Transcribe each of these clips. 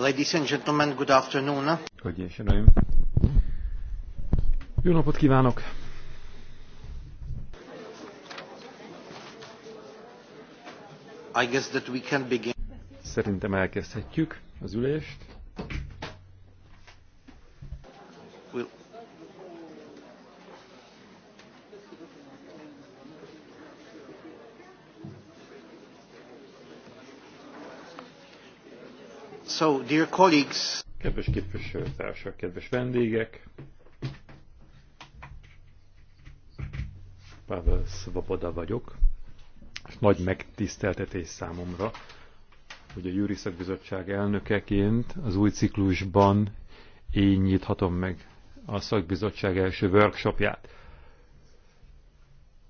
Ladies and gentlemen, good afternoon. Hogy és uraim. Jó napot kívánok! I guess that we can begin. Szerintem elkezdhetjük az ülést. So, dear colleagues. Kedves képviselőtársak, kedves vendégek! Pavel Svoboda vagyok, és nagy megtiszteltetés számomra, hogy a Júri Szakbizottság elnökeként az új ciklusban én nyithatom meg a szakbizottság első workshopját.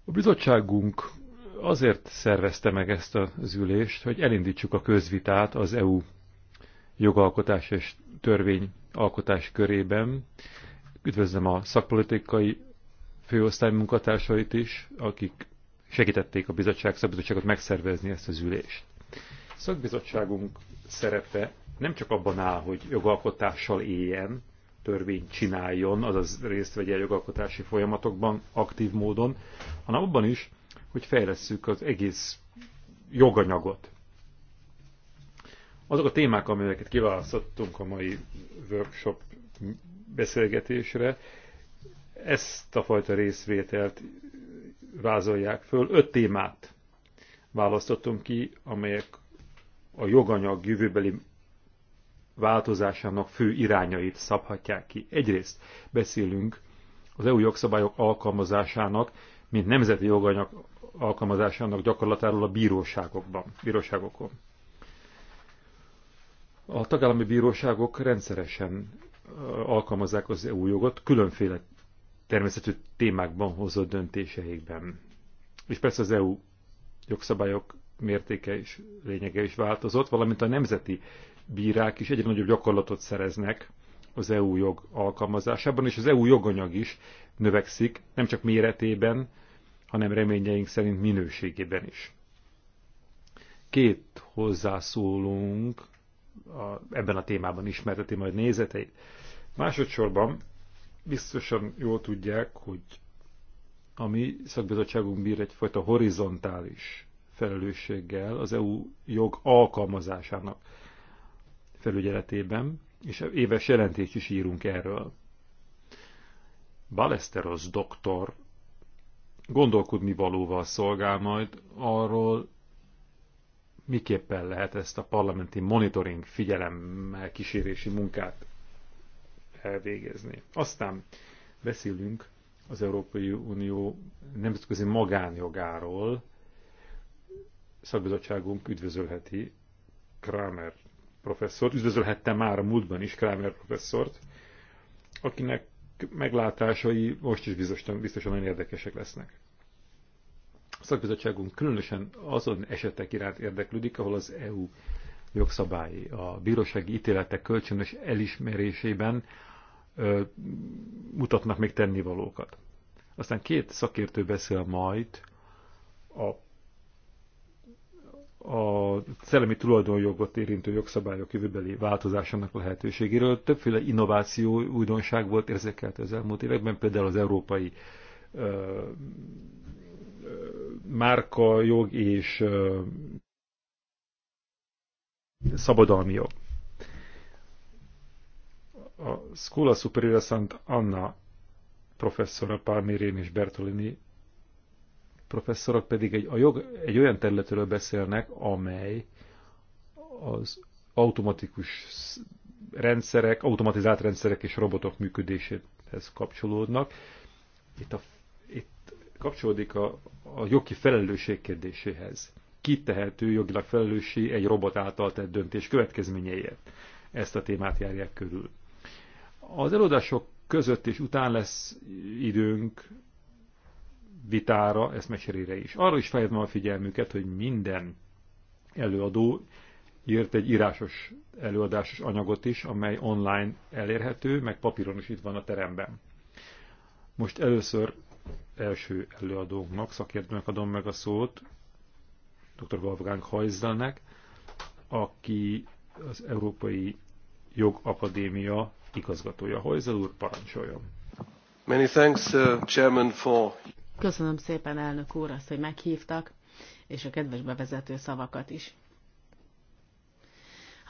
A bizottságunk azért szervezte meg ezt az ülést, hogy elindítsuk a közvitát az EU jogalkotás és törvényalkotás körében. Üdvözlöm a szakpolitikai főosztály munkatársait is, akik segítették a bizottság szakbizottságot megszervezni ezt az ülést. A szakbizottságunk szerepe nem csak abban áll, hogy jogalkotással éljen, törvényt csináljon, azaz részt vegye a jogalkotási folyamatokban aktív módon, hanem abban is, hogy fejlesszük az egész joganyagot. Azok a témák, amelyeket kiválasztottunk a mai workshop beszélgetésre, ezt a fajta részvételt vázolják föl. Öt témát választottunk ki, amelyek a joganyag jövőbeli változásának fő irányait szabhatják ki. Egyrészt beszélünk az EU jogszabályok alkalmazásának, mint nemzeti joganyag alkalmazásának gyakorlatáról a bíróságokban, bíróságokon. A tagállami bíróságok rendszeresen alkalmazzák az EU jogot különféle természetű témákban hozott döntéseikben. És persze az EU jogszabályok mértéke és lényege is változott, valamint a nemzeti bírák is egyre nagyobb gyakorlatot szereznek az EU jog alkalmazásában, és az EU joganyag is növekszik, nem csak méretében, hanem reményeink szerint minőségében is. Két hozzászólunk a, ebben a témában ismerteti majd nézeteit. Másodszorban biztosan jól tudják, hogy a mi szakbizottságunk bír egyfajta horizontális felelősséggel az EU jog alkalmazásának felügyeletében, és éves jelentést is írunk erről. Balesteros doktor gondolkodni valóval szolgál majd arról, miképpen lehet ezt a parlamenti monitoring figyelemmel kísérési munkát elvégezni. Aztán beszélünk az Európai Unió nemzetközi magánjogáról. Szakbizottságunk üdvözölheti Kramer professzort, üdvözölhette már a múltban is Kramer professzort, akinek meglátásai most is biztosan, biztosan nagyon érdekesek lesznek. A szakbizottságunk különösen azon esetek iránt érdeklődik, ahol az EU jogszabályi a bírósági ítéletek kölcsönös elismerésében ö, mutatnak még tennivalókat. Aztán két szakértő beszél majd a, a szellemi tulajdonjogot érintő jogszabályok jövőbeli változásának lehetőségéről. Többféle innováció, újdonság volt érzékelt az elmúlt években, például az európai ö, márka jog és szabadalmi jog. A Scuola Superiore Szent Anna professzora Palmirén és Bertolini professzorok pedig egy, a jog, egy olyan területről beszélnek, amely az automatikus rendszerek, automatizált rendszerek és robotok működéséhez kapcsolódnak. Itt a kapcsolódik a, a jogi felelősség kérdéséhez. Ki tehető jogilag felelőssé egy robot által tett döntés következményeiért? Ezt a témát járják körül. Az előadások között és után lesz időnk vitára, eszmecserére is. Arra is fejlődöm a figyelmüket, hogy minden előadó írt egy írásos előadásos anyagot is, amely online elérhető, meg papíron is itt van a teremben. Most először első előadónknak, szakértőnek adom meg a szót, dr. Wolfgang Heuselnek, aki az Európai Jogakadémia igazgatója. Heusel úr, parancsoljon! Many thanks, uh, Chairman, for... Köszönöm szépen, elnök úr, azt, hogy meghívtak, és a kedves bevezető szavakat is.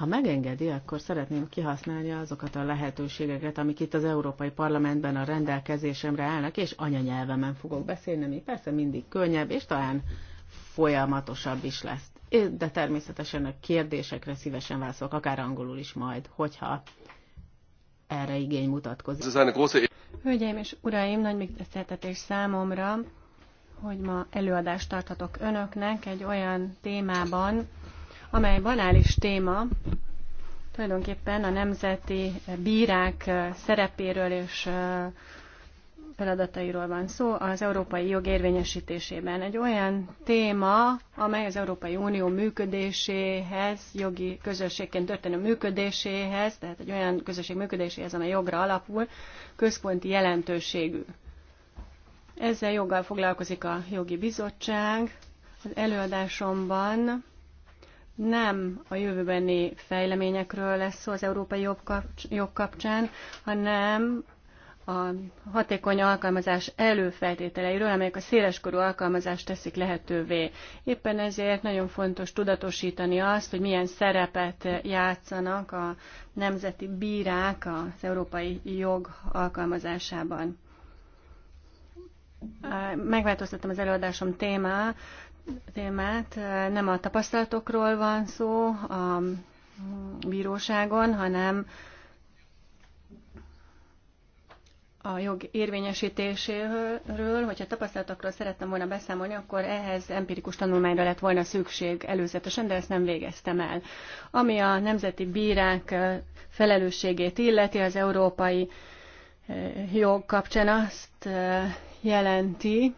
Ha megengedi, akkor szeretném kihasználni azokat a lehetőségeket, amik itt az Európai Parlamentben a rendelkezésemre állnak, és anyanyelvemen fogok beszélni, ami persze mindig könnyebb, és talán folyamatosabb is lesz. De természetesen a kérdésekre szívesen válaszolok, akár angolul is majd, hogyha erre igény mutatkozik. Hölgyeim és uraim, nagy megtiszteltetés számomra, hogy ma előadást tarthatok önöknek egy olyan témában, amely banális téma, tulajdonképpen a nemzeti bírák szerepéről és feladatairól van szó az európai jog érvényesítésében. Egy olyan téma, amely az Európai Unió működéséhez, jogi közösségként történő működéséhez, tehát egy olyan közösség működéséhez, amely jogra alapul, központi jelentőségű. Ezzel joggal foglalkozik a jogi bizottság. Az előadásomban nem a jövőbeni fejleményekről lesz szó az európai jog kapcsán, hanem a hatékony alkalmazás előfeltételeiről, amelyek a széleskorú alkalmazást teszik lehetővé. Éppen ezért nagyon fontos tudatosítani azt, hogy milyen szerepet játszanak a nemzeti bírák az európai jog alkalmazásában. Megváltoztattam az előadásom témá, témát. Nem a tapasztalatokról van szó a bíróságon, hanem a jog érvényesítéséről, hogyha tapasztalatokról szerettem volna beszámolni, akkor ehhez empirikus tanulmányra lett volna szükség előzetesen, de ezt nem végeztem el. Ami a nemzeti bírák felelősségét illeti, az európai jog kapcsán azt jelenti,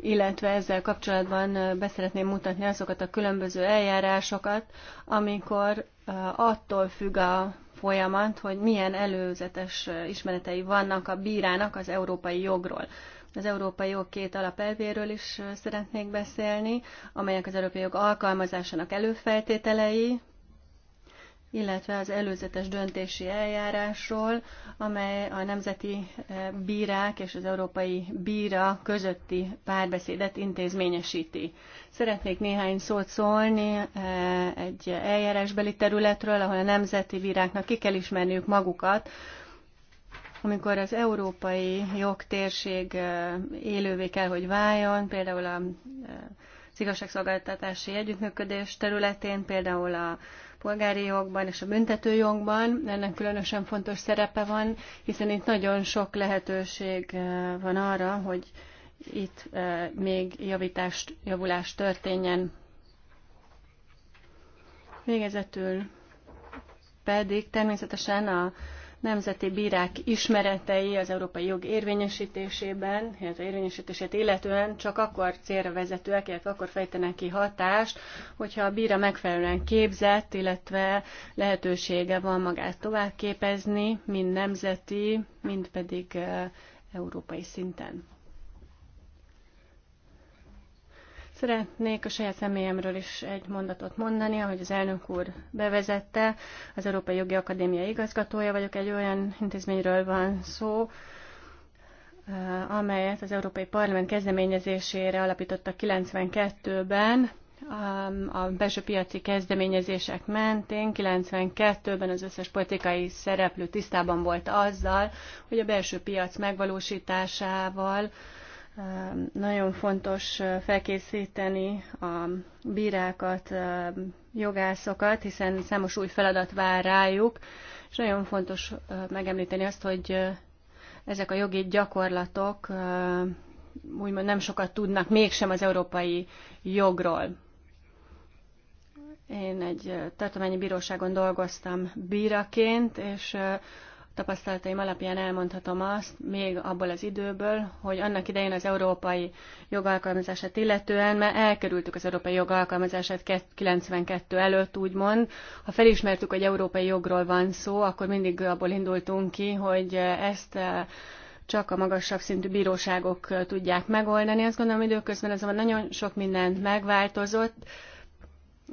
illetve ezzel kapcsolatban beszeretném mutatni azokat a különböző eljárásokat, amikor attól függ a folyamat, hogy milyen előzetes ismeretei vannak a bírának az európai jogról. Az európai jog két alapelvéről is szeretnék beszélni, amelyek az európai jog alkalmazásának előfeltételei, illetve az előzetes döntési eljárásról, amely a nemzeti eh, bírák és az európai bíra közötti párbeszédet intézményesíti. Szeretnék néhány szót szólni eh, egy eljárásbeli területről, ahol a nemzeti bíráknak ki kell ismerniük magukat, amikor az európai jogtérség eh, élővé kell, hogy váljon, például a igazságszolgáltatási együttműködés területén, például a polgári jogban és a büntető jogban. Ennek különösen fontos szerepe van, hiszen itt nagyon sok lehetőség eh, van arra, hogy itt eh, még javítást, javulást történjen. Végezetül pedig természetesen a nemzeti bírák ismeretei az európai jog érvényesítésében, illetve érvényesítését illetően csak akkor célra vezetőek, illetve akkor fejtenek ki hatást, hogyha a bíra megfelelően képzett, illetve lehetősége van magát továbbképezni, mind nemzeti, mind pedig eh, európai szinten. Szeretnék a saját személyemről is egy mondatot mondani, ahogy az elnök úr bevezette. Az Európai Jogi Akadémia igazgatója vagyok, egy olyan intézményről van szó, eh, amelyet az Európai Parlament kezdeményezésére alapítottak 92-ben, a belső piaci kezdeményezések mentén 92-ben az összes politikai szereplő tisztában volt azzal, hogy a belső piac megvalósításával nagyon fontos felkészíteni a bírákat, jogászokat, hiszen számos új feladat vár rájuk, és nagyon fontos megemlíteni azt, hogy ezek a jogi gyakorlatok úgymond nem sokat tudnak mégsem az európai jogról. Én egy tartományi bíróságon dolgoztam bíraként, és tapasztalataim alapján elmondhatom azt, még abból az időből, hogy annak idején az európai jogalkalmazását illetően mert elkerültük az európai jogalkalmazását 92 előtt, úgymond. Ha felismertük, hogy európai jogról van szó, akkor mindig abból indultunk ki, hogy ezt eh, csak a magasabb szintű bíróságok eh, tudják megoldani. Azt gondolom, időközben azonban nagyon sok mindent megváltozott,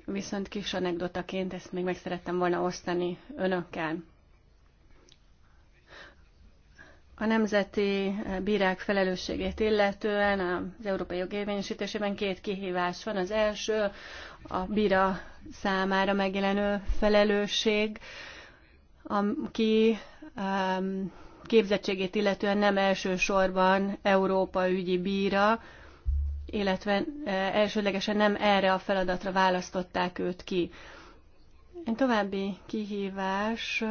viszont kis anekdotaként ezt még meg szerettem volna osztani önökkel. A nemzeti bírák felelősségét illetően az európai jog két kihívás van. Az első a bíra számára megjelenő felelősség, aki um, képzettségét illetően nem elsősorban Európa ügyi bíra, illetve eh, elsődlegesen nem erre a feladatra választották őt ki. Egy további kihívás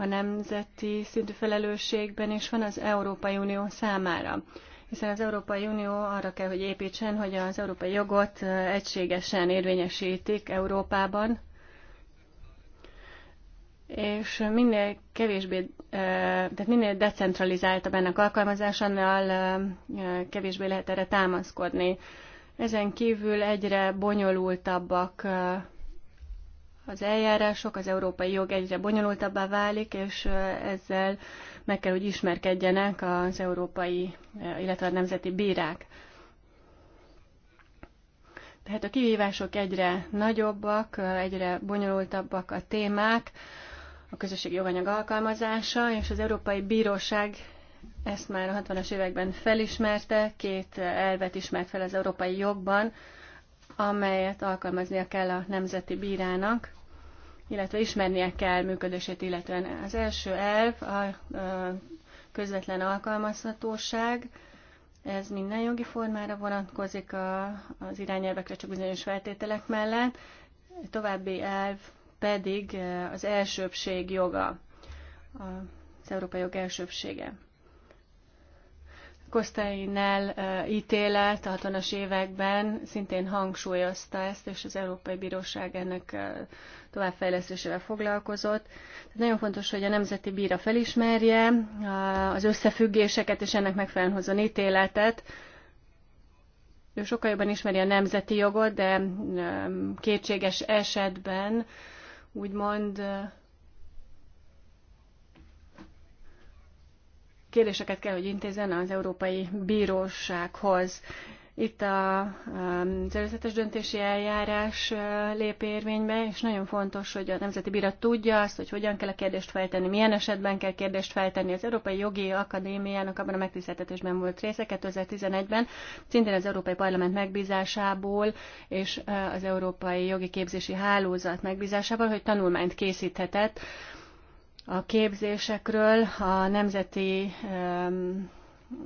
a nemzeti szintű felelősségben is van az Európai Unió számára. Hiszen az Európai Unió arra kell, hogy építsen, hogy az európai jogot egységesen érvényesítik Európában, és minél kevésbé, tehát minél decentralizáltabb ennek alkalmazása, annál kevésbé lehet erre támaszkodni. Ezen kívül egyre bonyolultabbak az eljárások, az európai jog egyre bonyolultabbá válik, és ezzel meg kell, hogy ismerkedjenek az európai, illetve a nemzeti bírák. Tehát a kihívások egyre nagyobbak, egyre bonyolultabbak a témák, a közösségi joganyag alkalmazása, és az Európai Bíróság ezt már a 60-as években felismerte, két elvet ismert fel az európai jogban, amelyet alkalmaznia kell a nemzeti bírának, illetve ismernie kell működését illetően. Az első elv a közvetlen alkalmazhatóság, ez minden jogi formára vonatkozik a, az irányelvekre csak bizonyos feltételek mellett, további elv pedig az elsőbség joga, az európai jog elsőbsége. Kosztainál ítélet a 60-as években szintén hangsúlyozta ezt, és az Európai Bíróság ennek továbbfejlesztésével foglalkozott. Tehát nagyon fontos, hogy a Nemzeti Bíra felismerje az összefüggéseket, és ennek megfelelően hozzon ítéletet. Ő sokkal jobban ismeri a nemzeti jogot, de kétséges esetben úgymond Kérdéseket kell, hogy intézzen az Európai Bírósághoz. Itt a, az um, előzetes döntési eljárás uh, lép érvénybe, és nagyon fontos, hogy a Nemzeti Bíra tudja azt, hogy hogyan kell a kérdést feltenni, milyen esetben kell kérdést feltenni. Az Európai Jogi Akadémiának abban a megtiszteltetésben volt része 2011-ben, szintén az Európai Parlament megbízásából és uh, az Európai Jogi Képzési Hálózat megbízásával hogy tanulmányt készíthetett a képzésekről, a nemzeti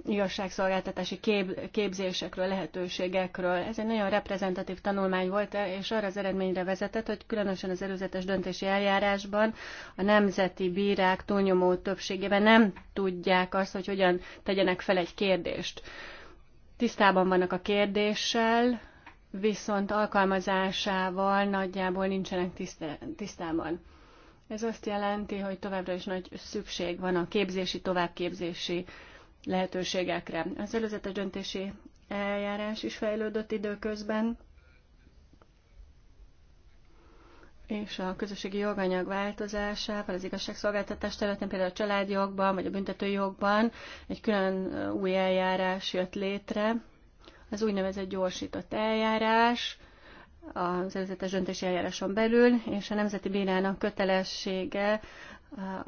igazságszolgáltatási kép, képzésekről, lehetőségekről. Ez egy nagyon reprezentatív tanulmány volt, és arra az eredményre vezetett, hogy különösen az előzetes döntési eljárásban a nemzeti bírák túlnyomó többségében nem tudják azt, hogy hogyan tegyenek fel egy kérdést. Tisztában vannak a kérdéssel, viszont alkalmazásával nagyjából nincsenek tisztában. Ez azt jelenti, hogy továbbra is nagy szükség van a képzési, továbbképzési lehetőségekre. Az előzetes döntési eljárás is fejlődött időközben, és a közösségi joganyag változásával, az igazságszolgáltatás területén, például a családjogban vagy a büntetőjogban egy külön új eljárás jött létre, az úgynevezett gyorsított eljárás, az előzetes döntési eljáráson belül, és a Nemzeti Bírának kötelessége eh,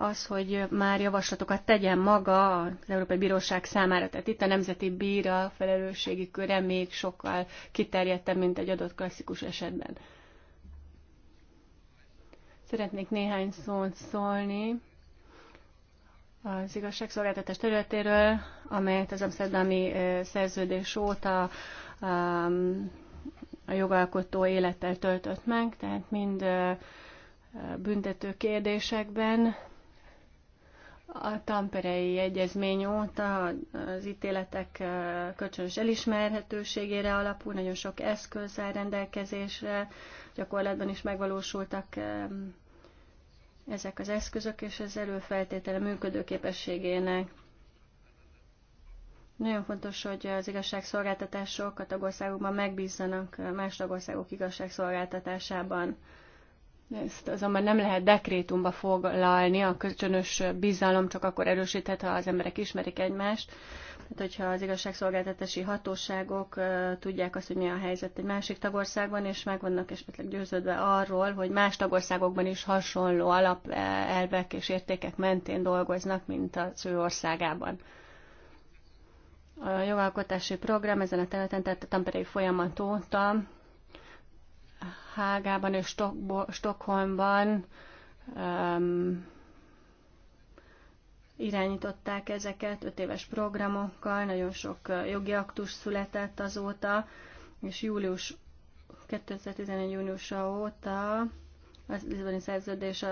az, hogy már javaslatokat tegyen maga az Európai Bíróság számára. Tehát itt a Nemzeti Bíra felelősségi köre még sokkal kiterjedtebb, mint egy adott klasszikus esetben. Szeretnék néhány szót szólni az igazságszolgáltatás területéről, amelyet az Amsterdami eh, szerződés óta um, a jogalkotó élettel töltött meg, tehát mind büntető kérdésekben. A Tamperei Egyezmény óta az ítéletek kölcsönös elismerhetőségére alapul, nagyon sok eszköz rendelkezésre, gyakorlatban is megvalósultak ezek az eszközök, és ez előfeltétele működő képességének. Nagyon fontos, hogy az igazságszolgáltatások a tagországokban megbízzanak más tagországok igazságszolgáltatásában. Ezt azonban nem lehet dekrétumba foglalni, a kölcsönös bizalom csak akkor erősíthet, ha az emberek ismerik egymást. Tehát, hogyha az igazságszolgáltatási hatóságok tudják azt, hogy mi a helyzet egy másik tagországban, és meg vannak esetleg győződve arról, hogy más tagországokban is hasonló alapelvek és értékek mentén dolgoznak, mint az ő országában a jogalkotási program ezen a területen, tehát a tamperei folyamat óta Hágában és Stockholmban um, irányították ezeket öt éves programokkal, nagyon sok jogi aktus született azóta, és július 2011. júniusa óta az Lisboni szerződés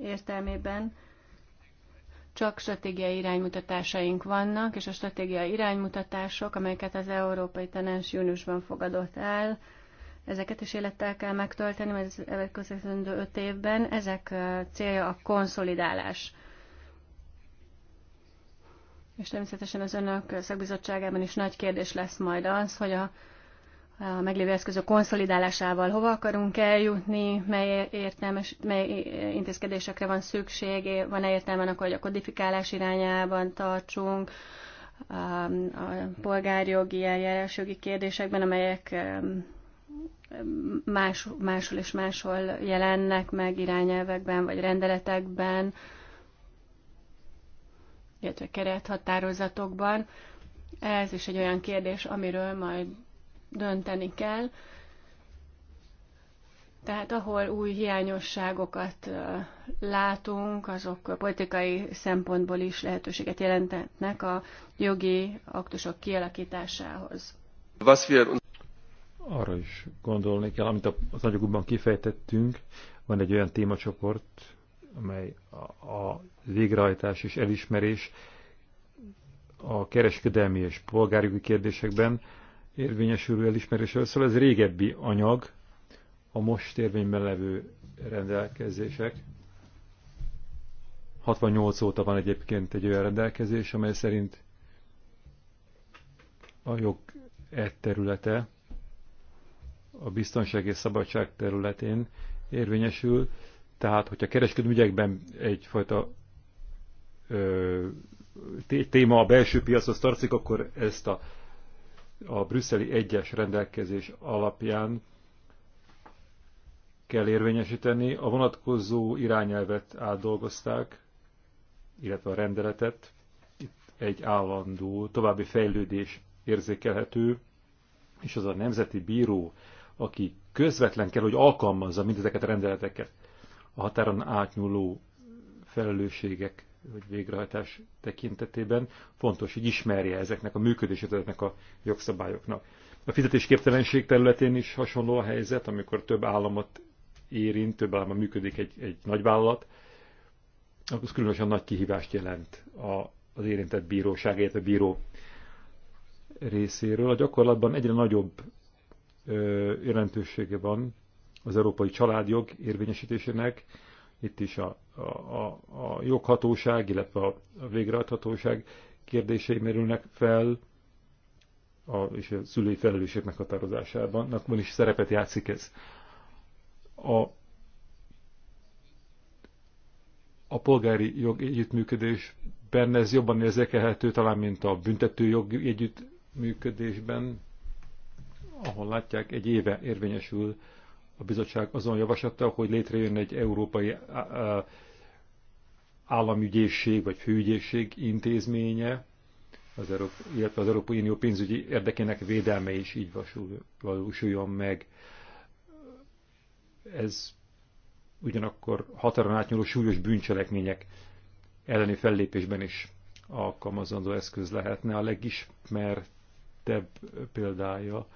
értelmében csak stratégiai iránymutatásaink vannak, és a stratégiai iránymutatások, amelyeket az Európai Tanács júniusban fogadott el, ezeket is élettel kell megtölteni, mert az elkövetkezendő öt évben ezek célja a konszolidálás. És természetesen az önök szakbizottságában is nagy kérdés lesz majd az, hogy a a meglévő eszközök konszolidálásával hova akarunk eljutni, mely, értelmes, mely intézkedésekre van szükség, van-e értelme annak, hogy a kodifikálás irányában tartsunk, a, um, a polgárjogi, eljárásjogi kérdésekben, amelyek um, más, máshol és máshol jelennek meg irányelvekben vagy rendeletekben, illetve kerethatározatokban. Ez is egy olyan kérdés, amiről majd dönteni kell. Tehát ahol új hiányosságokat látunk, azok politikai szempontból is lehetőséget jelentetnek a jogi aktusok kialakításához. Arra is gondolni kell, amit az anyagokban kifejtettünk, van egy olyan témacsoport, amely a végrehajtás és elismerés a kereskedelmi és polgárjogi kérdésekben, érvényesülő elismerésről szól, ez régebbi anyag, a most érvényben levő rendelkezések. 68 óta van egyébként egy olyan rendelkezés, amely szerint a jog e területe a biztonság és szabadság területén érvényesül, tehát hogyha kereskedő ügyekben egyfajta ö, téma a belső piachoz tartozik, akkor ezt a a brüsszeli egyes rendelkezés alapján kell érvényesíteni. A vonatkozó irányelvet átdolgozták, illetve a rendeletet. Itt egy állandó további fejlődés érzékelhető, és az a nemzeti bíró, aki közvetlen kell, hogy alkalmazza mindezeket a rendeleteket a határon átnyúló felelősségek hogy végrehajtás tekintetében fontos, hogy ismerje ezeknek a működését, ezeknek a jogszabályoknak. A fizetésképtelenség területén is hasonló a helyzet, amikor több államot érint, több államban működik egy, egy nagyvállalat, az különösen nagy kihívást jelent a, az érintett bíróság, a bíró részéről. A gyakorlatban egyre nagyobb ö, jelentősége van az európai családjog érvényesítésének, itt is a a, a, joghatóság, illetve a, végrehajthatóság kérdései merülnek fel, a, és a szülői felelősség meghatározásában, akkor is szerepet játszik ez. A, a polgári jog együttműködésben ez jobban érzékelhető talán, mint a büntető jog együttműködésben, ahol látják, egy éve érvényesül a bizottság azon javaslata, hogy létrejön egy európai államügyészség vagy főügyészség intézménye, az Európa, illetve az Európai Unió pénzügyi érdekének védelme is így valósuljon meg. Ez ugyanakkor határon átnyúló súlyos bűncselekmények elleni fellépésben is alkalmazandó eszköz lehetne. A legismertebb példája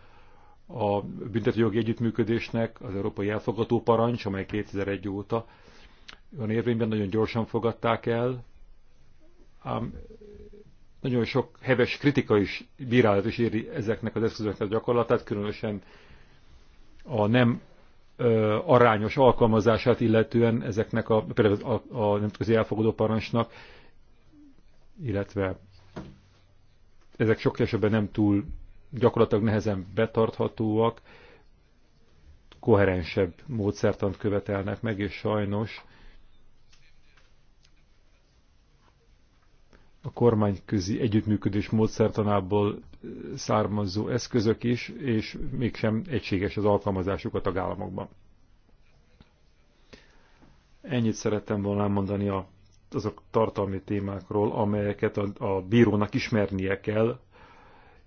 a büntetőjogi együttműködésnek az Európai Elfogató Parancs, amely 2001 óta van érvényben, nagyon gyorsan fogadták el, ám nagyon sok heves kritika is, bírálat is éri ezeknek az eszközöknek a gyakorlatát, különösen a nem ö, arányos alkalmazását illetően ezeknek a, például a, a nemzetközi elfogadó parancsnak, illetve ezek sok esetben nem túl gyakorlatilag nehezen betarthatóak, koherensebb módszertant követelnek meg, és sajnos a kormányközi együttműködés módszertanából származó eszközök is, és mégsem egységes az alkalmazásuk a tagállamokban. Ennyit szerettem volna mondani a, azok tartalmi témákról, amelyeket a, a bírónak ismernie kell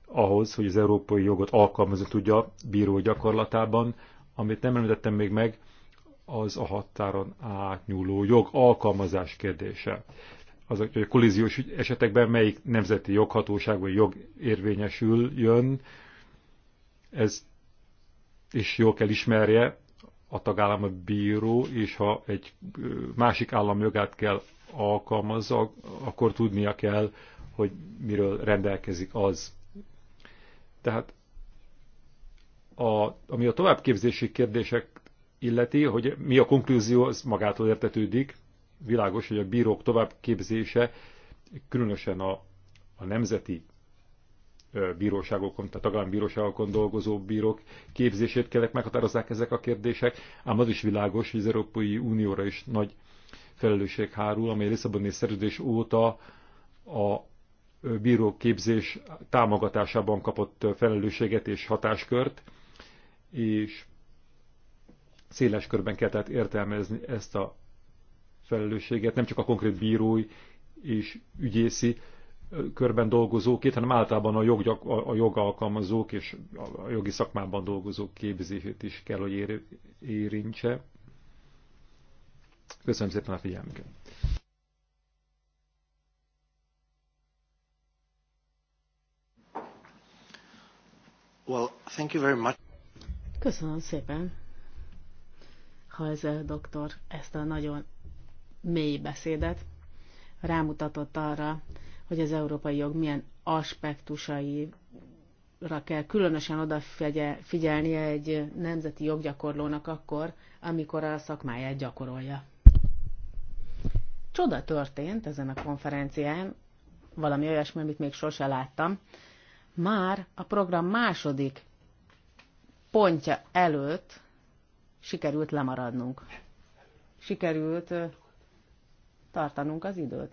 ahhoz, hogy az európai jogot alkalmazni tudja bíró gyakorlatában. Amit nem említettem még meg, az a határon átnyúló jog alkalmazás kérdése az, hogy a kollíziós esetekben melyik nemzeti joghatóság vagy jog érvényesül jön, ez is jól kell ismerje a tagállam a bíró, és ha egy másik állam jogát kell alkalmazza, akkor tudnia kell, hogy miről rendelkezik az. Tehát a, ami a továbbképzési kérdések illeti, hogy mi a konklúzió, az magától értetődik, világos, hogy a bírók továbbképzése különösen a, a nemzeti bíróságokon, tehát tagállami bíróságokon dolgozó bírók képzését kellett meghatározzák ezek a kérdések, ám az is világos, hogy az Európai Unióra is nagy felelősség hárul, amely Lisszaboni szerződés óta a bírók képzés támogatásában kapott felelősséget és hatáskört, és széles körben kell tehát értelmezni ezt a felelősséget, nem csak a konkrét bírói és ügyészi körben dolgozókét, hanem általában a, jog, a jogalkalmazók és a jogi szakmában dolgozók képzését is kell, hogy ér, érintse. Köszönöm szépen a figyelmüket! Well, thank you very much. Köszönöm szépen, a doktor, ezt a nagyon mély beszédet, rámutatott arra, hogy az európai jog milyen aspektusaira kell különösen odafigyelnie egy nemzeti joggyakorlónak akkor, amikor a szakmáját gyakorolja. Csoda történt ezen a konferencián, valami olyasmi, amit még sose láttam. Már a program második pontja előtt sikerült lemaradnunk. Sikerült tartanunk az időt.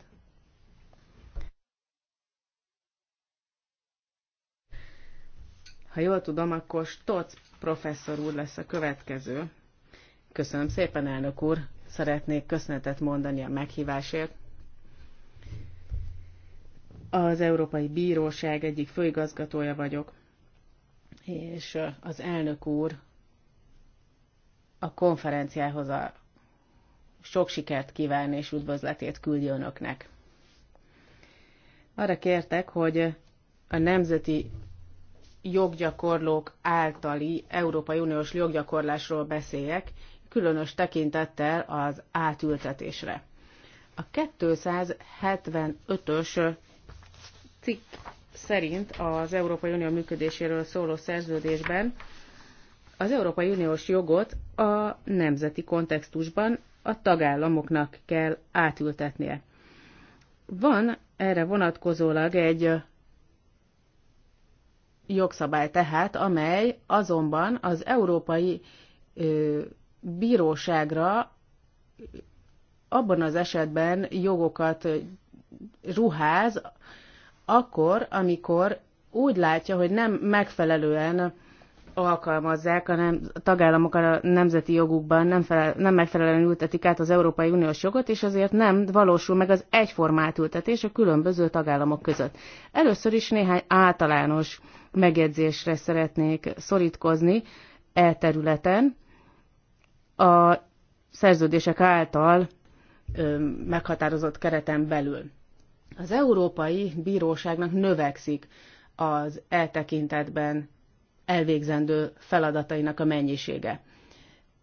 Ha jól tudom, akkor Stotz professzor úr lesz a következő. Köszönöm szépen, elnök úr! Szeretnék köszönetet mondani a meghívásért. Az Európai Bíróság egyik főigazgatója vagyok, és az elnök úr a konferenciához a sok sikert kívánni és üdvözletét küldi önöknek. Arra kértek, hogy a nemzeti joggyakorlók általi Európai Uniós joggyakorlásról beszéljek, különös tekintettel az átültetésre. A 275-ös cikk szerint az Európai Unió működéséről szóló szerződésben az Európai Uniós jogot a nemzeti kontextusban a tagállamoknak kell átültetnie. Van erre vonatkozólag egy jogszabály tehát, amely azonban az Európai ö, Bíróságra abban az esetben jogokat ruház, akkor, amikor úgy látja, hogy nem megfelelően alkalmazzák, hanem a tagállamok a nemzeti jogukban nem, felel, nem megfelelően ültetik át az Európai Uniós jogot, és azért nem valósul meg az egyformát ültetés a különböző tagállamok között. Először is néhány általános megjegyzésre szeretnék szorítkozni e területen a szerződések által ö, meghatározott kereten belül. Az Európai Bíróságnak növekszik az eltekintetben elvégzendő feladatainak a mennyisége.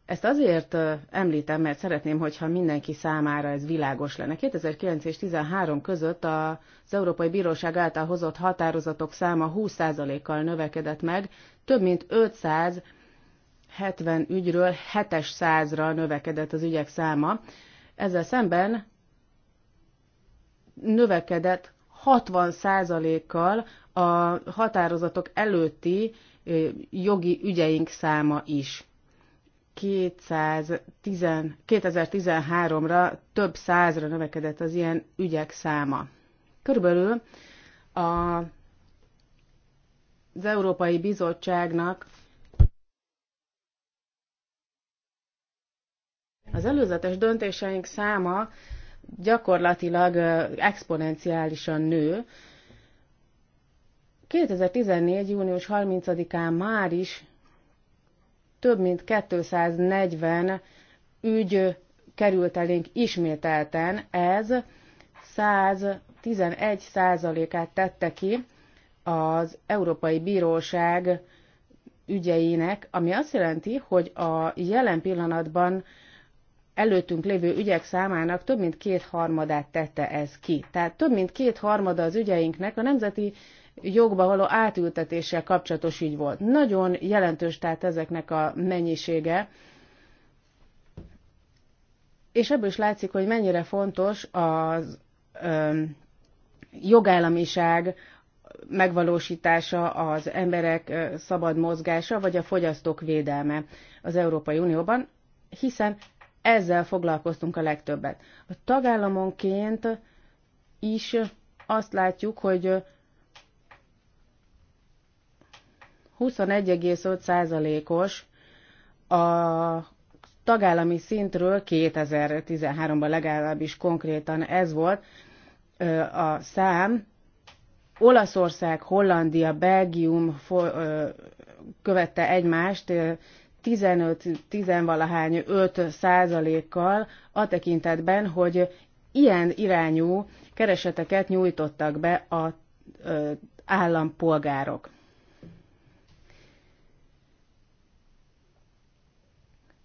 Ezt azért említem, mert szeretném, hogyha mindenki számára ez világos lenne. 2009 és 2013 között az Európai Bíróság által hozott határozatok száma 20%-kal növekedett meg, több mint 570 ügyről 700-ra növekedett az ügyek száma. Ezzel szemben növekedett 60%-kal a határozatok előtti jogi ügyeink száma is. 2013-ra több százra növekedett az ilyen ügyek száma. Körülbelül a, az Európai Bizottságnak az előzetes döntéseink száma gyakorlatilag exponenciálisan nő, 2014. június 30-án már is több mint 240 ügy került elénk ismételten, ez 111 százalékát tette ki az Európai Bíróság ügyeinek, ami azt jelenti, hogy a jelen pillanatban előttünk lévő ügyek számának több mint kétharmadát tette ez ki. Tehát több mint kétharmada az ügyeinknek a nemzeti jogba való átültetéssel kapcsolatos ügy volt. Nagyon jelentős tehát ezeknek a mennyisége, és ebből is látszik, hogy mennyire fontos az ö, jogállamiság megvalósítása, az emberek szabad mozgása, vagy a fogyasztók védelme az Európai Unióban, hiszen ezzel foglalkoztunk a legtöbbet. A tagállamonként is azt látjuk, hogy 21,5%-os a tagállami szintről 2013-ban legalábbis konkrétan ez volt a szám. Olaszország, Hollandia, Belgium követte egymást 15-10-valahány 5 százalékkal a tekintetben, hogy ilyen irányú kereseteket nyújtottak be az állampolgárok.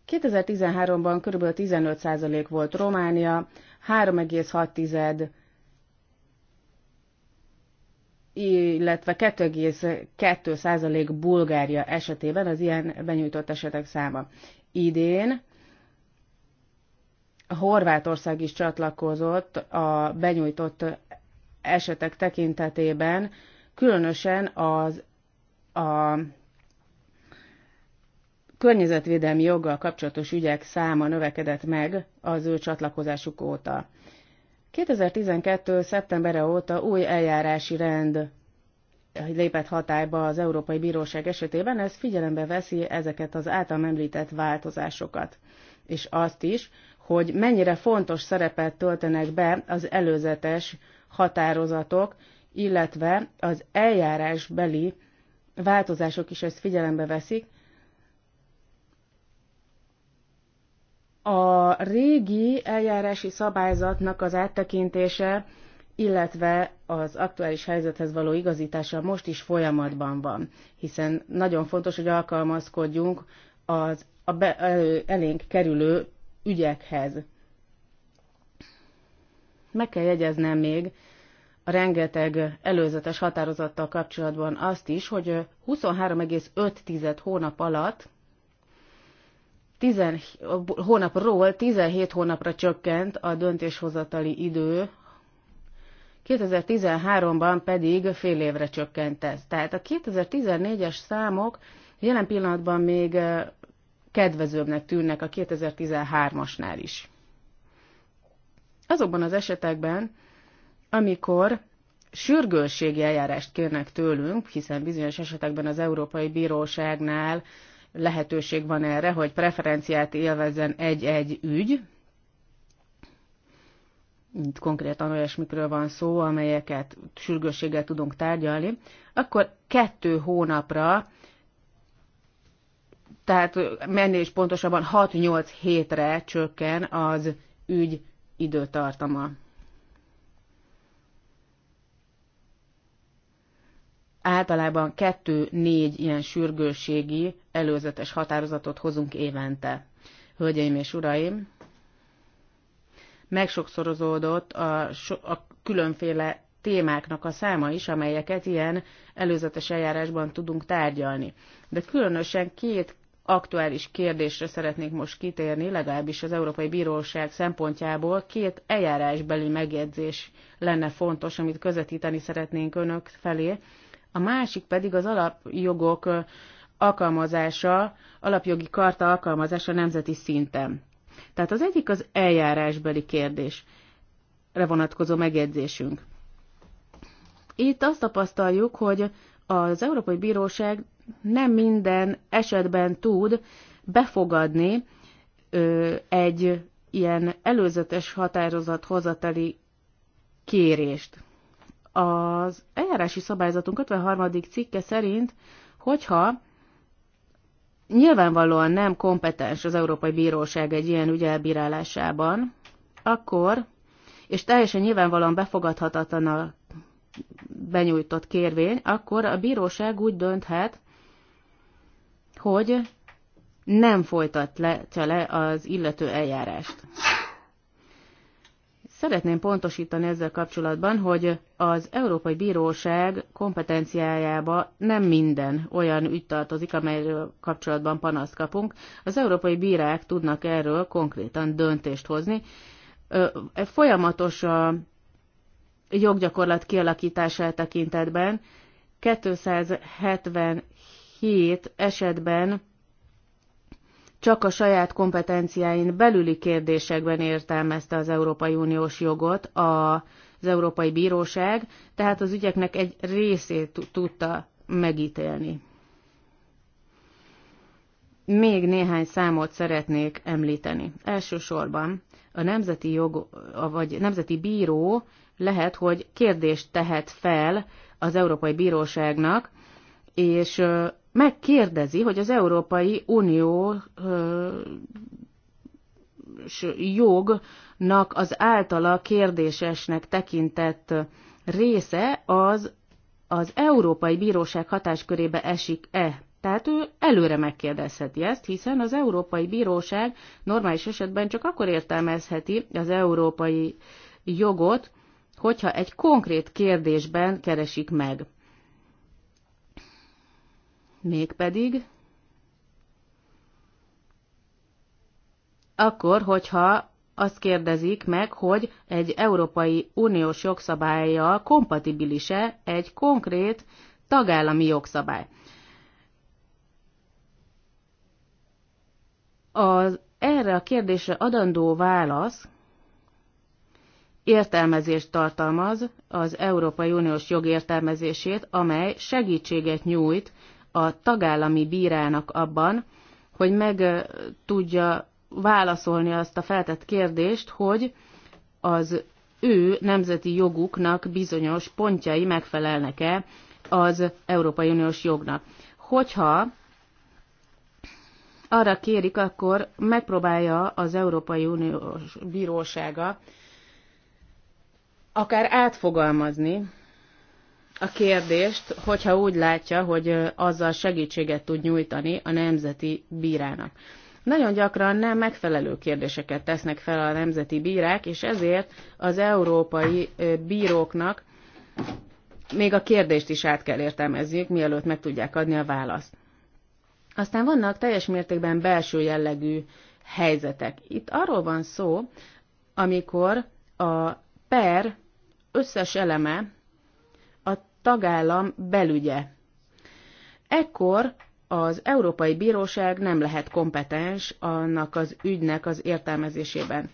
2013-ban kb. 15% volt Románia, 3,6 illetve 2,2% Bulgária esetében az ilyen benyújtott esetek száma. Idén Horvátország is csatlakozott a benyújtott esetek tekintetében, különösen az a környezetvédelmi joggal kapcsolatos ügyek száma növekedett meg az ő csatlakozásuk óta. 2012. szeptembere óta új eljárási rend lépett hatályba az Európai Bíróság esetében, ez figyelembe veszi ezeket az által említett változásokat, és azt is, hogy mennyire fontos szerepet töltenek be az előzetes határozatok, illetve az eljárásbeli változások is ezt figyelembe veszik, a régi eljárási szabályzatnak az áttekintése, illetve az aktuális helyzethez való igazítása most is folyamatban van, hiszen nagyon fontos, hogy alkalmazkodjunk az a be, elő, elénk kerülő ügyekhez. Meg kell jegyeznem még a rengeteg előzetes határozattal kapcsolatban azt is, hogy 23,5 hónap alatt tizen, hónapról 17 hónapra csökkent a döntéshozatali idő, 2013-ban pedig fél évre csökkent ez. Tehát a 2014-es számok jelen pillanatban még kedvezőbbnek tűnnek a 2013-asnál is. Azokban az esetekben, amikor sürgősségi eljárást kérnek tőlünk, hiszen bizonyos esetekben az Európai Bíróságnál lehetőség van erre, hogy preferenciát élvezzen egy-egy ügy. Itt konkrétan olyasmikről van szó, amelyeket sürgősséggel tudunk tárgyalni, akkor kettő hónapra, tehát menni is pontosabban 6-8 hétre csökken az ügy időtartama. általában kettő-négy ilyen sürgősségi előzetes határozatot hozunk évente. Hölgyeim és uraim, megsokszorozódott a, a különféle témáknak a száma is, amelyeket ilyen előzetes eljárásban tudunk tárgyalni. De különösen két aktuális kérdésre szeretnék most kitérni, legalábbis az Európai Bíróság szempontjából két eljárásbeli megjegyzés lenne fontos, amit közvetíteni szeretnénk önök felé. A másik pedig az alapjogok alkalmazása, alapjogi karta alkalmazása nemzeti szinten. Tehát az egyik az eljárásbeli kérdésre vonatkozó megjegyzésünk. Itt azt tapasztaljuk, hogy az Európai Bíróság nem minden esetben tud befogadni ö, egy ilyen előzetes határozat hozatali kérést. Az eljárási szabályzatunk 53. cikke szerint, hogyha nyilvánvalóan nem kompetens az Európai Bíróság egy ilyen ügy elbírálásában, akkor, és teljesen nyilvánvalóan befogadhatatlan a benyújtott kérvény, akkor a bíróság úgy dönthet, hogy nem folytatja le az illető eljárást. Szeretném pontosítani ezzel kapcsolatban, hogy az Európai Bíróság kompetenciájába nem minden olyan ügy tartozik, amelyről kapcsolatban panaszt kapunk. Az európai bírák tudnak erről konkrétan döntést hozni. E folyamatos a joggyakorlat kialakítása tekintetben 277 esetben csak a saját kompetenciáin belüli kérdésekben értelmezte az Európai Uniós jogot az Európai Bíróság, tehát az ügyeknek egy részét tudta megítélni. Még néhány számot szeretnék említeni. Elsősorban a nemzeti, jog, vagy nemzeti bíró lehet, hogy kérdést tehet fel az Európai Bíróságnak, és megkérdezi, hogy az Európai Unió jognak az általa kérdésesnek tekintett része az az Európai Bíróság hatáskörébe esik-e. Tehát ő előre megkérdezheti ezt, hiszen az Európai Bíróság normális esetben csak akkor értelmezheti az európai jogot, hogyha egy konkrét kérdésben keresik meg mégpedig akkor, hogyha azt kérdezik meg, hogy egy Európai Uniós jogszabálya kompatibilise egy konkrét tagállami jogszabály. Az erre a kérdésre adandó válasz értelmezést tartalmaz az Európai Uniós jogértelmezését, amely segítséget nyújt a tagállami bírának abban, hogy meg tudja válaszolni azt a feltett kérdést, hogy az ő nemzeti joguknak bizonyos pontjai megfelelnek-e az Európai Uniós jognak. Hogyha arra kérik, akkor megpróbálja az Európai Uniós Bírósága akár átfogalmazni a kérdést, hogyha úgy látja, hogy azzal segítséget tud nyújtani a nemzeti bírának. Nagyon gyakran nem megfelelő kérdéseket tesznek fel a nemzeti bírák, és ezért az európai bíróknak még a kérdést is át kell értelmezniük, mielőtt meg tudják adni a választ. Aztán vannak teljes mértékben belső jellegű helyzetek. Itt arról van szó, amikor a per összes eleme tagállam belügye. Ekkor az Európai Bíróság nem lehet kompetens annak az ügynek az értelmezésében.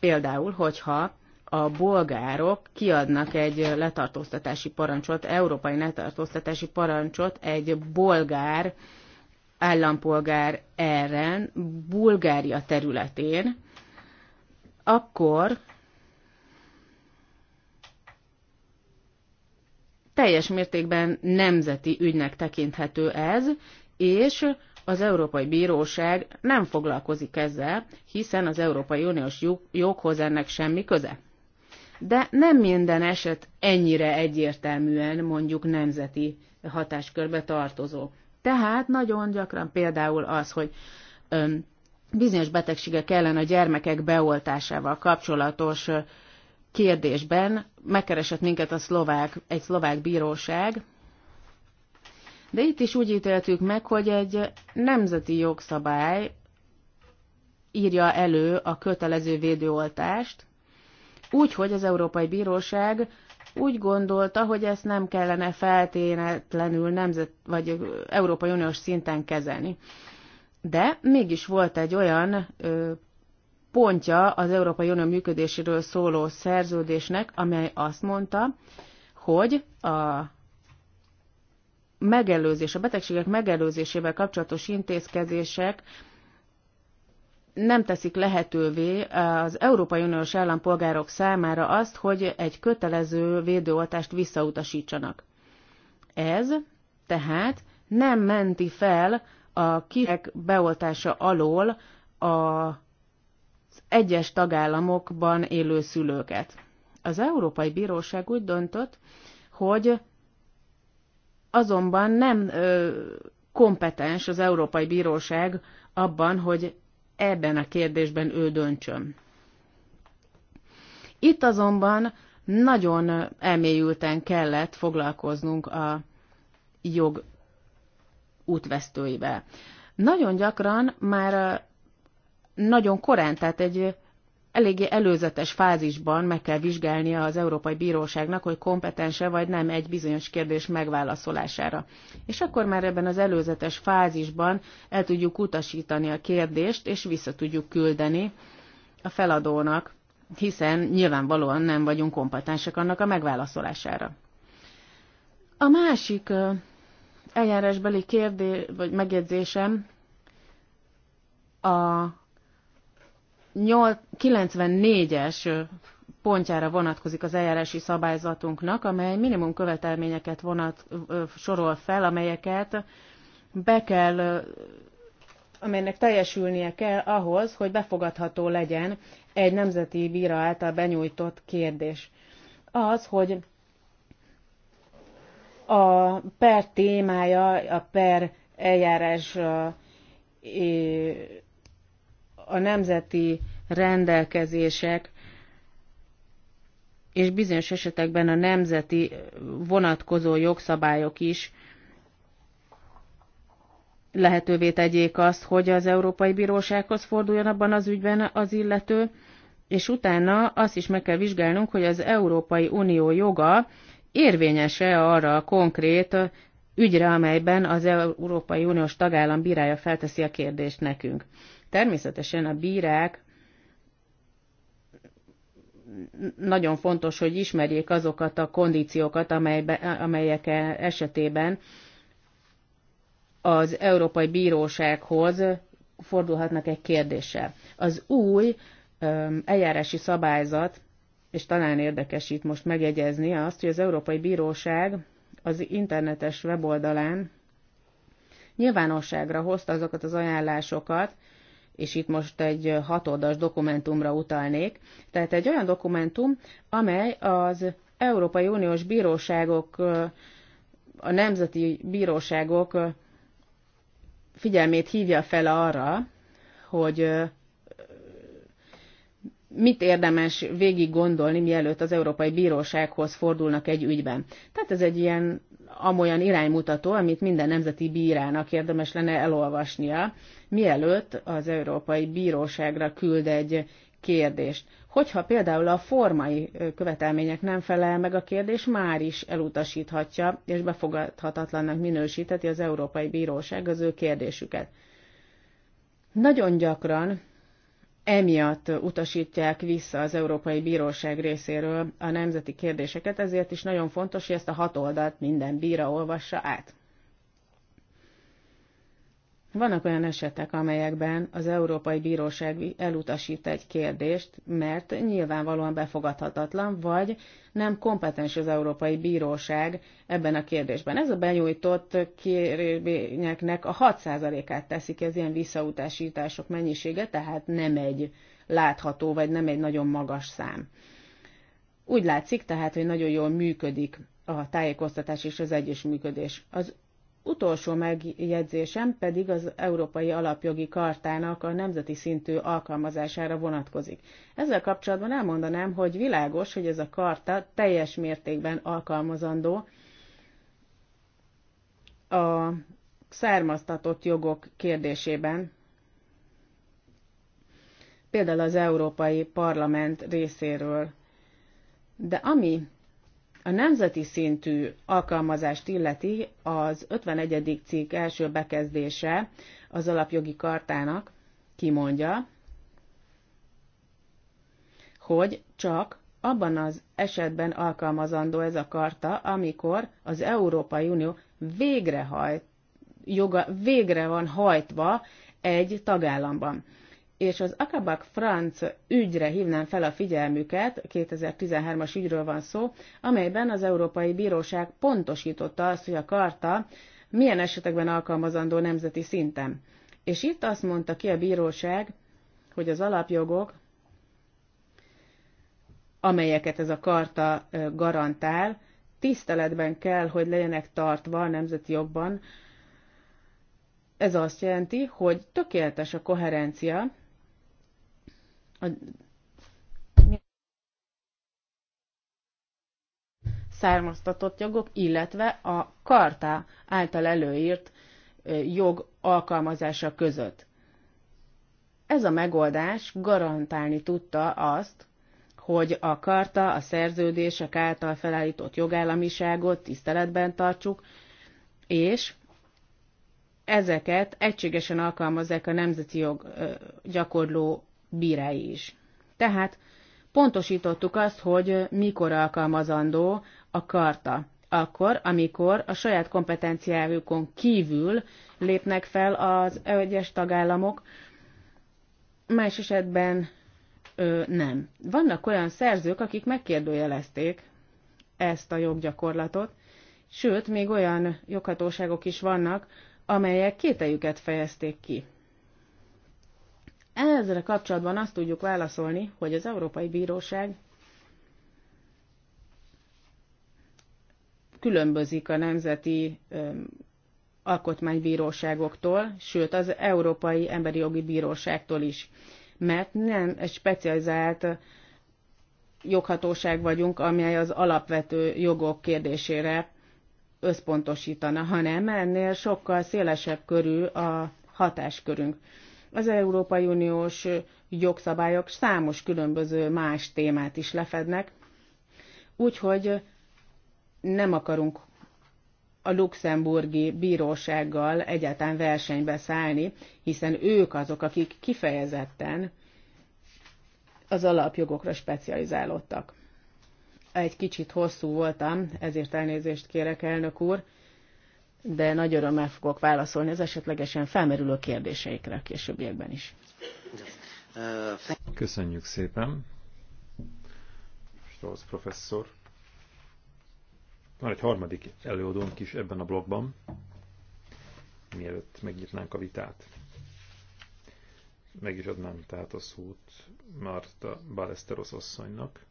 Például, hogyha a bolgárok kiadnak egy letartóztatási parancsot, európai letartóztatási parancsot egy bolgár állampolgár erren Bulgária területén, akkor teljes mértékben nemzeti ügynek tekinthető ez, és az Európai Bíróság nem foglalkozik ezzel, hiszen az Európai Uniós joghoz ennek semmi köze. De nem minden eset ennyire egyértelműen mondjuk nemzeti hatáskörbe tartozó. Tehát nagyon gyakran például az, hogy bizonyos betegségek ellen a gyermekek beoltásával kapcsolatos kérdésben megkeresett minket a szlovák, egy szlovák bíróság, de itt is úgy ítéltük meg, hogy egy nemzeti jogszabály írja elő a kötelező védőoltást, úgyhogy az Európai Bíróság úgy gondolta, hogy ezt nem kellene feltétlenül nemzet, vagy Európai Uniós szinten kezelni. De mégis volt egy olyan ö, pontja az Európai Unió működéséről szóló szerződésnek, amely azt mondta, hogy a megelőzés, a betegségek megelőzésével kapcsolatos intézkedések nem teszik lehetővé az Európai Uniós állampolgárok számára azt, hogy egy kötelező védőoltást visszautasítsanak. Ez tehát nem menti fel a kirek beoltása alól a egyes tagállamokban élő szülőket. Az Európai Bíróság úgy döntött, hogy azonban nem ö, kompetens az Európai Bíróság abban, hogy ebben a kérdésben ő döntsön. Itt azonban nagyon elmélyülten kellett foglalkoznunk a jog útvesztőivel. Nagyon gyakran már nagyon korán, tehát egy eléggé előzetes fázisban meg kell vizsgálnia az Európai Bíróságnak, hogy kompetense vagy nem egy bizonyos kérdés megválaszolására. És akkor már ebben az előzetes fázisban el tudjuk utasítani a kérdést, és vissza tudjuk küldeni a feladónak, hiszen nyilvánvalóan nem vagyunk kompetensek annak a megválaszolására. A másik eljárásbeli kérdés, vagy megjegyzésem a 94-es pontjára vonatkozik az eljárási szabályzatunknak, amely minimum követelményeket vonat, sorol fel, amelyeket be kell, amelynek teljesülnie kell ahhoz, hogy befogadható legyen egy nemzeti bíra által benyújtott kérdés. Az, hogy a per témája, a per eljárás a nemzeti rendelkezések és bizonyos esetekben a nemzeti vonatkozó jogszabályok is lehetővé tegyék azt, hogy az Európai Bírósághoz forduljon abban az ügyben az illető, és utána azt is meg kell vizsgálnunk, hogy az Európai Unió joga érvényese arra a konkrét ügyre, amelyben az Európai Uniós tagállam bírája felteszi a kérdést nekünk. Természetesen a bírák nagyon fontos, hogy ismerjék azokat a kondíciókat, amelybe, amelyek e, esetében az Európai Bírósághoz fordulhatnak egy kérdéssel. Az új eljárási szabályzat, és talán érdekes itt most megjegyezni azt, hogy az Európai Bíróság az internetes weboldalán nyilvánosságra hozta azokat az ajánlásokat, és itt most egy hatoldas dokumentumra utalnék. Tehát egy olyan dokumentum, amely az Európai Uniós bíróságok, a nemzeti bíróságok figyelmét hívja fel arra, hogy mit érdemes végig gondolni, mielőtt az Európai Bírósághoz fordulnak egy ügyben. Tehát ez egy ilyen amolyan iránymutató, amit minden nemzeti bírának érdemes lenne elolvasnia, mielőtt az Európai Bíróságra küld egy kérdést. Hogyha például a formai követelmények nem felel meg a kérdés, már is elutasíthatja és befogadhatatlannak minősíteti az Európai Bíróság az ő kérdésüket. Nagyon gyakran emiatt utasítják vissza az Európai Bíróság részéről a nemzeti kérdéseket, ezért is nagyon fontos, hogy ezt a hat oldalt minden bíra olvassa át. Vannak olyan esetek, amelyekben az Európai Bíróság elutasít egy kérdést, mert nyilvánvalóan befogadhatatlan, vagy nem kompetens az Európai Bíróság ebben a kérdésben. Ez a benyújtott kérvényeknek a 6%-át teszik ez ilyen visszautasítások mennyisége, tehát nem egy látható, vagy nem egy nagyon magas szám. Úgy látszik tehát, hogy nagyon jól működik a tájékoztatás és az együttműködés. Az utolsó megjegyzésem pedig az Európai Alapjogi Kartának a nemzeti szintű alkalmazására vonatkozik. Ezzel kapcsolatban elmondanám, hogy világos, hogy ez a karta teljes mértékben alkalmazandó a származtatott jogok kérdésében, például az Európai Parlament részéről. De ami a nemzeti szintű alkalmazást illeti az 51. cikk első bekezdése az alapjogi kartának kimondja, hogy csak abban az esetben alkalmazandó ez a karta, amikor az Európai Unió végrehajt, joga végre van hajtva egy tagállamban és az Akabak Franc ügyre hívnám fel a figyelmüket, 2013-as ügyről van szó, amelyben az Európai Bíróság pontosította azt, hogy a karta milyen esetekben alkalmazandó nemzeti szinten. És itt azt mondta ki a bíróság, hogy az alapjogok, amelyeket ez a karta garantál, tiszteletben kell, hogy legyenek tartva a nemzeti jogban. Ez azt jelenti, hogy tökéletes a koherencia a 'származtatott jogok, illetve a kartá által előírt jog alkalmazása között. Ez a megoldás garantálni tudta azt, hogy a karta, a szerződések által felállított jogállamiságot tiszteletben tartsuk, és ezeket egységesen alkalmazzák a nemzeti jog gyakorló bírái is. Tehát pontosítottuk azt, hogy mikor alkalmazandó a karta. Akkor, amikor a saját kompetenciájukon kívül lépnek fel az egyes tagállamok, más esetben ö, nem. Vannak olyan szerzők, akik megkérdőjelezték ezt a joggyakorlatot, sőt, még olyan joghatóságok is vannak, amelyek kételjüket fejezték ki ezzel kapcsolatban azt tudjuk válaszolni, hogy az Európai Bíróság különbözik a nemzeti alkotmánybíróságoktól, sőt az Európai Emberi Jogi Bíróságtól is, mert nem egy specializált joghatóság vagyunk, amely az alapvető jogok kérdésére összpontosítana, hanem ennél sokkal szélesebb körű a hatáskörünk. Az Európai Uniós jogszabályok számos különböző más témát is lefednek, úgyhogy nem akarunk a luxemburgi bírósággal egyáltalán versenybe szállni, hiszen ők azok, akik kifejezetten az alapjogokra specializálódtak. Egy kicsit hosszú voltam, ezért elnézést kérek, elnök úr de nagy örömmel fogok válaszolni az esetlegesen felmerülő kérdéseikre a későbbiekben is. Köszönjük szépen. Strauss professzor. Van egy harmadik előadónk is ebben a blogban, mielőtt megnyitnánk a vitát. Meg is adnám tehát a szót Marta Balesteros asszonynak.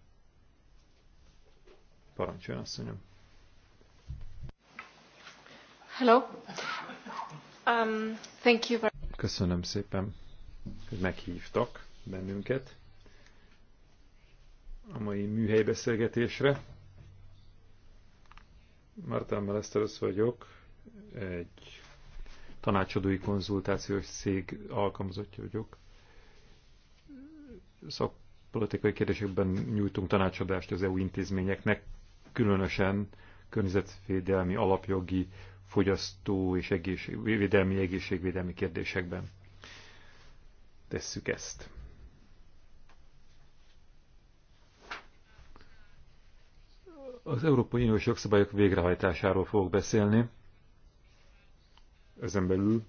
Parancsoljon, asszonyom! Hello. Um, thank you very... Köszönöm szépen, hogy meghívtak bennünket a mai műhelybeszélgetésre. Martán Meleszterusz vagyok, egy tanácsadói konzultációs cég alkalmazottja vagyok. Szakpolitikai kérdésekben nyújtunk tanácsadást az EU intézményeknek, különösen környezetvédelmi, alapjogi, fogyasztó és egészségvédelmi, egészségvédelmi kérdésekben tesszük ezt. Az Európai Uniós jogszabályok végrehajtásáról fogok beszélni. Ezen belül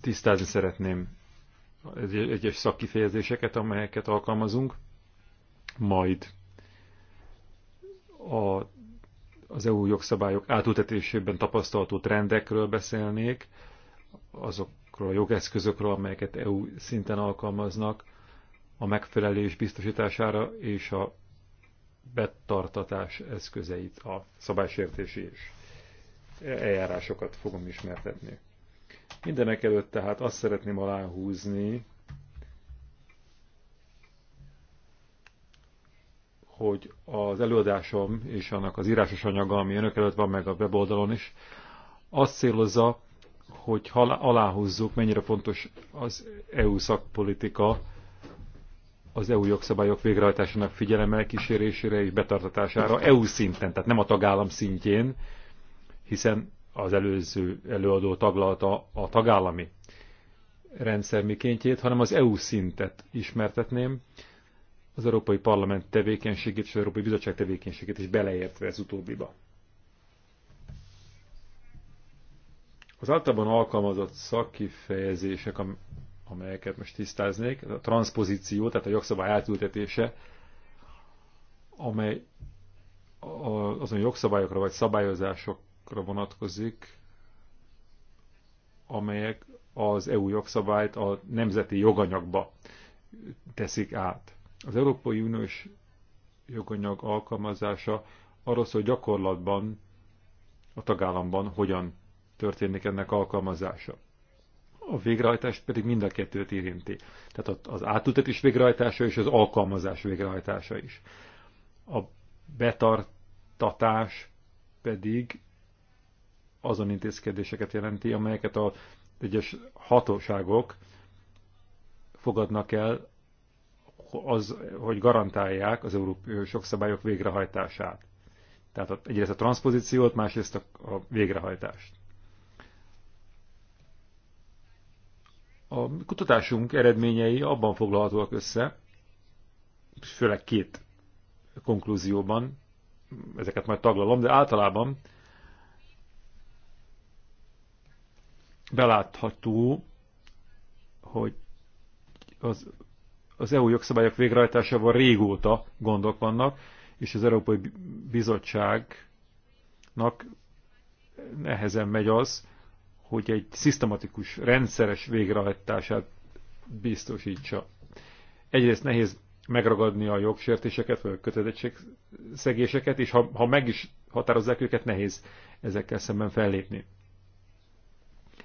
tisztázni szeretném egyes szakkifejezéseket, amelyeket alkalmazunk, majd a az EU jogszabályok átültetésében tapasztalható trendekről beszélnék, azokról a jogeszközökről, amelyeket EU szinten alkalmaznak a megfelelés biztosítására és a betartatás eszközeit, a szabálysértési és eljárásokat fogom ismertetni. Mindenek előtt tehát azt szeretném aláhúzni, hogy az előadásom és annak az írásos anyaga, ami önök előtt van meg a weboldalon is, azt célozza, hogy aláhúzzuk, mennyire fontos az EU szakpolitika az EU jogszabályok végrehajtásának figyelemmel kísérésére és betartatására EU szinten, tehát nem a tagállam szintjén, hiszen az előző előadó taglalta a tagállami rendszer mikéntjét, hanem az EU szintet ismertetném, az Európai Parlament tevékenységét és az Európai Bizottság tevékenységét is beleértve ez utóbbiba. Az általában alkalmazott szakkifejezések, amelyeket most tisztáznék, a transpozíció, tehát a jogszabály átültetése, amely azon jogszabályokra vagy szabályozásokra vonatkozik, amelyek az EU jogszabályt a nemzeti joganyagba teszik át. Az Európai Uniós joganyag alkalmazása arról szól, hogy gyakorlatban a tagállamban hogyan történik ennek alkalmazása. A végrehajtás pedig mind a kettőt érinti. Tehát az átültetés végrehajtása és az alkalmazás végrehajtása is. A betartatás pedig azon intézkedéseket jelenti, amelyeket az egyes hatóságok fogadnak el az, hogy garantálják az európai sokszabályok végrehajtását. Tehát egyrészt a transzpozíciót, másrészt a, a végrehajtást. A kutatásunk eredményei abban foglalhatóak össze, és főleg két konklúzióban, ezeket majd taglalom, de általában belátható, hogy az az EU jogszabályok végrehajtásával régóta gondok vannak, és az Európai Bizottságnak nehezen megy az, hogy egy szisztematikus, rendszeres végrehajtását biztosítsa. Egyrészt nehéz megragadni a jogsértéseket, vagy a kötelezettségszegéseket, és ha, ha meg is határozzák őket, nehéz ezekkel szemben fellépni.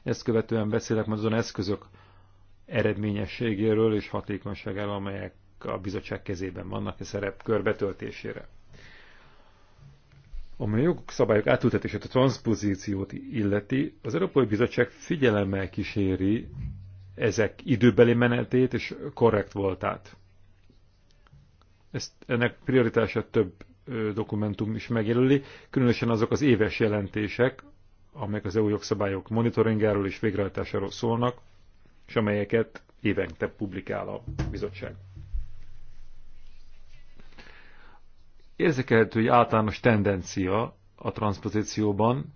Ezt követően beszélek majd azon eszközök, eredményességéről és hatékonyságáról, amelyek a bizottság kezében vannak a szerep körbetöltésére. Ami a jogszabályok átültetését, a transzpozíciót illeti, az Európai Bizottság figyelemmel kíséri ezek időbeli menetét és korrekt voltát. Ezt, ennek prioritását több dokumentum is megjelöli, különösen azok az éves jelentések, amelyek az EU jogszabályok monitoringáról és végrehajtásáról szólnak, és amelyeket évente publikál a bizottság. Érzékelhető, hogy általános tendencia a transzpozícióban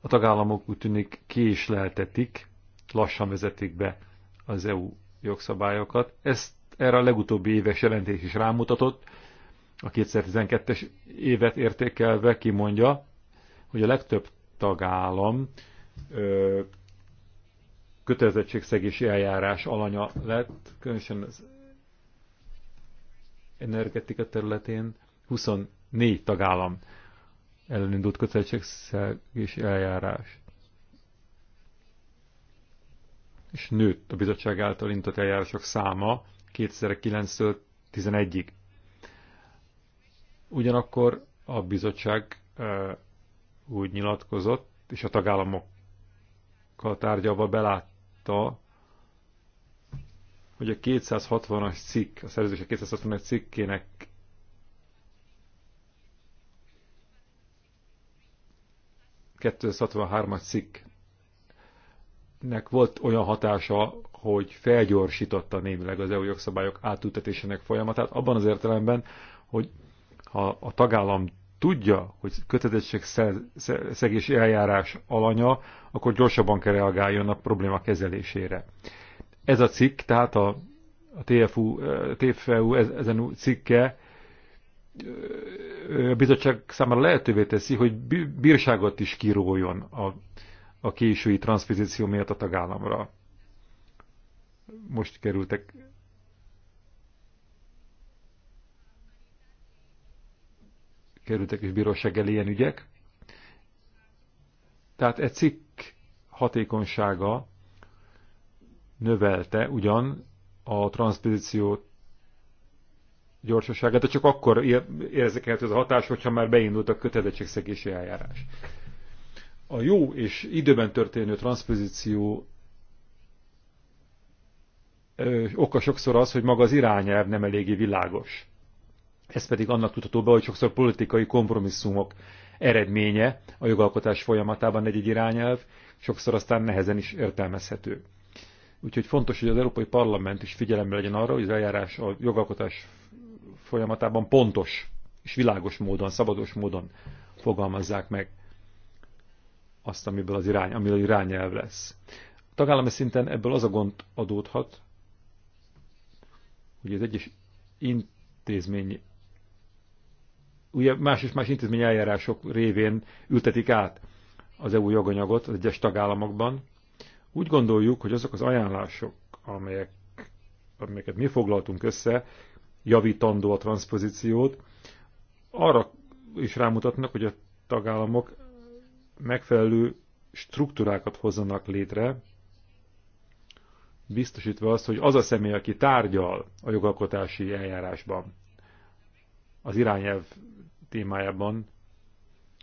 a tagállamok úgy tűnik ki is leltetik, lassan vezetik be az EU jogszabályokat. Ezt erre a legutóbbi éves jelentés is rámutatott, a 2012-es évet értékelve kimondja, hogy a legtöbb tagállam kötelezettségszegési eljárás alanya lett, különösen az energetika területén 24 tagállam ellenindult kötelezettségszegési eljárás. És nőtt a bizottság által indított eljárások száma 2009-től 11-ig. Ugyanakkor a bizottság úgy nyilatkozott, és a tagállamokkal tárgyalva belát, látta, hogy a 260-as cikk, a szerződések 260-as cikkének as cikknek volt olyan hatása, hogy felgyorsította némileg az EU jogszabályok átültetésének folyamatát, abban az értelemben, hogy ha a tagállam tudja, hogy kötetettség szegés eljárás alanya, akkor gyorsabban kell reagáljon a probléma kezelésére. Ez a cikk, tehát a, a TFU, eh, TFU ezen cikke eh, a bizottság számára lehetővé teszi, hogy bírságot is kiróljon a, a késői transzpozíció miatt a tagállamra. Most kerültek kerültek is bíróság elé ilyen ügyek. Tehát egy cikk hatékonysága növelte ugyan a transzpozíció gyorsaságát, de csak akkor el ez a hatás, hogyha már beindult a kötelezettségszegési eljárás. A jó és időben történő transzpozíció oka sokszor az, hogy maga az irányelv nem eléggé világos. Ez pedig annak tudható be, hogy sokszor politikai kompromisszumok eredménye a jogalkotás folyamatában egy-egy irányelv, sokszor aztán nehezen is értelmezhető. Úgyhogy fontos, hogy az Európai Parlament is figyelembe legyen arra, hogy az eljárás a jogalkotás folyamatában pontos és világos módon, szabados módon fogalmazzák meg azt, amiből az irány, amiből az irányelv lesz. A tagállami szinten ebből az a gond adódhat, hogy az egyes intézményi ugye más és más intézmény eljárások révén ültetik át az EU joganyagot az egyes tagállamokban. Úgy gondoljuk, hogy azok az ajánlások, amelyek, amelyeket mi foglaltunk össze, javítandó a transzpozíciót, arra is rámutatnak, hogy a tagállamok megfelelő struktúrákat hozzanak létre, biztosítva azt, hogy az a személy, aki tárgyal a jogalkotási eljárásban, az irányelv témájában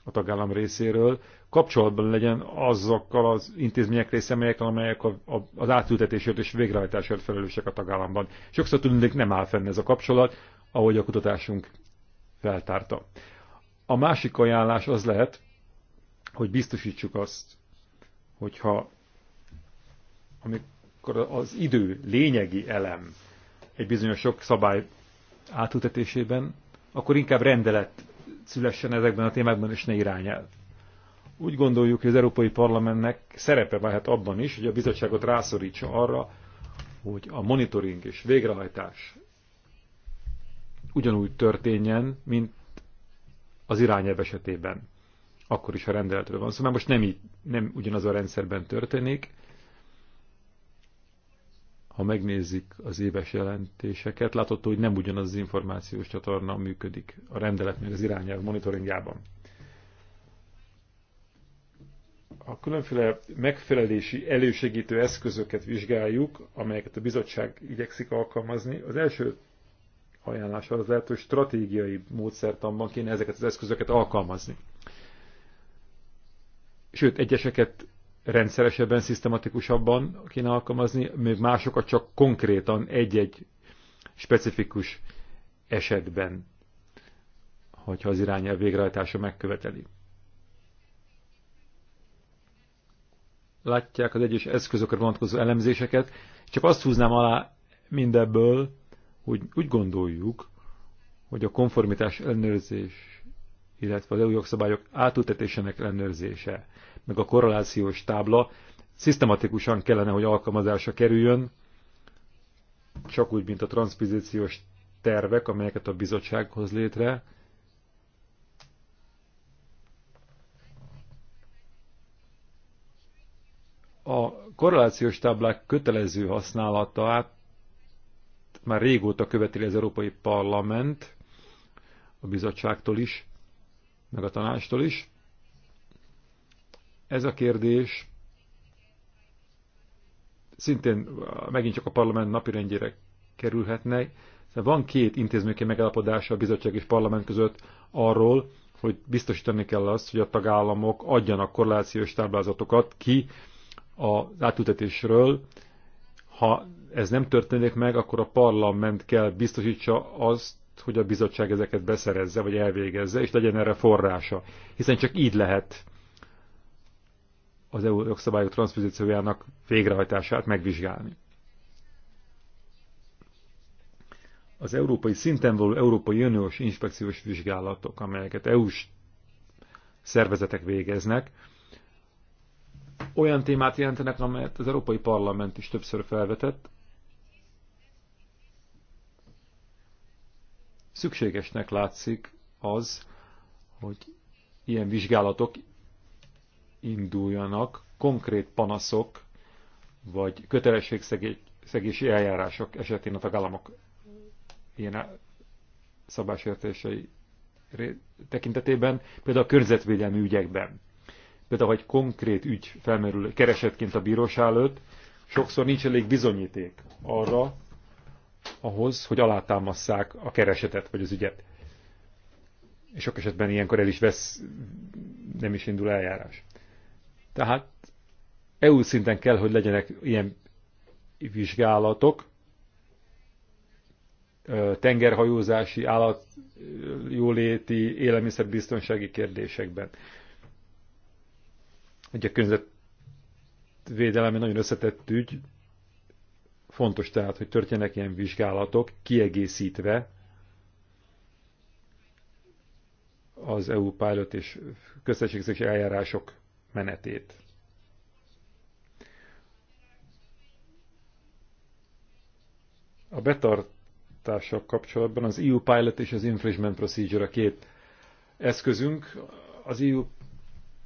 a tagállam részéről kapcsolatban legyen azokkal az intézmények része, amelyek, amelyek a, a, az átültetésért és végrehajtásért felelősek a tagállamban. Sokszor tudnék nem áll fenn ez a kapcsolat, ahogy a kutatásunk feltárta. A másik ajánlás az lehet, hogy biztosítsuk azt, hogyha amikor az idő lényegi elem egy bizonyos sok szabály átültetésében, akkor inkább rendelet szülessen ezekben a témákban, és ne irányelv. Úgy gondoljuk, hogy az Európai Parlamentnek szerepe lehet abban is, hogy a bizottságot rászorítsa arra, hogy a monitoring és végrehajtás ugyanúgy történjen, mint az irányelv esetében. Akkor is, ha rendeletről van szó, szóval most nem, így, nem ugyanaz a rendszerben történik, ha megnézzük az éves jelentéseket, látható, hogy nem ugyanaz az információs csatorna működik a rendeletnek az irányelv monitoringjában. A különféle megfelelési elősegítő eszközöket vizsgáljuk, amelyeket a bizottság igyekszik alkalmazni. Az első ajánlása az lehet, hogy stratégiai módszertanban kéne ezeket az eszközöket alkalmazni. Sőt, egyeseket rendszeresebben, szisztematikusabban kéne alkalmazni, még másokat csak konkrétan egy-egy specifikus esetben, hogyha az irányel végrehajtása megköveteli. Látják az egyes eszközökre vonatkozó elemzéseket, csak azt húznám alá mindebből, hogy úgy gondoljuk, hogy a konformitás ellenőrzés, illetve az EU jogszabályok átültetésének ellenőrzése meg a korrelációs tábla szisztematikusan kellene, hogy alkalmazása kerüljön, csak úgy, mint a transzpozíciós tervek, amelyeket a bizottság hoz létre. A korrelációs táblák kötelező használatát már régóta követeli az Európai Parlament, a bizottságtól is, meg a tanástól is. Ez a kérdés szintén megint csak a parlament napirendjére kerülhetne. Szóval van két intézményi megállapodása a bizottság és parlament között arról, hogy biztosítani kell azt, hogy a tagállamok adjanak korrelációs táblázatokat ki az átültetésről. Ha ez nem történik meg, akkor a parlament kell biztosítsa azt, hogy a bizottság ezeket beszerezze, vagy elvégezze, és legyen erre forrása. Hiszen csak így lehet az EU jogszabályok transzpozíciójának végrehajtását megvizsgálni. Az európai szinten való Európai Uniós inspekciós vizsgálatok, amelyeket EU-s szervezetek végeznek, olyan témát jelentenek, amelyet az Európai Parlament is többször felvetett. Szükségesnek látszik az, hogy ilyen vizsgálatok induljanak konkrét panaszok vagy kötelességszegési eljárások esetén a tagállamok ilyen szabásértései tekintetében, például a környezetvédelmi ügyekben. Például, hogy konkrét ügy felmerül keresetként a bíróság előtt, sokszor nincs elég bizonyíték arra, ahhoz, hogy alátámasszák a keresetet vagy az ügyet. És sok esetben ilyenkor el is vesz, nem is indul eljárás. Tehát EU szinten kell, hogy legyenek ilyen vizsgálatok, tengerhajózási, állatjóléti, élelmiszerbiztonsági kérdésekben. Ugye a környezetvédelem egy nagyon összetett ügy, fontos tehát, hogy történjenek ilyen vizsgálatok, kiegészítve az EU pilot és közösségzési eljárások menetét. A betartással kapcsolatban az EU Pilot és az Infringement Procedure a két eszközünk. Az EU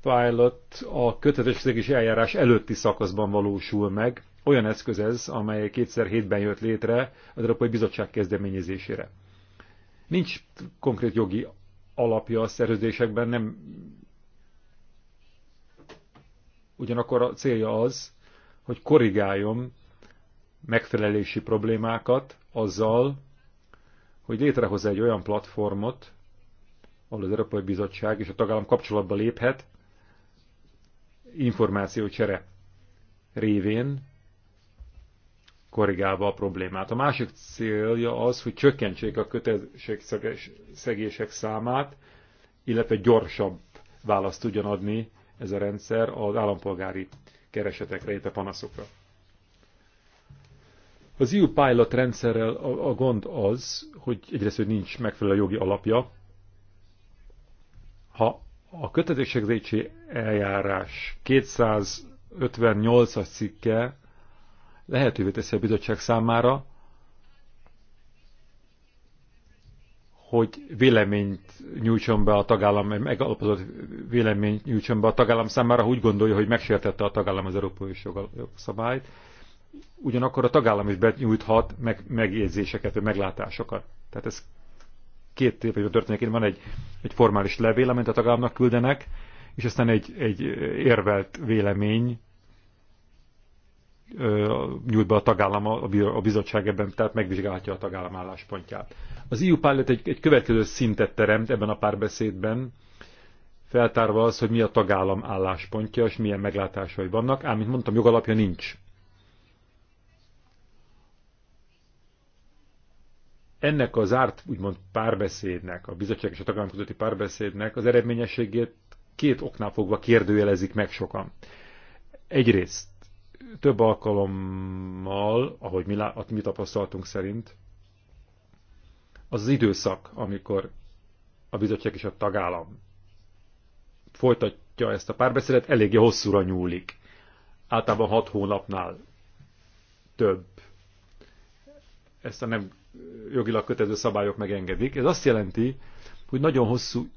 Pilot a kötetességési eljárás előtti szakaszban valósul meg. Olyan eszköz ez, amely 2007-ben jött létre az Európai Bizottság kezdeményezésére. Nincs konkrét jogi alapja a szerződésekben, nem ugyanakkor a célja az, hogy korrigáljon megfelelési problémákat azzal, hogy létrehoz egy olyan platformot, ahol az Európai Bizottság és a tagállam kapcsolatba léphet információcsere révén, korrigálva a problémát. A másik célja az, hogy csökkentsék a kötelességszegések számát, illetve gyorsabb választ tudjon adni ez a rendszer az állampolgári keresetekre, itt a panaszokra. Az EU Pilot rendszerrel a, a gond az, hogy egyrészt, hogy nincs megfelelő jogi alapja. Ha a kötetésegzési eljárás 258-as cikke lehetővé teszi a bizottság számára, hogy véleményt nyújtson be a tagállam, megalapozott véleményt nyújtson be a tagállam számára, úgy gondolja, hogy megsértette a tagállam az európai jogszabályt. Ugyanakkor a tagállam is benyújthat meg, megjegyzéseket, vagy meglátásokat. Tehát ez két vagy történik. Én van egy, egy formális levél, amit a tagállamnak küldenek, és aztán egy, egy érvelt vélemény, nyújt be a tagállam, a bizottság ebben, tehát megvizsgálhatja a tagállam álláspontját. Az EU Pilot egy, egy következő szintet teremt ebben a párbeszédben, feltárva az, hogy mi a tagállam álláspontja, és milyen meglátásai vannak, ám, mint mondtam, jogalapja nincs. Ennek az árt, úgymond párbeszédnek, a bizottság és a tagállam közötti párbeszédnek az eredményességét két oknál fogva kérdőjelezik meg sokan. Egyrészt több alkalommal, ahogy mi, lá, mi tapasztaltunk szerint, az az időszak, amikor a bizottság és a tagállam folytatja ezt a párbeszédet, eléggé hosszúra nyúlik. Általában hat hónapnál több. Ezt a nem jogilag kötelező szabályok megengedik. Ez azt jelenti, hogy nagyon hosszú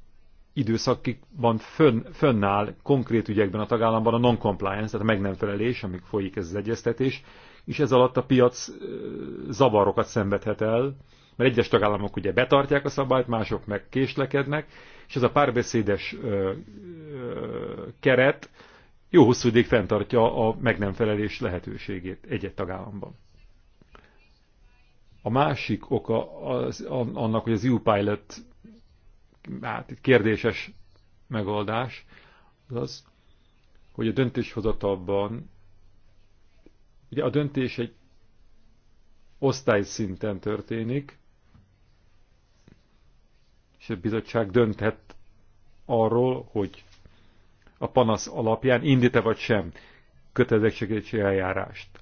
időszakban fönn, fönnáll konkrét ügyekben a tagállamban a non-compliance, tehát a meg nem felelés, amíg folyik ez az egyeztetés, és ez alatt a piac zavarokat szenvedhet el, mert egyes tagállamok ugye betartják a szabályt, mások meg késlekednek, és ez a párbeszédes ö, ö, keret jó hosszú ideig fenntartja a meg nem felelés lehetőségét egy-egy tagállamban. A másik oka az, annak, hogy az EU-Pilot hát itt kérdéses megoldás, az az, hogy a döntéshozatalban, ugye a döntés egy osztályszinten történik, és a bizottság dönthet arról, hogy a panasz alapján indít-e vagy sem kötelezettségési eljárást.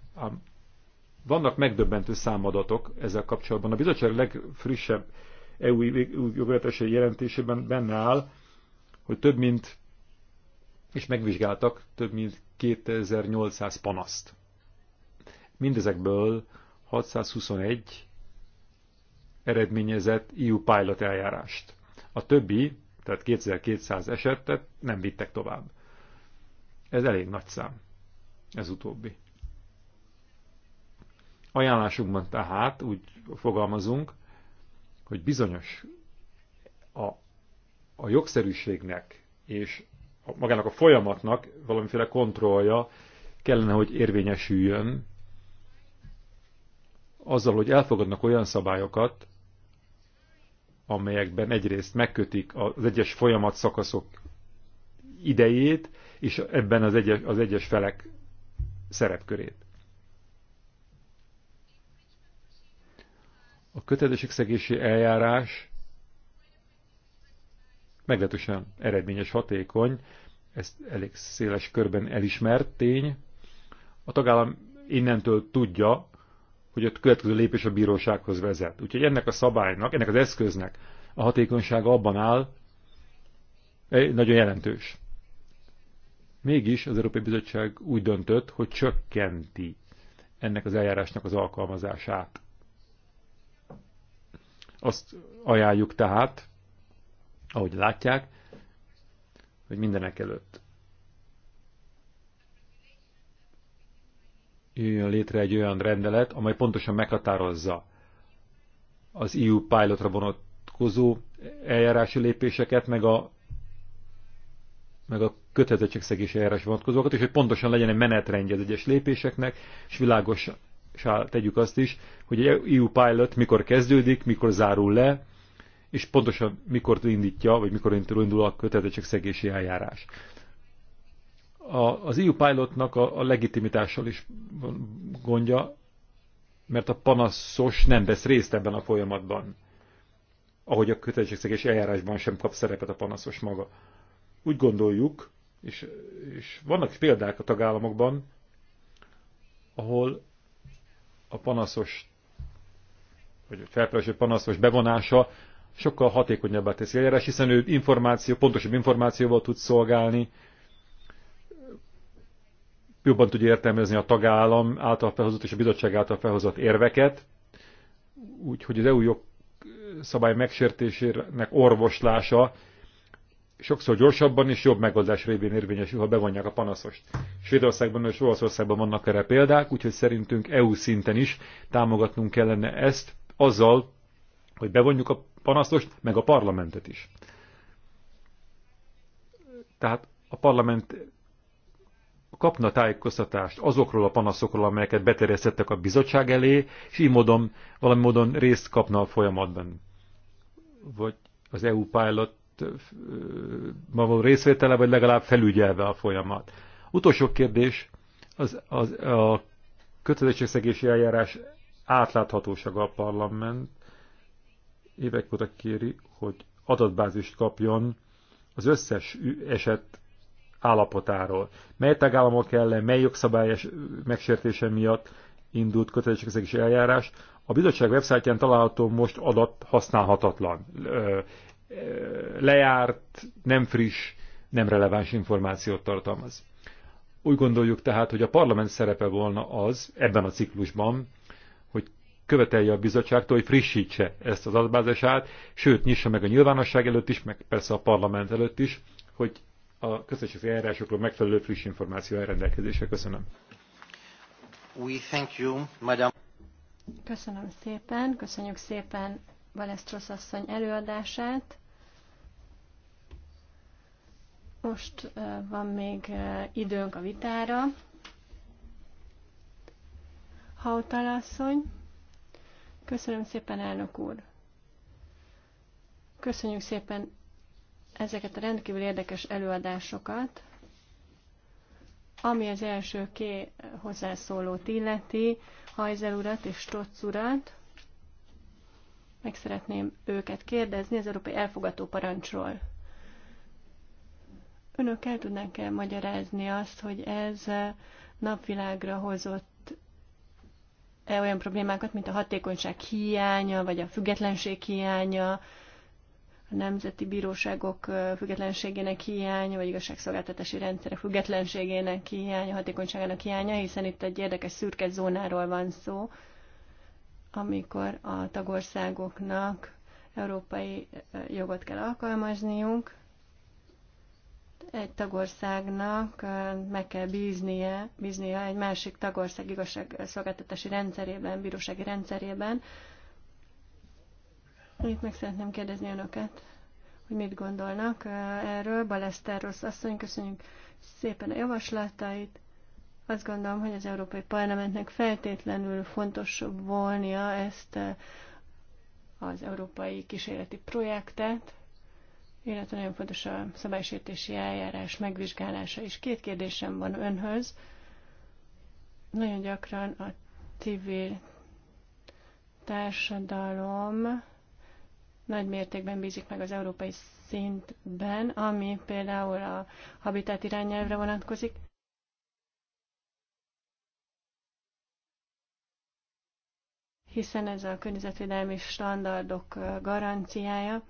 vannak megdöbbentő számadatok ezzel kapcsolatban. A bizottság legfrissebb EU jogvetesei jelentésében benne áll, hogy több mint, és megvizsgáltak több mint 2800 panaszt. Mindezekből 621 eredményezett EU pilot eljárást. A többi, tehát 2200 esetet nem vittek tovább. Ez elég nagy szám, ez utóbbi. Ajánlásunkban tehát úgy fogalmazunk, hogy bizonyos a, a jogszerűségnek és magának a folyamatnak valamiféle kontrollja kellene, hogy érvényesüljön azzal, hogy elfogadnak olyan szabályokat, amelyekben egyrészt megkötik az egyes folyamat szakaszok idejét, és ebben az egyes, az egyes felek szerepkörét. a kötelezettségszegési eljárás meglehetősen eredményes, hatékony, ez elég széles körben elismert tény. A tagállam innentől tudja, hogy a következő lépés a bírósághoz vezet. Úgyhogy ennek a szabálynak, ennek az eszköznek a hatékonysága abban áll, eh, nagyon jelentős. Mégis az Európai Bizottság úgy döntött, hogy csökkenti ennek az eljárásnak az alkalmazását. Azt ajánljuk tehát, ahogy látják, hogy mindenek előtt jöjjön létre egy olyan rendelet, amely pontosan meghatározza az EU pilotra vonatkozó eljárási lépéseket, meg a, meg a kötelezettségszegési eljárás vonatkozókat, és hogy pontosan legyen egy menetrendje az egyes lépéseknek, és világos tegyük azt is, hogy egy EU pilot mikor kezdődik, mikor zárul le, és pontosan mikor indítja, vagy mikor indul a szegési eljárás. A, az EU pilotnak a, a legitimitással is gondja, mert a panaszos nem vesz részt ebben a folyamatban, ahogy a kötelezettségszegési eljárásban sem kap szerepet a panaszos maga. Úgy gondoljuk, és, és vannak példák a tagállamokban, ahol a panaszos, vagy felfelelőső panaszos bevonása sokkal hatékonyabbá teszi eljárás, hiszen ő információ, pontosabb információval tud szolgálni, jobban tudja értelmezni a tagállam által felhozott és a bizottság által felhozott érveket, úgyhogy az EU jogszabály megsértésének orvoslása sokszor gyorsabban és jobb megoldás révén érvényesül, ha bevonják a panaszost. Svédországban és Olaszországban vannak erre példák, úgyhogy szerintünk EU szinten is támogatnunk kellene ezt azzal, hogy bevonjuk a panaszost, meg a parlamentet is. Tehát a parlament kapna tájékoztatást azokról a panaszokról, amelyeket beterjesztettek a bizottság elé, és így módon, valami módon részt kapna a folyamatban. Vagy az EU pilot Hát, ma való részvétele, vagy legalább felügyelve a folyamat. Utolsó kérdés, az, az, a kötelezettségszegési eljárás átláthatósága a parlament évek óta kéri, hogy adatbázist kapjon az összes eset állapotáról. Mely tagállamok ellen, mely jogszabályos megsértése miatt indult kötelezettségszegési eljárás. A bizottság websájtján található most adat használhatatlan lejárt, nem friss, nem releváns információt tartalmaz. Úgy gondoljuk tehát, hogy a parlament szerepe volna az ebben a ciklusban, hogy követelje a bizottságtól, hogy frissítse ezt az adatbázisát, sőt, nyissa meg a nyilvánosság előtt is, meg persze a parlament előtt is, hogy a közösségi eljárásokról megfelelő friss információ elrendelkezésre. Köszönöm. We thank you, madam. Köszönöm szépen, köszönjük szépen Balestrosz asszony előadását. Most van még időnk a vitára. Hautalasszony, köszönöm szépen, elnök úr. Köszönjük szépen ezeket a rendkívül érdekes előadásokat. Ami az első ké hozzászólót illeti, Hajzel urat és Stotz urat, meg szeretném őket kérdezni az Európai Elfogató Parancsról. Önök el tudnánk -e magyarázni azt, hogy ez napvilágra hozott -e olyan problémákat, mint a hatékonyság hiánya, vagy a függetlenség hiánya, a nemzeti bíróságok függetlenségének hiánya, vagy igazságszolgáltatási rendszerek függetlenségének hiánya, hatékonyságának hiánya, hiszen itt egy érdekes szürke zónáról van szó, amikor a tagországoknak európai jogot kell alkalmazniunk, egy tagországnak meg kell bíznie, bíznia egy másik tagország igazságszolgáltatási rendszerében, bírósági rendszerében. Itt meg szeretném kérdezni önöket, hogy mit gondolnak erről. Baleszter Rossz asszony, köszönjük szépen a javaslatait. Azt gondolom, hogy az Európai Parlamentnek feltétlenül fontos volnia ezt az európai kísérleti projektet, illetve nagyon fontos a szabálysértési eljárás megvizsgálása is. Két kérdésem van önhöz. Nagyon gyakran a civil társadalom nagy mértékben bízik meg az európai szintben, ami például a habitat irányelvre vonatkozik. hiszen ez a környezetvédelmi standardok garanciája.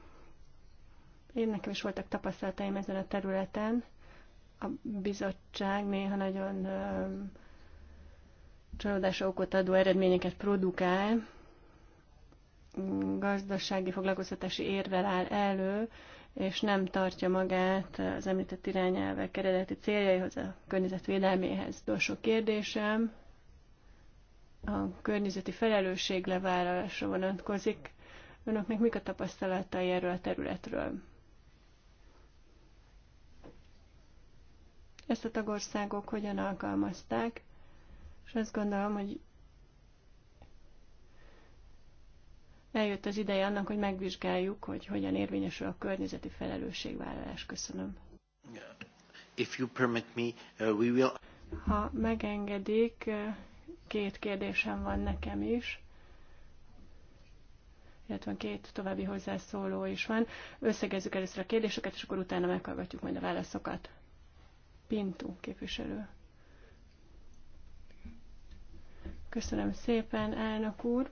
Én nekem is voltak tapasztalataim ezen a területen. A bizottság néha nagyon csalódása okot adó eredményeket produkál, gazdasági foglalkoztatási érvel áll elő, és nem tartja magát az említett irányelvek eredeti céljaihoz, a környezetvédelméhez. sok kérdésem a környezeti felelősség levállalásra vonatkozik. Önöknek mik a tapasztalatai erről a területről? ezt a tagországok hogyan alkalmazták, és azt gondolom, hogy eljött az ideje annak, hogy megvizsgáljuk, hogy hogyan érvényesül a környezeti felelősségvállalás. Köszönöm. If you permit me, uh, we will... Ha megengedik, uh, két kérdésem van nekem is illetve két további hozzászóló is van. Összegezzük először a kérdéseket, és akkor utána meghallgatjuk majd a válaszokat. Pintó képviselő. Köszönöm szépen, elnök úr.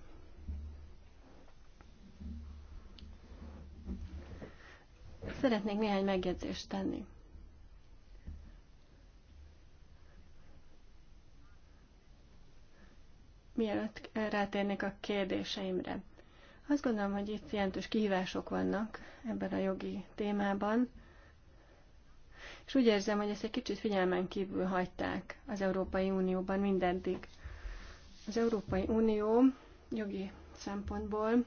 Szeretnék néhány megjegyzést tenni. Mielőtt rátérnék a kérdéseimre. Azt gondolom, hogy itt jelentős kihívások vannak ebben a jogi témában és úgy érzem, hogy ezt egy kicsit figyelmen kívül hagyták az Európai Unióban mindeddig. Az Európai Unió jogi szempontból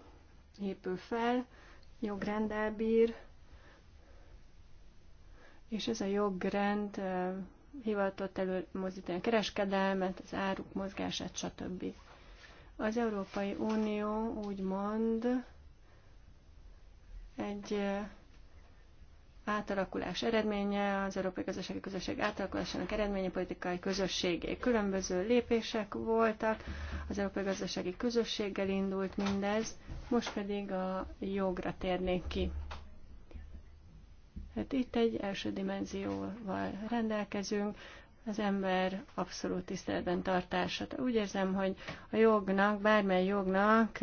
épül fel, jogrendel bír, és ez a jogrend hivatott előmozdítani a kereskedelmet, az áruk mozgását, stb. Az Európai Unió úgymond egy átalakulás eredménye, az Európai Gazdasági Közösség átalakulásának eredménye politikai közösségé. Különböző lépések voltak, az Európai Gazdasági Közösséggel indult mindez, most pedig a jogra térnék ki. Hát itt egy első dimenzióval rendelkezünk, az ember abszolút tiszteletben tartását. Úgy érzem, hogy a jognak, bármely jognak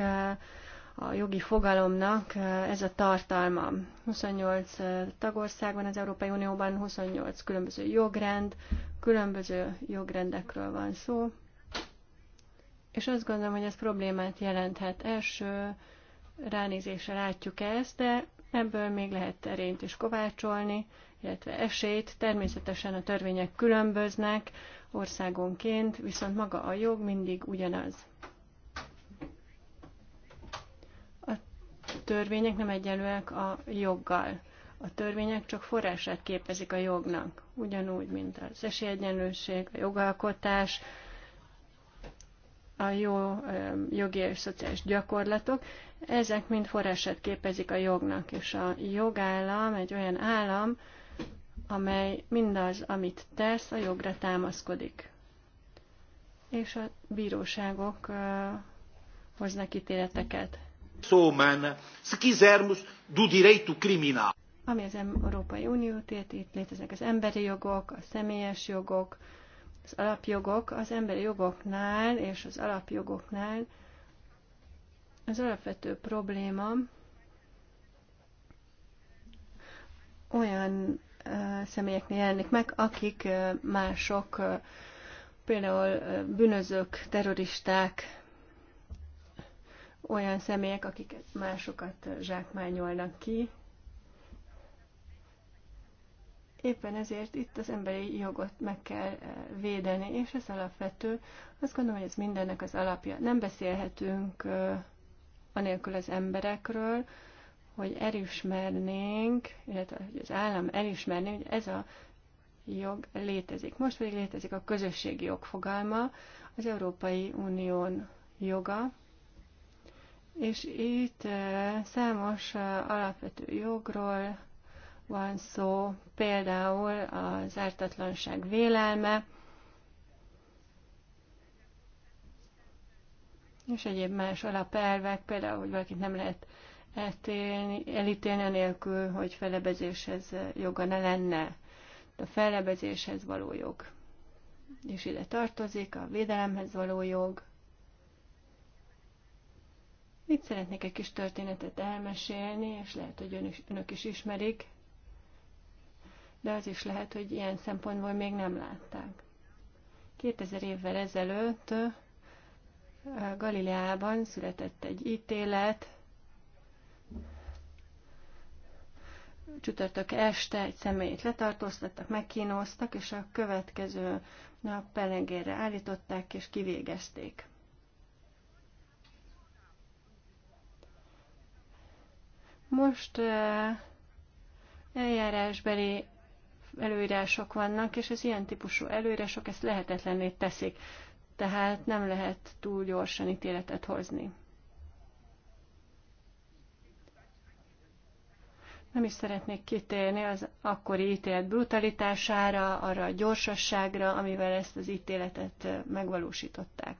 a jogi fogalomnak eh, ez a tartalma. 28 eh, tagországban, az Európai Unióban 28 különböző jogrend, különböző jogrendekről van szó, és azt gondolom, hogy ez problémát jelenthet. Első ránézésre látjuk ezt, de ebből még lehet erényt is kovácsolni, illetve esélyt. Természetesen a törvények különböznek országonként, viszont maga a jog mindig ugyanaz. törvények nem egyenlőek a joggal. A törvények csak forrását képezik a jognak, ugyanúgy, mint az esélyegyenlőség, a jogalkotás, a jó jogi és szociális gyakorlatok, ezek mind forrását képezik a jognak, és a jogállam egy olyan állam, amely mindaz, amit tesz, a jogra támaszkodik. És a bíróságok hoznak ítéleteket sou humana, se quisermos, do direito criminal. Ami az Európai Uniót ért, itt léteznek az emberi jogok, a személyes jogok, az alapjogok. Az emberi jogoknál és az alapjogoknál az alapvető probléma olyan személyeknél jelenik meg, akik mások, például bűnözők, terroristák olyan személyek, akik másokat zsákmányolnak ki. Éppen ezért itt az emberi jogot meg kell eh, védeni, és ez alapvető. Azt gondolom, hogy ez mindennek az alapja. Nem beszélhetünk eh, anélkül az emberekről, hogy elismernénk, illetve hogy az állam elismerné, hogy ez a jog létezik. Most pedig létezik a közösségi jog fogalma, az Európai Unión joga, és itt számos alapvető jogról van szó, például az ártatlanság vélelme, és egyéb más alapelvek, például, hogy valakit nem lehet eltélni, elítélni anélkül, hogy felebezéshez joga ne lenne. A felebezéshez való jog. És ide tartozik a védelemhez való jog, itt szeretnék egy kis történetet elmesélni, és lehet, hogy ön is, önök is ismerik, de az is lehet, hogy ilyen szempontból még nem látták. 2000 évvel ezelőtt Galileában született egy ítélet, csütörtök este egy személyt letartóztattak, megkínóztak, és a következő nap pelengére állították és kivégezték. Most eljárásbeli előírások vannak, és az ilyen típusú előírások ezt lehetetlenné teszik, tehát nem lehet túl gyorsan ítéletet hozni. Nem is szeretnék kitérni az akkori ítélet brutalitására, arra a gyorsasságra, amivel ezt az ítéletet megvalósították.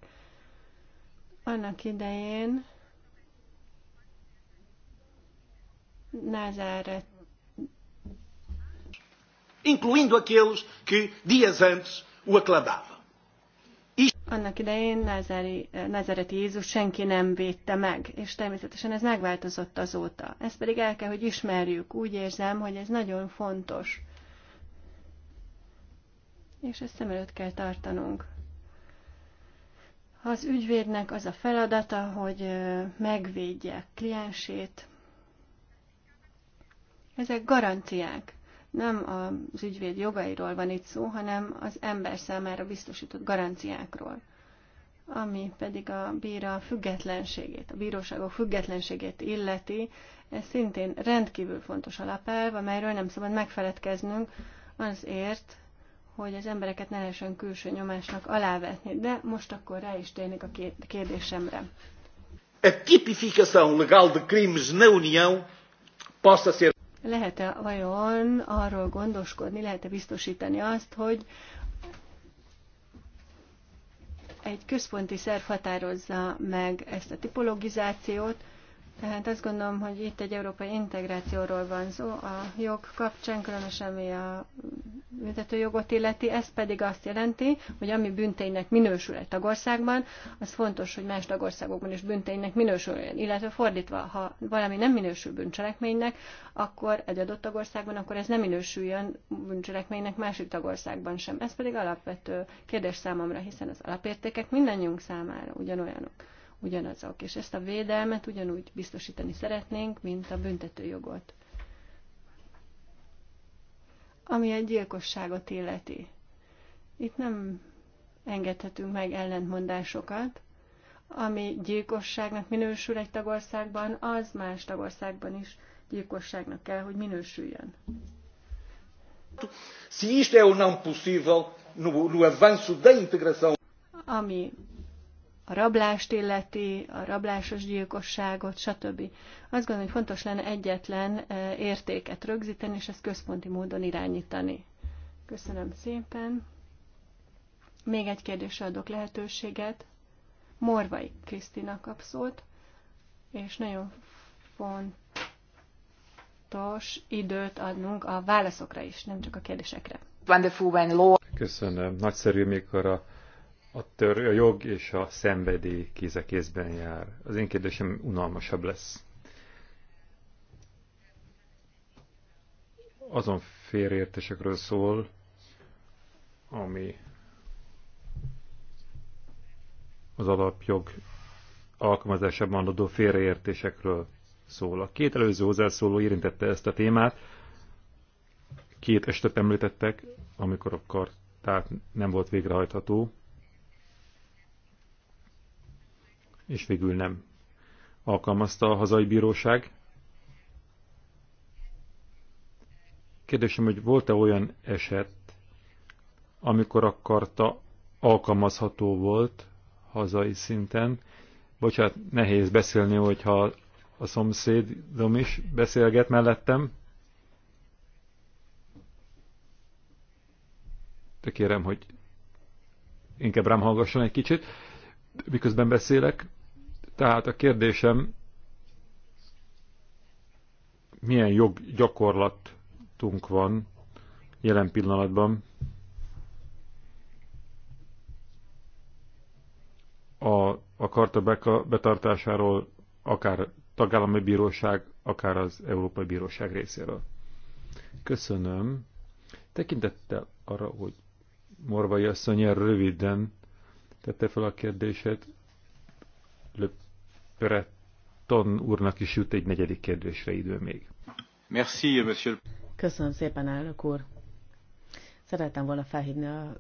Annak idején Nazaret. Incluindo aqueles que dias antes o aclamavam. Annak idején Názári, eh, Názáreti Jézus senki nem védte meg, és természetesen ez megváltozott azóta. Ezt pedig el kell, hogy ismerjük. Úgy érzem, hogy ez nagyon fontos. És ezt szem előtt kell tartanunk. Az ügyvédnek az a feladata, hogy eh, megvédje kliensét, ezek garanciák. Nem az ügyvéd jogairól van itt szó, hanem az ember számára biztosított garanciákról, ami pedig a bíra függetlenségét, a bíróságok függetlenségét illeti. Ez szintén rendkívül fontos alapelv, amelyről nem szabad megfeledkeznünk azért, hogy az embereket ne lehessen külső nyomásnak alávetni. De most akkor rá is térnék a kérdésemre. A tipificação legal de crimes na União possa ser lehet-e vajon arról gondoskodni, lehet-e biztosítani azt, hogy egy központi szerv határozza meg ezt a tipologizációt, tehát azt gondolom, hogy itt egy európai integrációról van szó a jog kapcsán, különösen ami a büntetőjogot illeti, ez pedig azt jelenti, hogy ami bünténynek minősül egy tagországban, az fontos, hogy más tagországokban is bünténynek minősüljön. Illetve fordítva, ha valami nem minősül bűncselekménynek, akkor egy adott tagországban, akkor ez nem minősüljön bűncselekménynek másik tagországban sem. Ez pedig alapvető kérdés számomra, hiszen az alapértékek mindannyiunk számára ugyanolyanok ugyanazok, és ezt a védelmet ugyanúgy biztosítani szeretnénk, mint a büntetőjogot. Ami egy gyilkosságot illeti. Itt nem engedhetünk meg ellentmondásokat. Ami gyilkosságnak minősül egy tagországban, az más tagországban is gyilkosságnak kell, hogy minősüljön. Se isto é ou não possível no, no avanço da integração. Ami a rablást illeti, a rablásos gyilkosságot, stb. Azt gondolom, hogy fontos lenne egyetlen e, értéket rögzíteni, és ezt központi módon irányítani. Köszönöm szépen. Még egy kérdésre adok lehetőséget. Morvai Krisztina kapszót, és nagyon fontos időt adnunk a válaszokra is, nem csak a kérdésekre. Köszönöm. Nagyszerű, mikor a a, tör, a jog és a szenvedély kéz a kézben jár. Az én kérdésem unalmasabb lesz. Azon félreértésekről szól, ami az alapjog alkalmazásában adó félreértésekről szól. A két előző hozzászóló érintette ezt a témát, két estet említettek, amikor a kartát nem volt végrehajtható, és végül nem alkalmazta a hazai bíróság. Kérdésem, hogy volt-e olyan eset, amikor akarta alkalmazható volt hazai szinten, vagy hát nehéz beszélni, hogyha a szomszédom is beszélget mellettem. De kérem, hogy inkább rám hallgasson egy kicsit, miközben beszélek. Tehát a kérdésem, milyen joggyakorlatunk van jelen pillanatban a, a karta betartásáról akár tagállami bíróság, akár az Európai Bíróság részéről. Köszönöm. Tekintettel arra, hogy Morvai asszony röviden tette fel a kérdését, Breton úrnak is jut egy negyedik kérdésre idő még. Merci, monsieur. Köszönöm szépen, elnök úr. Szeretem volna felhívni a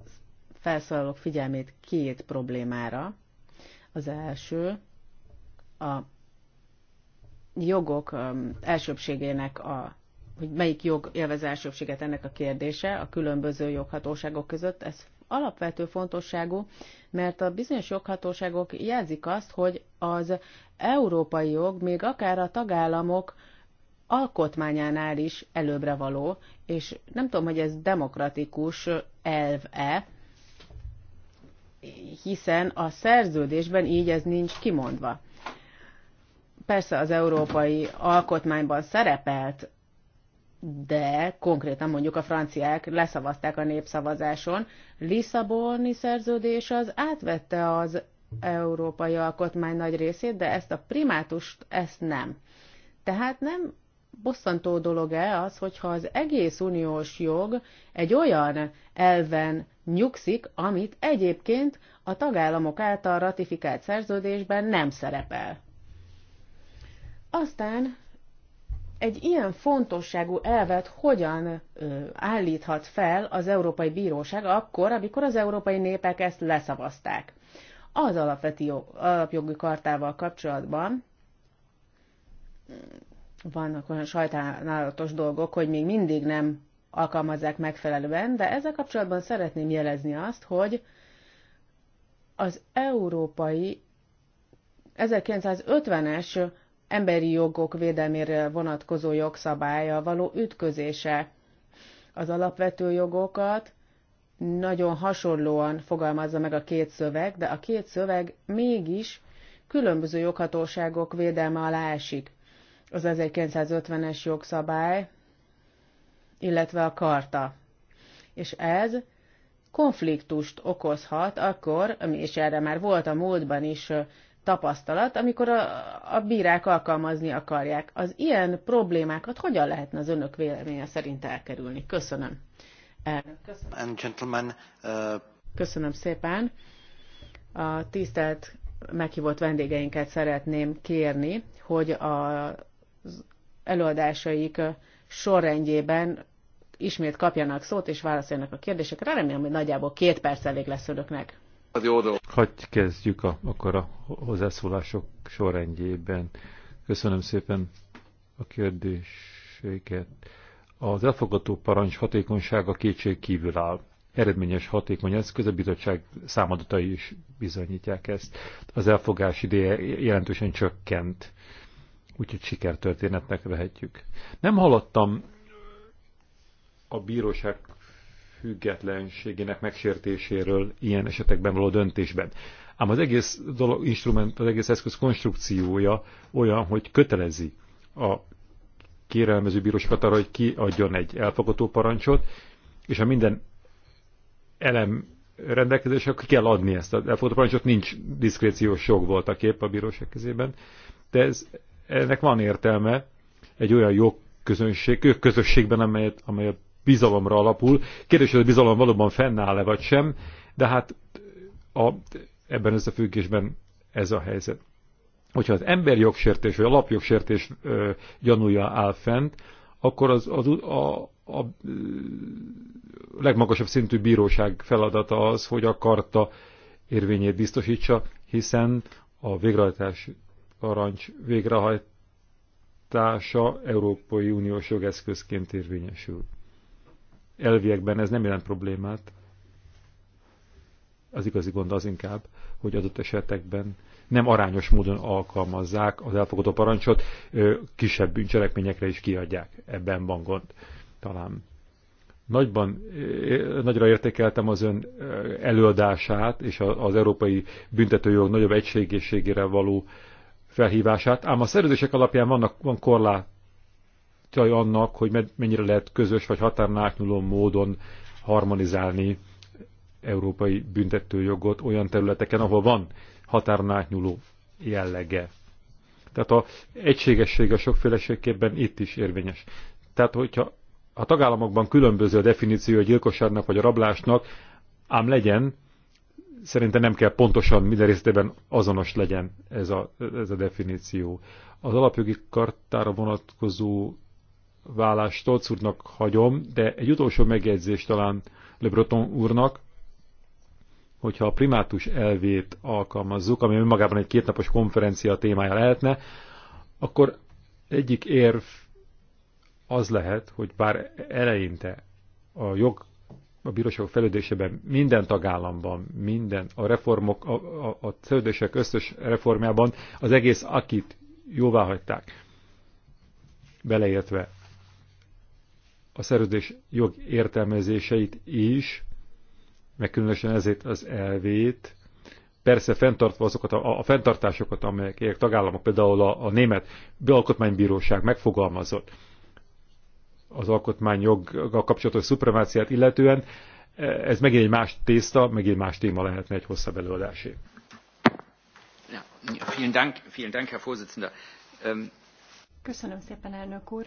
felszólalók figyelmét két problémára. Az első a jogok um, elsőbségének a hogy melyik jog élvez elsőbséget ennek a kérdése a különböző joghatóságok között, ez alapvető fontosságú, mert a bizonyos joghatóságok jelzik azt, hogy az európai jog még akár a tagállamok alkotmányánál is előbbre való, és nem tudom, hogy ez demokratikus elv-e, hiszen a szerződésben így ez nincs kimondva. Persze az európai alkotmányban szerepelt de konkrétan mondjuk a franciák leszavazták a népszavazáson. Lisszaboni szerződés az átvette az európai alkotmány nagy részét, de ezt a primátust, ezt nem. Tehát nem bosszantó dolog-e az, hogyha az egész uniós jog egy olyan elven nyugszik, amit egyébként a tagállamok által ratifikált szerződésben nem szerepel. Aztán egy ilyen fontosságú elvet hogyan ö, állíthat fel az Európai Bíróság akkor, amikor az európai népek ezt leszavazták? Az alapvető alapjogi kartával kapcsolatban vannak olyan sajtánálatos dolgok, hogy még mindig nem alkalmazzák megfelelően, de ezzel kapcsolatban szeretném jelezni azt, hogy az európai 1950-es emberi jogok védelmére vonatkozó jogszabálya való ütközése. Az alapvető jogokat nagyon hasonlóan fogalmazza meg a két szöveg, de a két szöveg mégis különböző joghatóságok védelme alá esik. Az 1950-es jogszabály, illetve a karta. És ez konfliktust okozhat akkor, és erre már volt a múltban is tapasztalat, amikor a, a bírák alkalmazni akarják. Az ilyen problémákat hogyan lehetne az önök véleménye szerint elkerülni? Köszönöm. Köszönöm. Uh, köszönöm szépen. A tisztelt meghívott vendégeinket szeretném kérni, hogy a előadásaik sorrendjében ismét kapjanak szót és válaszoljanak a kérdésekre. Remélem, hogy nagyjából két perc elég lesz önöknek. Hogy kezdjük a, akkor a hozzászólások sorrendjében. Köszönöm szépen a kérdéseket. Az elfogadó parancs hatékonysága kétség kívül áll. Eredményes, hatékony eszköz, a bizottság számadatai is bizonyítják ezt. Az elfogás ideje jelentősen csökkent, úgyhogy sikertörténetnek vehetjük. Nem hallottam a bíróság függetlenségének megsértéséről ilyen esetekben való döntésben. Ám az egész dolog, instrument, az egész eszköz konstrukciója olyan, hogy kötelezi a kérelmező bíróságot arra, hogy kiadjon egy elfogadó parancsot, és a minden elem rendelkezés, akkor kell adni ezt. Az elfogadó parancsot nincs diszkréciós jog volt a kép a bíróság kezében, de ez, ennek van értelme egy olyan jogközönség, közösségben, amelyet, amely a bizalomra alapul. Kérdés, hogy a bizalom valóban fennáll-e vagy sem, de hát a, ebben összefüggésben ez a helyzet. Hogyha az jogsértés vagy a ö, gyanúja áll fent, akkor az, az a, a, a legmagasabb szintű bíróság feladata az, hogy a karta érvényét biztosítsa, hiszen a végrehajtás arancs végrehajtása Európai Uniós jogeszközként érvényesül elviekben ez nem jelent problémát. Az igazi gond az inkább, hogy adott esetekben nem arányos módon alkalmazzák az elfogadó parancsot, kisebb bűncselekményekre is kiadják. Ebben van gond. Talán nagyban, nagyra értékeltem az ön előadását és az európai büntetőjog nagyobb egységészségére való felhívását, ám a szerződések alapján vannak, van korlát, gátjai annak, hogy mennyire lehet közös vagy határon átnyúló módon harmonizálni európai büntetőjogot olyan területeken, ahol van határon átnyúló jellege. Tehát a egységesség a sokféleségképpen itt is érvényes. Tehát, hogyha a tagállamokban különböző a definíció a gyilkosságnak vagy a rablásnak, ám legyen, szerintem nem kell pontosan minden részében azonos legyen ez a, ez a definíció. Az alapjogi kartára vonatkozó válást Stolz úrnak hagyom, de egy utolsó megjegyzés talán Le Breton úrnak, hogyha a primátus elvét alkalmazzuk, ami önmagában egy kétnapos konferencia témája lehetne, akkor egyik érv az lehet, hogy bár eleinte a jog a bíróságok felődésében minden tagállamban, minden a reformok, a, a, a felődések összes reformjában az egész akit jóvá hagyták, beleértve a szerződés jog értelmezéseit is, meg különösen ezért az elvét, persze fenntartva azokat a, a fenntartásokat, amelyek tagállamok, például a, a német alkotmánybíróság megfogalmazott az alkotmányjoggal kapcsolatos szupremáciát illetően, ez megint egy más tészta, megint más téma lehetne egy hosszabb előadásé. Ähm, Köszönöm szépen, elnök úr.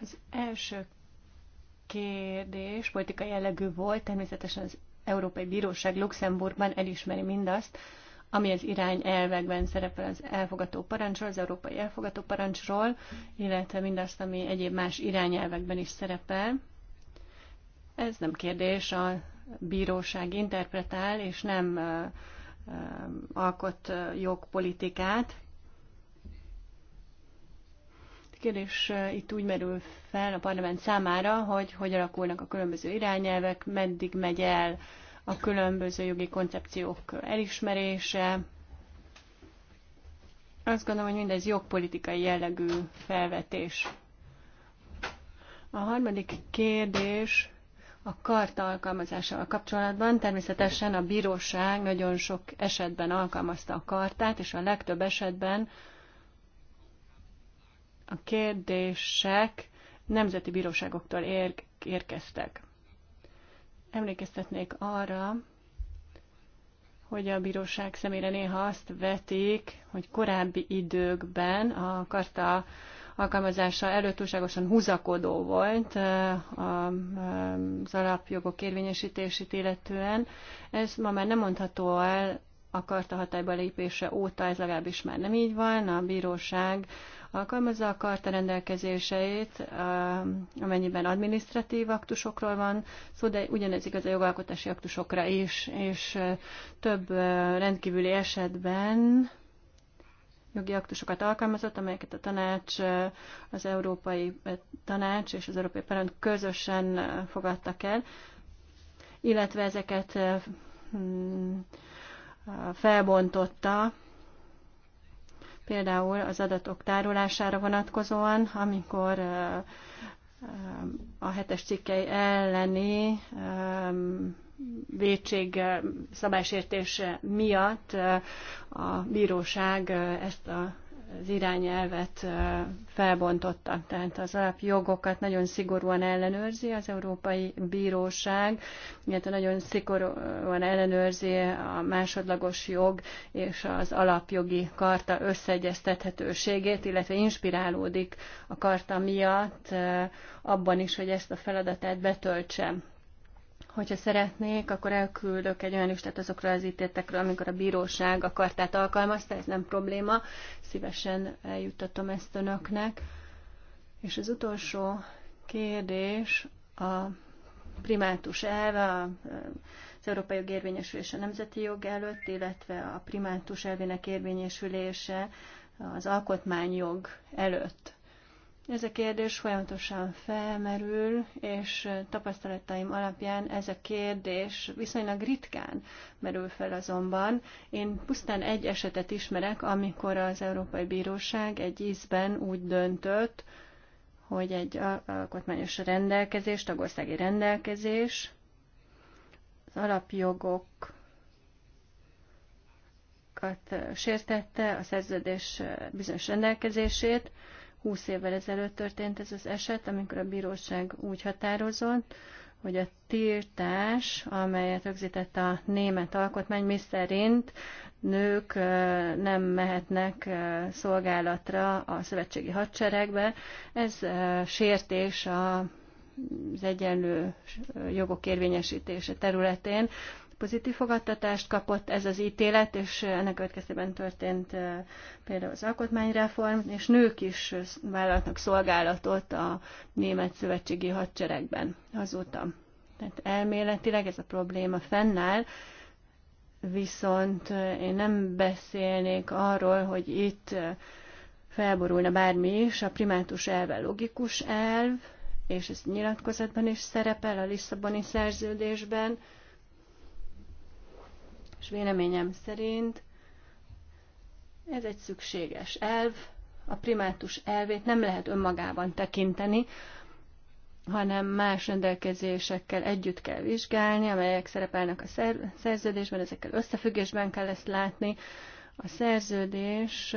Az első kérdés politikai jellegű volt, természetesen az Európai Bíróság Luxemburgban elismeri mindazt, ami az irány elvekben szerepel az elfogató parancsról, az európai elfogató parancsról, illetve mindazt, ami egyéb más irányelvekben is szerepel. Ez nem kérdés, a bíróság interpretál, és nem alkot jogpolitikát. Kérdés eh, itt úgy merül fel a parlament számára, hogy hogy alakulnak a különböző irányelvek, meddig megy el a különböző jogi koncepciók elismerése. Azt gondolom, hogy mindez jogpolitikai jellegű felvetés. A harmadik kérdés a kart alkalmazásával kapcsolatban. Természetesen a bíróság nagyon sok esetben alkalmazta a kartát, és a legtöbb esetben a kérdések nemzeti bíróságoktól ér- érkeztek. Emlékeztetnék arra, hogy a bíróság szemére néha azt vetik, hogy korábbi időkben a karta alkalmazása előtt túlságosan húzakodó volt az alapjogok érvényesítését illetően. Ez ma már nem mondható el a karta hatályba lépése óta, ez legalábbis már nem így van. A bíróság alkalmazza a karta rendelkezéseit, amennyiben administratív aktusokról van szó, de ugyanez igaz a jogalkotási aktusokra is, és több rendkívüli esetben jogi aktusokat alkalmazott, amelyeket a tanács, az Európai Tanács és az Európai Parlament közösen fogadtak el, illetve ezeket mm, felbontotta például az adatok tárolására vonatkozóan, amikor a hetes cikkei elleni vétség szabálysértése miatt a bíróság ezt a az irányelvet felbontottak, tehát az alapjogokat nagyon szigorúan ellenőrzi az Európai Bíróság, illetve nagyon szigorúan ellenőrzi a másodlagos jog és az alapjogi karta összeegyeztethetőségét, illetve inspirálódik a karta miatt abban is, hogy ezt a feladatát betöltse. Hogyha szeretnék, akkor elküldök egy olyan listát azokról az ítéltekről, amikor a bíróság a kartát alkalmazta, ez nem probléma, szívesen eljuttatom ezt önöknek. És az utolsó kérdés a primátus elve, az európai jog érvényesülése a nemzeti jog előtt, illetve a primátus elvének érvényesülése az alkotmányjog előtt. Ez a kérdés folyamatosan felmerül, és tapasztalataim alapján ez a kérdés viszonylag ritkán merül fel azonban. Én pusztán egy esetet ismerek, amikor az Európai Bíróság egy ízben úgy döntött, hogy egy alkotmányos rendelkezés, tagországi rendelkezés az alapjogok sértette a szerződés bizonyos rendelkezését, 20 évvel ezelőtt történt ez az eset, amikor a bíróság úgy határozott, hogy a tiltás, amelyet rögzített a német alkotmány, szerint nők nem mehetnek szolgálatra a szövetségi hadseregbe. Ez sértés az egyenlő jogok érvényesítése területén pozitív fogadtatást kapott ez az ítélet, és ennek következtében történt például az alkotmányreform, és nők is vállaltak szolgálatot a német szövetségi hadseregben azóta. Tehát elméletileg ez a probléma fennáll, viszont én nem beszélnék arról, hogy itt felborulna bármi is, a primátus elve logikus elv, és ez nyilatkozatban is szerepel a Lisszaboni szerződésben, és véleményem szerint ez egy szükséges elv, a primátus elvét nem lehet önmagában tekinteni, hanem más rendelkezésekkel együtt kell vizsgálni, amelyek szerepelnek a szerződésben, ezekkel összefüggésben kell ezt látni. A szerződés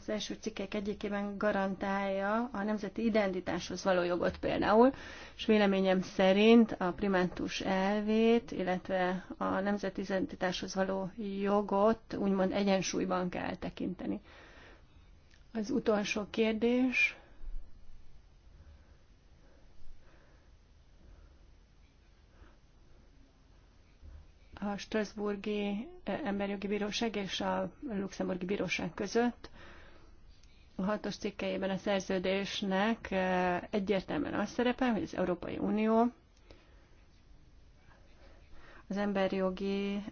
az első cikkek egyikében garantálja a nemzeti identitáshoz való jogot például, és véleményem szerint a primátus elvét, illetve a nemzeti identitáshoz való jogot úgymond egyensúlyban kell tekinteni. Az utolsó kérdés a Strasburgi eh, Emberjogi Bíróság és a Luxemburgi Bíróság között. A hatos cikkeiben a szerződésnek eh, egyértelműen az szerepel, hogy az Európai Unió az emberjogi eh,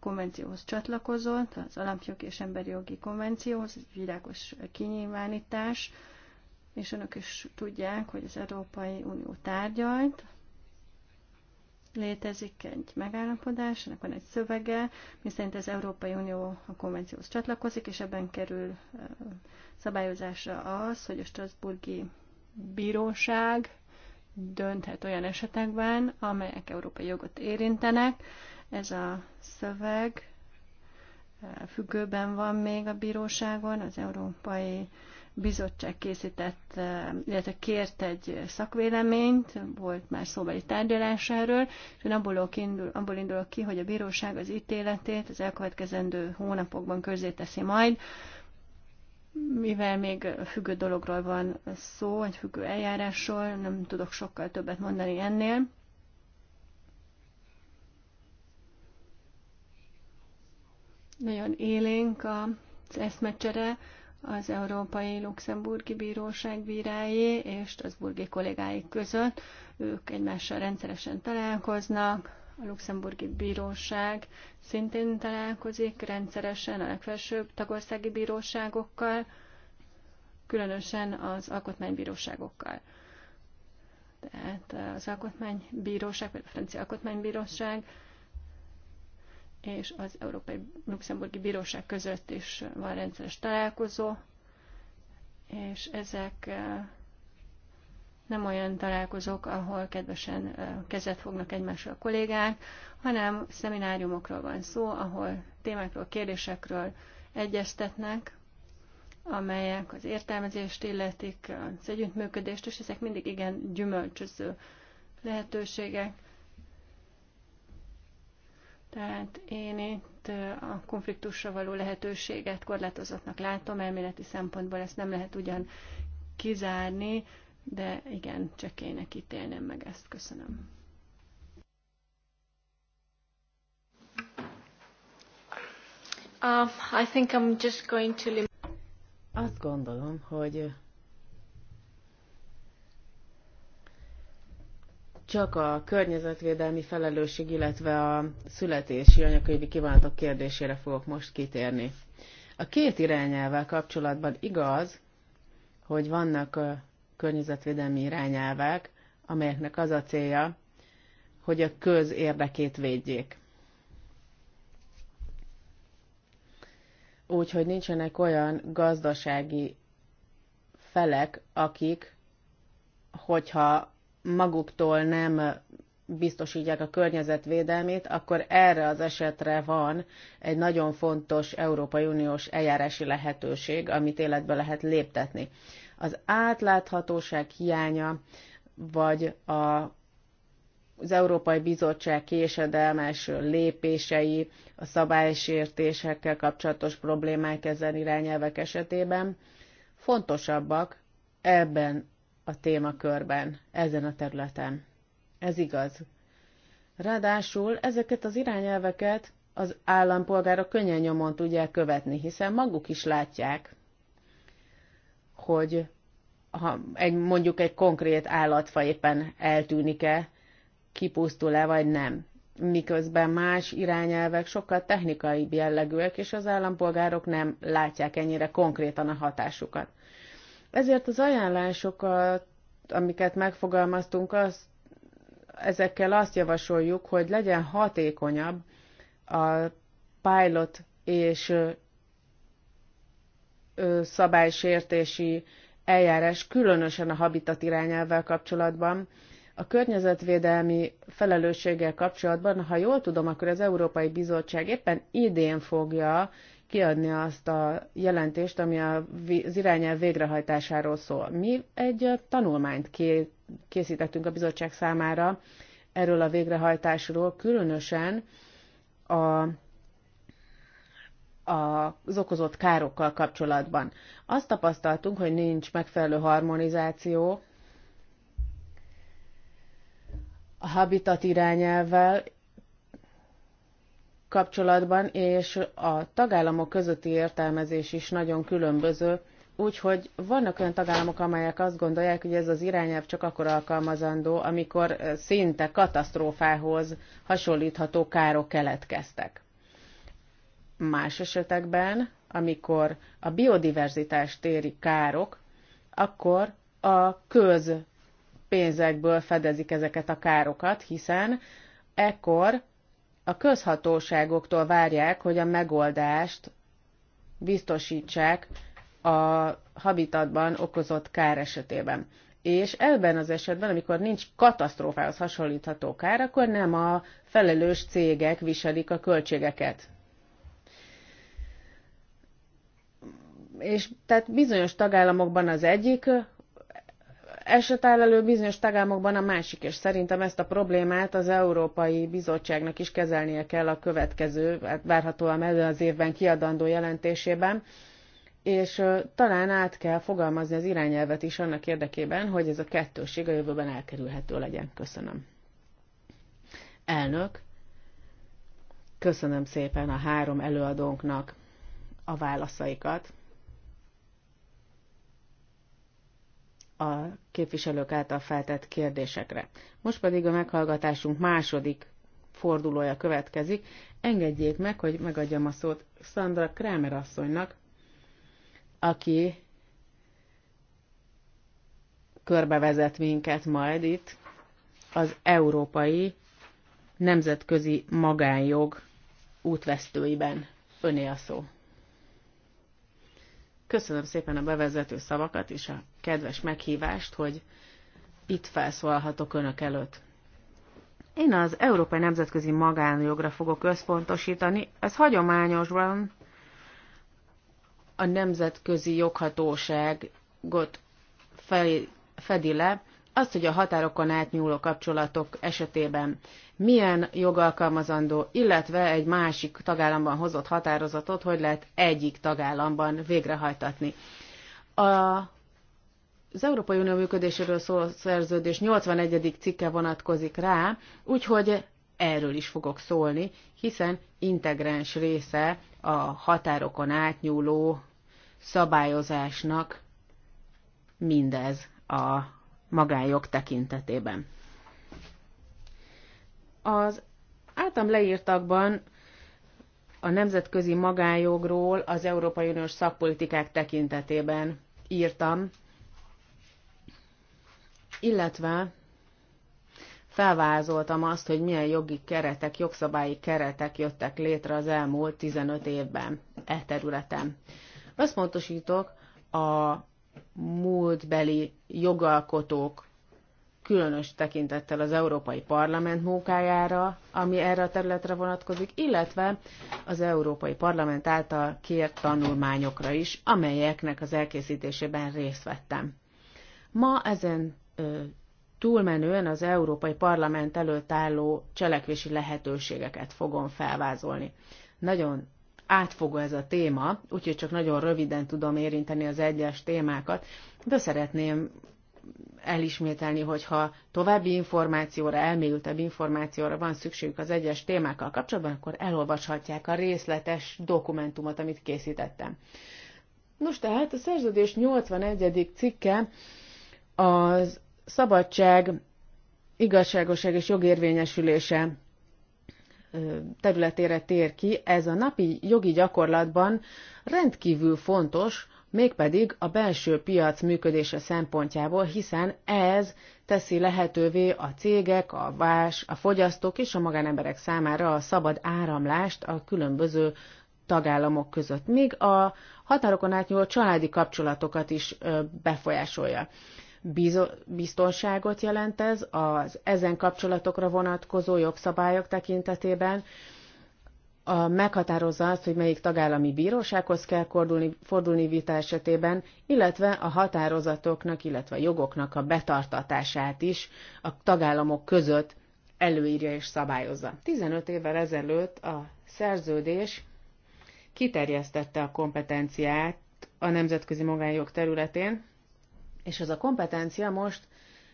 konvencióhoz csatlakozott, az alapjogi és emberjogi konvencióhoz, egy világos kinyilvánítás, és önök is tudják, hogy az Európai Unió tárgyalt létezik egy megállapodás, ennek van egy szövege, miszerint az Európai Unió a konvencióhoz csatlakozik, és ebben kerül szabályozásra az, hogy a Strasburgi Bíróság dönthet olyan esetekben, amelyek európai jogot érintenek. Ez a szöveg függőben van még a bíróságon, az Európai bizottság készített, eh, illetve kért egy szakvéleményt, volt már szóbeli tárgyalás erről, és én abból, indul, abból indulok ki, hogy a bíróság az ítéletét az elkövetkezendő hónapokban teszi majd, mivel még függő dologról van szó, egy függő eljárásról, nem tudok sokkal többet mondani ennél. Nagyon élénk az eszmecsere, az Európai Luxemburgi Bíróság bírái és Strasburgi kollégáik között. Ők egymással rendszeresen találkoznak, a luxemburgi bíróság szintén találkozik rendszeresen a legfelsőbb tagországi bíróságokkal, különösen az alkotmánybíróságokkal. Tehát az alkotmánybíróság, vagy a francia alkotmánybíróság és az Európai Luxemburgi Bíróság között is van rendszeres találkozó, és ezek eh, nem olyan találkozók, ahol kedvesen eh, kezet fognak egymásra a kollégák, hanem szemináriumokról van szó, ahol témákról, kérdésekről egyeztetnek, amelyek az értelmezést illetik, az együttműködést, és ezek mindig igen gyümölcsöző lehetőségek. Tehát én itt a konfliktusra való lehetőséget korlátozottnak látom, elméleti szempontból ezt nem lehet ugyan kizárni, de igen, csekélynek ítélném meg ezt. Köszönöm. Uh, I think I'm just going to... Azt gondolom, hogy csak a környezetvédelmi felelősség, illetve a születési anyakönyvi kívánatok kérdésére fogok most kitérni. A két irányelvvel kapcsolatban igaz, hogy vannak környezetvédelmi irányelvek, amelyeknek az a célja, hogy a köz érdekét védjék. Úgyhogy nincsenek olyan gazdasági felek, akik, hogyha maguktól nem biztosítják a környezetvédelmét, akkor erre az esetre van egy nagyon fontos Európai Uniós eljárási lehetőség, amit életbe lehet léptetni. Az átláthatóság hiánya, vagy a, az Európai Bizottság késedelmes lépései, a szabálysértésekkel kapcsolatos problémák ezen irányelvek esetében fontosabbak ebben a témakörben, ezen a területen. Ez igaz. Ráadásul ezeket az irányelveket az állampolgárok könnyen nyomon tudják követni, hiszen maguk is látják, hogy ha egy, mondjuk egy konkrét állatfa éppen eltűnik-e, kipusztul-e vagy nem. Miközben más irányelvek sokkal technikai jellegűek, és az állampolgárok nem látják ennyire konkrétan a hatásukat. Ezért az ajánlásokat, amiket megfogalmaztunk, az ezekkel azt javasoljuk, hogy legyen hatékonyabb a pilot és szabálysértési eljárás, különösen a habitat irányelvvel kapcsolatban. A környezetvédelmi felelősséggel kapcsolatban, ha jól tudom, akkor az Európai Bizottság éppen idén fogja kiadni azt a jelentést, ami az irányelv végrehajtásáról szól. Mi egy tanulmányt készítettünk a bizottság számára erről a végrehajtásról, különösen a az okozott károkkal kapcsolatban. Azt tapasztaltunk, hogy nincs megfelelő harmonizáció a habitat irányelvvel kapcsolatban, és a tagállamok közötti értelmezés is nagyon különböző, úgyhogy vannak olyan tagállamok, amelyek azt gondolják, hogy ez az irányelv csak akkor alkalmazandó, amikor szinte katasztrófához hasonlítható károk keletkeztek. Más esetekben, amikor a biodiverzitás téri károk, akkor a köz pénzekből fedezik ezeket a károkat, hiszen ekkor a közhatóságoktól várják, hogy a megoldást biztosítsák a habitatban okozott kár esetében. És ebben az esetben, amikor nincs katasztrófához hasonlítható kár, akkor nem a felelős cégek viselik a költségeket. És tehát bizonyos tagállamokban az egyik eset áll elő bizonyos tagállamokban a másik, és szerintem ezt a problémát az Európai Bizottságnak is kezelnie kell a következő, hát várhatóan elő az évben kiadandó jelentésében, és talán át kell fogalmazni az irányelvet is annak érdekében, hogy ez a kettőség a jövőben elkerülhető legyen. Köszönöm. Elnök, köszönöm szépen a három előadónknak a válaszaikat a képviselők által feltett kérdésekre. Most pedig a meghallgatásunk második fordulója következik. Engedjék meg, hogy megadjam a szót Sandra Kramer asszonynak, aki körbevezet minket majd itt az európai nemzetközi magánjog útvesztőiben. Öné a szó. Köszönöm szépen a bevezető szavakat és a kedves meghívást, hogy itt felszólalhatok Önök előtt. Én az Európai Nemzetközi Magánjogra fogok összpontosítani. Ez hagyományosban a nemzetközi joghatóságot fedi le, azt, hogy a határokon átnyúló kapcsolatok esetében milyen jogalkalmazandó, illetve egy másik tagállamban hozott határozatot, hogy lehet egyik tagállamban végrehajtatni. A, az Európai Unió működéséről szóló szerződés 81. cikke vonatkozik rá, úgyhogy erről is fogok szólni, hiszen integráns része a határokon átnyúló szabályozásnak mindez a magánjog tekintetében. Az általam leírtakban a nemzetközi magánjogról az Európai Uniós szakpolitikák tekintetében írtam, illetve felvázoltam azt, hogy milyen jogi keretek, jogszabályi keretek jöttek létre az elmúlt 15 évben e területen. Összpontosítok a múltbeli jogalkotók, különös tekintettel az Európai Parlament munkájára, ami erre a területre vonatkozik, illetve az Európai Parlament által kért tanulmányokra is, amelyeknek az elkészítésében részt vettem. Ma ezen ö, túlmenően az Európai Parlament előtt álló cselekvési lehetőségeket fogom felvázolni. Nagyon átfogó ez a téma, úgyhogy csak nagyon röviden tudom érinteni az egyes témákat, de szeretném elismételni, hogyha további információra, elmélyültebb információra van szükségük az egyes témákkal kapcsolatban, akkor elolvashatják a részletes dokumentumot, amit készítettem. Nos, tehát a szerződés 81. cikke az szabadság, igazságoság és jogérvényesülése területére tér ki, ez a napi jogi gyakorlatban rendkívül fontos, mégpedig a belső piac működése szempontjából, hiszen ez teszi lehetővé a cégek, a vás, a fogyasztók és a magánemberek számára a szabad áramlást a különböző tagállamok között, még a határokon átnyúló családi kapcsolatokat is befolyásolja biztonságot jelent ez az ezen kapcsolatokra vonatkozó jogszabályok tekintetében, a, meghatározza azt, hogy melyik tagállami bírósághoz kell fordulni, fordulni vita esetében, illetve a határozatoknak, illetve a jogoknak a betartatását is a tagállamok között előírja és szabályozza. 15 évvel ezelőtt a szerződés kiterjesztette a kompetenciát a nemzetközi magánjog területén, és ez a kompetencia most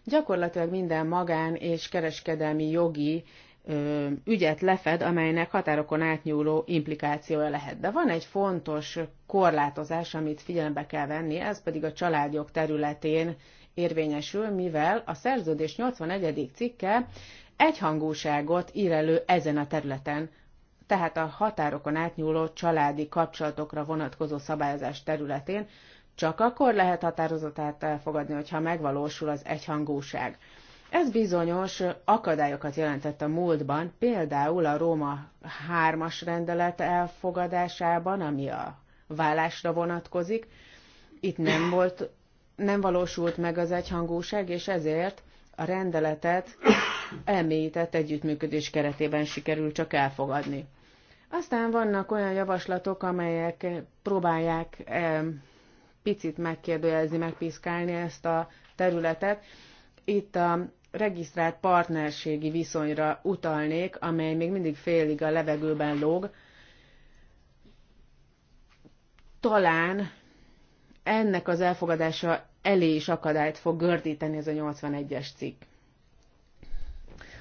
gyakorlatilag minden magán és kereskedelmi jogi ö, ügyet lefed, amelynek határokon átnyúló implikációja lehet. De van egy fontos korlátozás, amit figyelembe kell venni, ez pedig a családjog területén érvényesül, mivel a szerződés 81. cikke egyhangúságot ír elő ezen a területen, tehát a határokon átnyúló családi kapcsolatokra vonatkozó szabályozás területén, csak akkor lehet határozatát elfogadni, hogyha megvalósul az egyhangúság. Ez bizonyos akadályokat jelentett a múltban, például a Róma 3-as rendelet elfogadásában, ami a vállásra vonatkozik. Itt nem volt, nem valósult meg az egyhangúság, és ezért a rendeletet elmélyített együttműködés keretében sikerül csak elfogadni. Aztán vannak olyan javaslatok, amelyek próbálják picit megkérdőjelezni, megpiszkálni ezt a területet. Itt a regisztrált partnerségi viszonyra utalnék, amely még mindig félig a levegőben lóg. Talán ennek az elfogadása elé is akadályt fog gördíteni ez a 81-es cikk.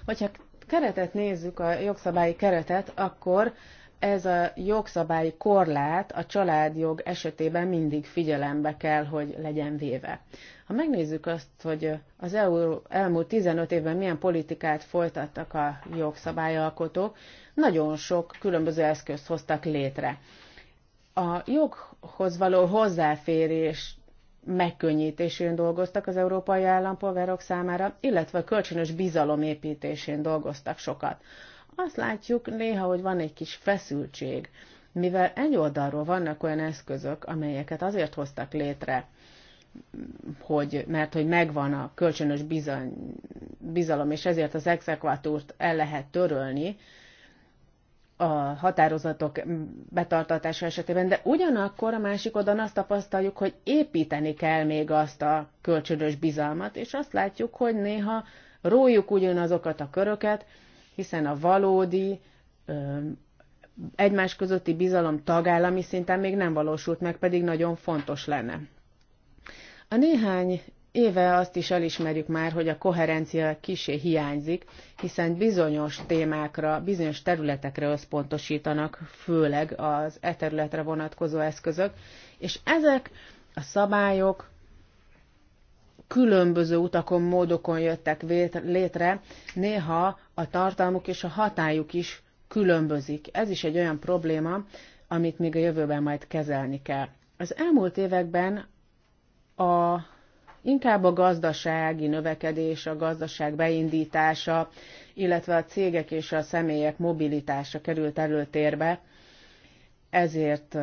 Hogyha keretet nézzük, a jogszabályi keretet, akkor ez a jogszabályi korlát a családjog esetében mindig figyelembe kell, hogy legyen véve. Ha megnézzük azt, hogy az EU elmúlt 15 évben milyen politikát folytattak a jogszabályalkotók, nagyon sok különböző eszközt hoztak létre. A joghoz való hozzáférés megkönnyítésén dolgoztak az európai állampolgárok számára, illetve a kölcsönös bizalom építésén dolgoztak sokat azt látjuk néha, hogy van egy kis feszültség, mivel egy oldalról vannak olyan eszközök, amelyeket azért hoztak létre, hogy, mert hogy megvan a kölcsönös bizony, bizalom, és ezért az exekvatúrt el lehet törölni a határozatok betartatása esetében, de ugyanakkor a másik oldalon azt tapasztaljuk, hogy építeni kell még azt a kölcsönös bizalmat, és azt látjuk, hogy néha rójuk ugyanazokat a köröket, hiszen a valódi egymás közötti bizalom tagállami szinten még nem valósult meg, pedig nagyon fontos lenne. A néhány éve azt is elismerjük már, hogy a koherencia kisé hiányzik, hiszen bizonyos témákra, bizonyos területekre összpontosítanak, főleg az e területre vonatkozó eszközök, és ezek a szabályok különböző utakon, módokon jöttek létre, néha a tartalmuk és a hatájuk is különbözik. Ez is egy olyan probléma, amit még a jövőben majd kezelni kell. Az elmúlt években a, inkább a gazdasági növekedés, a gazdaság beindítása, illetve a cégek és a személyek mobilitása került előtérbe, ezért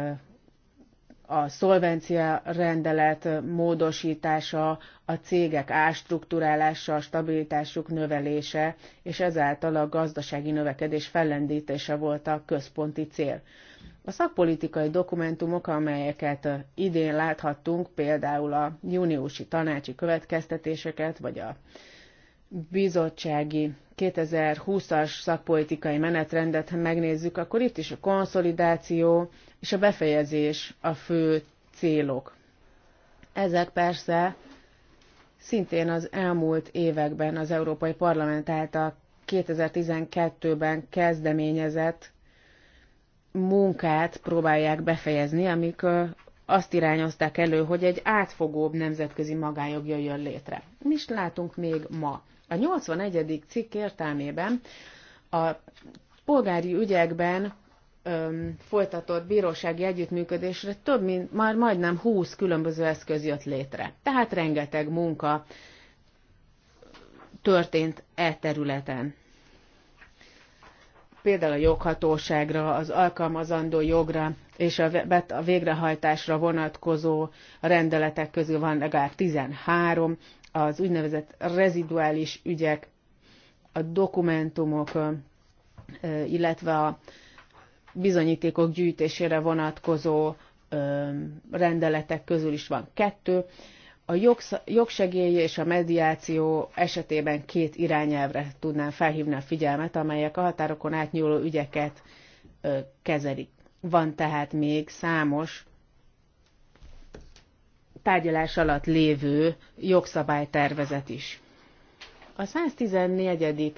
a szolvencia rendelet módosítása, a cégek ástruktúrálása, a stabilitásuk növelése, és ezáltal a gazdasági növekedés fellendítése volt a központi cél. A szakpolitikai dokumentumok, amelyeket idén láthattunk, például a júniusi tanácsi következtetéseket, vagy a bizottsági 2020-as szakpolitikai menetrendet, ha megnézzük, akkor itt is a konszolidáció és a befejezés a fő célok. Ezek persze szintén az elmúlt években az Európai Parlament által 2012-ben kezdeményezett munkát próbálják befejezni, amik azt irányozták elő, hogy egy átfogóbb nemzetközi magájog jöjjön létre. Mi is látunk még ma? A 81. cikk értelmében a polgári ügyekben öm, folytatott bírósági együttműködésre több mint már majdnem 20 különböző eszköz jött létre. Tehát rengeteg munka történt e területen. Például a joghatóságra, az alkalmazandó jogra és a végrehajtásra vonatkozó rendeletek közül van legalább 13, az úgynevezett reziduális ügyek, a dokumentumok, illetve a bizonyítékok gyűjtésére vonatkozó rendeletek közül is van kettő. A jogsegély és a mediáció esetében két irányelvre tudnám felhívni a figyelmet, amelyek a határokon átnyúló ügyeket kezelik. Van tehát még számos tárgyalás alatt lévő jogszabálytervezet is. A 114.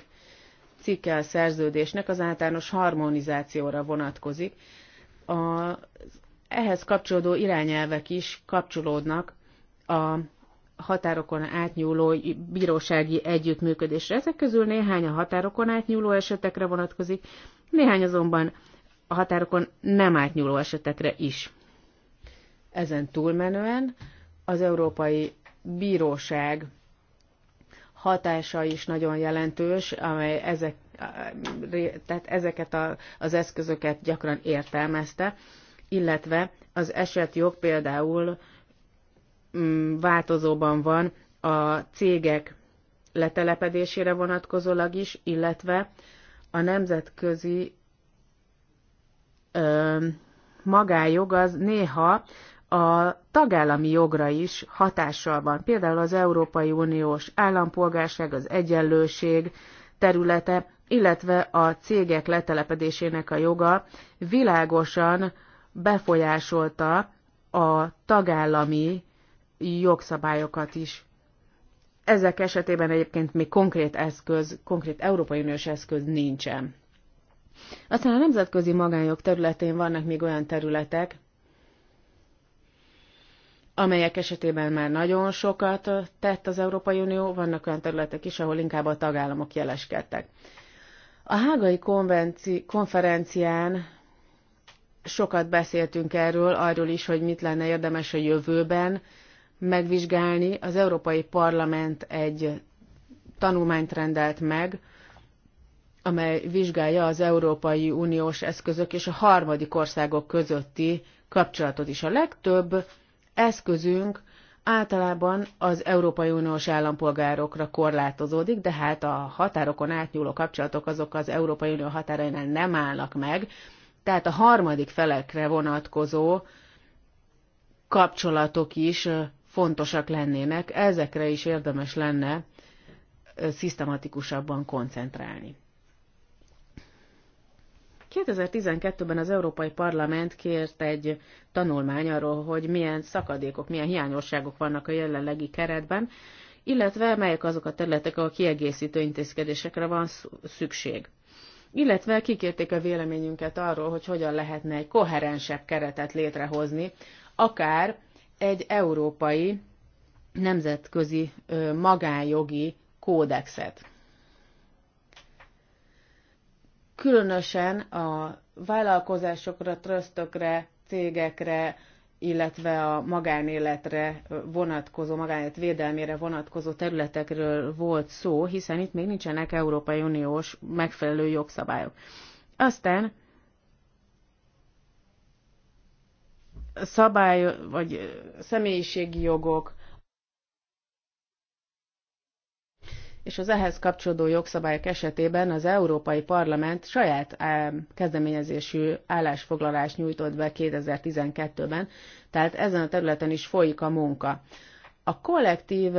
cikke a szerződésnek az általános harmonizációra vonatkozik. A, ehhez kapcsolódó irányelvek is kapcsolódnak a határokon átnyúló bírósági együttműködésre. Ezek közül néhány a határokon átnyúló esetekre vonatkozik, néhány azonban a határokon nem átnyúló esetekre is. Ezen túlmenően az Európai Bíróság hatása is nagyon jelentős, amely ezek, tehát ezeket a, az eszközöket gyakran értelmezte, illetve az eset jog például mm, változóban van a cégek letelepedésére vonatkozólag is, illetve a nemzetközi ö, magájog az néha a tagállami jogra is hatással van. Például az Európai Uniós állampolgárság, az egyenlőség területe, illetve a cégek letelepedésének a joga világosan befolyásolta a tagállami jogszabályokat is. Ezek esetében egyébként még konkrét eszköz, konkrét Európai Uniós eszköz nincsen. Aztán a nemzetközi magánjog területén vannak még olyan területek, amelyek esetében már nagyon sokat tett az Európai Unió, vannak olyan területek is, ahol inkább a tagállamok jeleskedtek. A hágai konferencián sokat beszéltünk erről, arról is, hogy mit lenne érdemes a jövőben megvizsgálni. Az Európai Parlament egy tanulmányt rendelt meg, amely vizsgálja az Európai Uniós eszközök és a harmadik országok közötti kapcsolatot is. A legtöbb eszközünk általában az Európai Uniós állampolgárokra korlátozódik, de hát a határokon átnyúló kapcsolatok azok az Európai Unió határainál nem állnak meg, tehát a harmadik felekre vonatkozó kapcsolatok is fontosak lennének, ezekre is érdemes lenne szisztematikusabban koncentrálni. 2012-ben az Európai Parlament kért egy tanulmány arról, hogy milyen szakadékok, milyen hiányosságok vannak a jelenlegi keretben, illetve melyek azok a területek, ahol kiegészítő intézkedésekre van szükség. Illetve kikérték a véleményünket arról, hogy hogyan lehetne egy koherensebb keretet létrehozni, akár egy európai nemzetközi magánjogi kódexet. különösen a vállalkozásokra, trösztökre, cégekre, illetve a magánéletre vonatkozó, magánélet védelmére vonatkozó területekről volt szó, hiszen itt még nincsenek Európai Uniós megfelelő jogszabályok. Aztán szabály, vagy személyiségi jogok, és az ehhez kapcsolódó jogszabályok esetében az Európai Parlament saját kezdeményezésű állásfoglalást nyújtott be 2012-ben, tehát ezen a területen is folyik a munka. A kollektív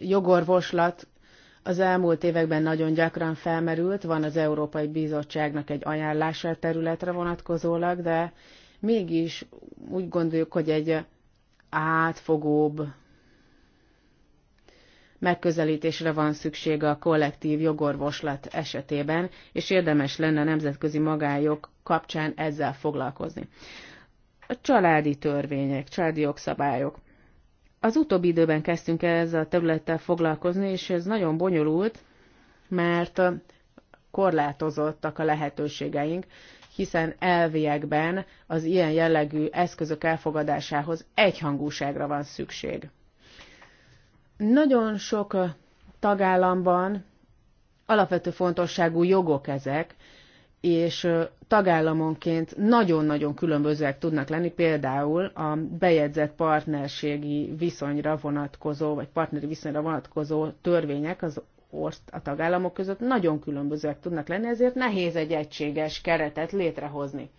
jogorvoslat az elmúlt években nagyon gyakran felmerült, van az Európai Bizottságnak egy ajánlása területre vonatkozólag, de mégis úgy gondoljuk, hogy egy átfogóbb megközelítésre van szüksége a kollektív jogorvoslat esetében, és érdemes lenne a nemzetközi magánjog kapcsán ezzel foglalkozni. A családi törvények, családi jogszabályok. Az utóbbi időben kezdtünk ezzel a területtel foglalkozni, és ez nagyon bonyolult, mert korlátozottak a lehetőségeink, hiszen elviekben az ilyen jellegű eszközök elfogadásához egyhangúságra van szükség. Nagyon sok tagállamban alapvető fontosságú jogok ezek, és tagállamonként nagyon-nagyon különbözőek tudnak lenni, például a bejegyzett partnerségi viszonyra vonatkozó, vagy partneri viszonyra vonatkozó törvények az orsz a tagállamok között nagyon különbözőek tudnak lenni, ezért nehéz egy egységes keretet létrehozni.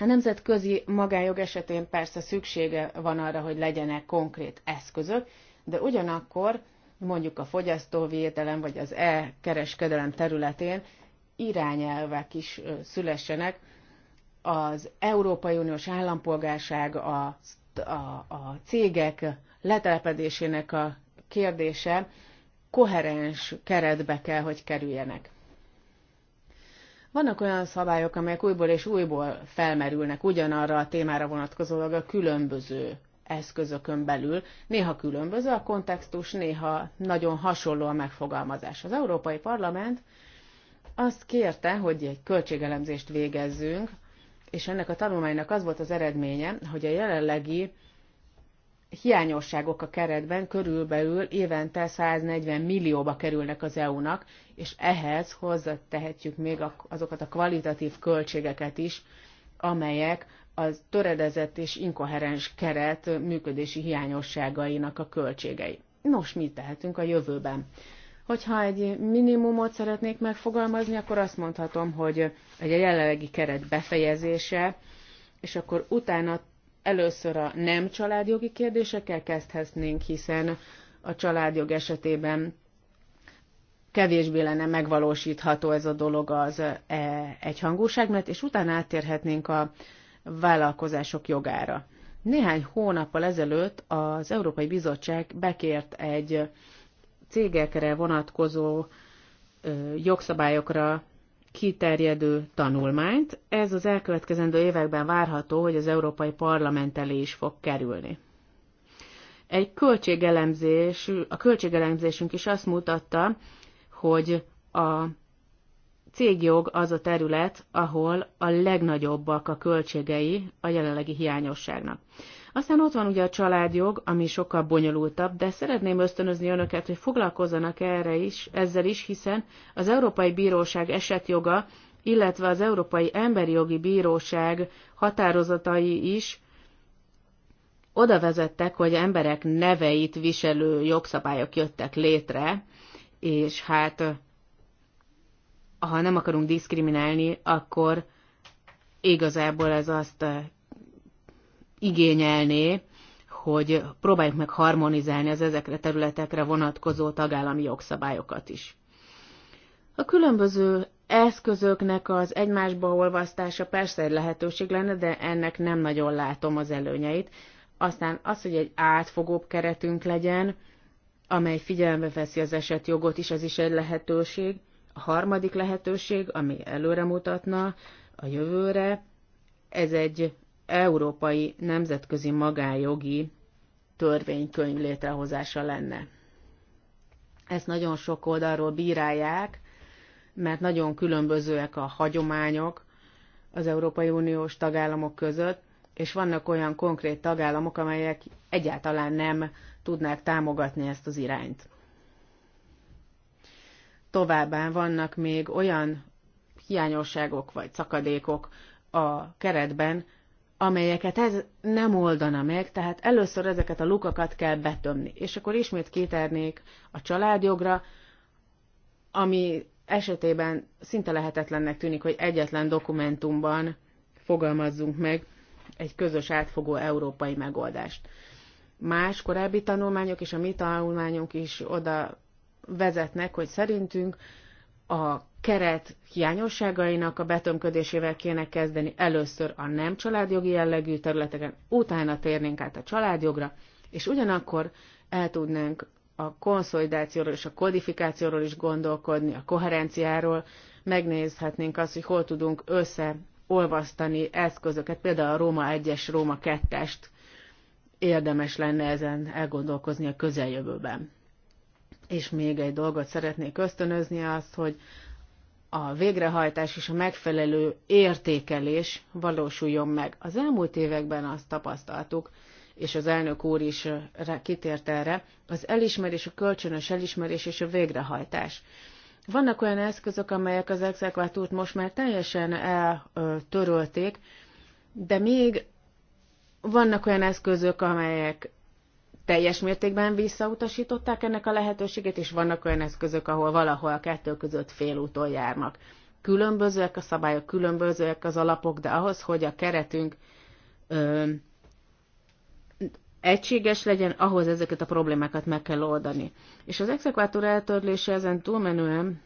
A nemzetközi magájog esetén persze szüksége van arra, hogy legyenek konkrét eszközök, de ugyanakkor mondjuk a fogyasztóvédelem vagy az e-kereskedelem területén irányelvek is szülessenek. Az Európai Uniós állampolgárság, a, a, a cégek letelepedésének a kérdése koherens keretbe kell, hogy kerüljenek. Vannak olyan szabályok, amelyek újból és újból felmerülnek ugyanarra a témára vonatkozólag a különböző eszközökön belül. Néha különböző a kontextus, néha nagyon hasonló a megfogalmazás. Az Európai Parlament azt kérte, hogy egy költségelemzést végezzünk, és ennek a tanulmánynak az volt az eredménye, hogy a jelenlegi hiányosságok a keretben körülbelül évente 140 millióba kerülnek az EU-nak, és ehhez hozzátehetjük még azokat a kvalitatív költségeket is, amelyek az töredezett és inkoherens keret működési hiányosságainak a költségei. Nos, mit tehetünk a jövőben? Hogyha egy minimumot szeretnék megfogalmazni, akkor azt mondhatom, hogy egy jelenlegi keret befejezése, és akkor utána Először a nem családjogi kérdésekkel kezdhetnénk, hiszen a családjog esetében kevésbé lenne megvalósítható ez a dolog az e, egyhangúság mert és utána áttérhetnénk a vállalkozások jogára. Néhány hónappal ezelőtt az Európai Bizottság bekért egy cégekre vonatkozó jogszabályokra kiterjedő tanulmányt. Ez az elkövetkezendő években várható, hogy az Európai Parlament elé is fog kerülni. Egy költségelemzés, a költségelemzésünk is azt mutatta, hogy a cégjog az a terület, ahol a legnagyobbak a költségei a jelenlegi hiányosságnak. Aztán ott van ugye a családjog, ami sokkal bonyolultabb, de szeretném ösztönözni önöket, hogy foglalkozzanak erre is, ezzel is, hiszen az Európai Bíróság esetjoga, illetve az Európai Emberi Jogi Bíróság határozatai is oda vezettek, hogy emberek neveit viselő jogszabályok jöttek létre, és hát ha nem akarunk diszkriminálni, akkor igazából ez azt igényelné, hogy próbáljuk meg harmonizálni az ezekre területekre vonatkozó tagállami jogszabályokat is. A különböző eszközöknek az egymásba olvasztása persze egy lehetőség lenne, de ennek nem nagyon látom az előnyeit. Aztán az, hogy egy átfogóbb keretünk legyen, amely figyelembe veszi az eset jogot is, az is egy lehetőség. A harmadik lehetőség, ami előre mutatna a jövőre, ez egy európai nemzetközi magájogi törvénykönyv létrehozása lenne. Ezt nagyon sok oldalról bírálják, mert nagyon különbözőek a hagyományok az Európai Uniós tagállamok között, és vannak olyan konkrét tagállamok, amelyek egyáltalán nem tudnák támogatni ezt az irányt. Továbbá vannak még olyan hiányosságok vagy szakadékok a keretben, amelyeket ez nem oldana meg, tehát először ezeket a lukakat kell betömni. És akkor ismét kitérnék a családjogra, ami esetében szinte lehetetlennek tűnik, hogy egyetlen dokumentumban fogalmazzunk meg egy közös átfogó európai megoldást. Más korábbi tanulmányok és a mi tanulmányunk is oda vezetnek, hogy szerintünk a keret hiányosságainak a betömködésével kéne kezdeni először a nem családjogi jellegű területeken, utána térnénk át a családjogra, és ugyanakkor el tudnánk a konszolidációról és a kodifikációról is gondolkodni, a koherenciáról, megnézhetnénk azt, hogy hol tudunk összeolvasztani eszközöket, például a Róma 1-es, Róma 2-est érdemes lenne ezen elgondolkozni a közeljövőben. És még egy dolgot szeretnék ösztönözni, azt, hogy a végrehajtás és a megfelelő értékelés valósuljon meg. Az elmúlt években azt tapasztaltuk, és az elnök úr is kitért erre, az elismerés, a kölcsönös elismerés és a végrehajtás. Vannak olyan eszközök, amelyek az exekvátort most már teljesen eltörölték, de még vannak olyan eszközök, amelyek teljes mértékben visszautasították ennek a lehetőségét, és vannak olyan eszközök, ahol valahol a kettő között félúton járnak. Különbözőek a szabályok, különbözőek az alapok, de ahhoz, hogy a keretünk ö, egységes legyen, ahhoz ezeket a problémákat meg kell oldani. És az exekvátor eltörlése ezen túlmenően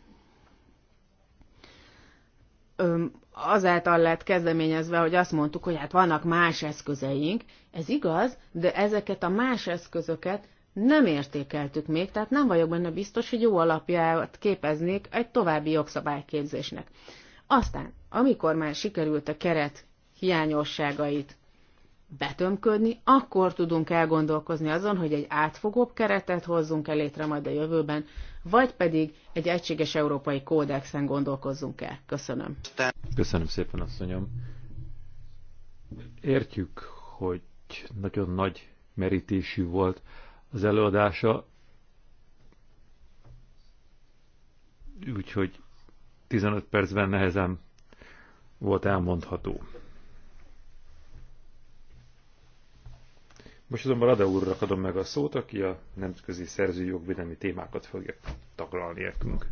azáltal lett kezdeményezve, hogy azt mondtuk, hogy hát vannak más eszközeink. Ez igaz, de ezeket a más eszközöket nem értékeltük még, tehát nem vagyok benne biztos, hogy jó alapját képeznék egy további jogszabályképzésnek. Aztán, amikor már sikerült a keret hiányosságait betömködni, akkor tudunk elgondolkozni azon, hogy egy átfogóbb keretet hozzunk el létre majd a jövőben, vagy pedig egy egységes európai kódexen gondolkozzunk el. Köszönöm. Köszönöm szépen, asszonyom. Értjük, hogy nagyon nagy merítésű volt az előadása, úgyhogy 15 percben nehezen volt elmondható. Most azonban Rada úrra adom meg a szót, aki a nemzetközi szerzői jogvédelmi témákat fogja taglalni értünk.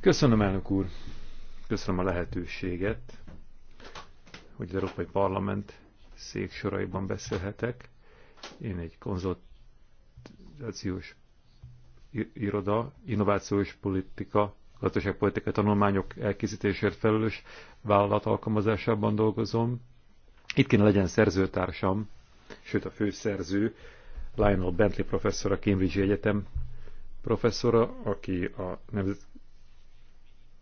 Köszönöm, elnök úr! Köszönöm a lehetőséget, hogy az Európai Parlament széksoraiban beszélhetek. Én egy konzultációs iroda, innovációs politika, gazdaságpolitikai tanulmányok elkészítésért felelős vállalat alkalmazásában dolgozom. Itt kéne legyen szerzőtársam, sőt a főszerző Lionel Bentley professzor, a Cambridge Egyetem professzora, aki a, nemzet,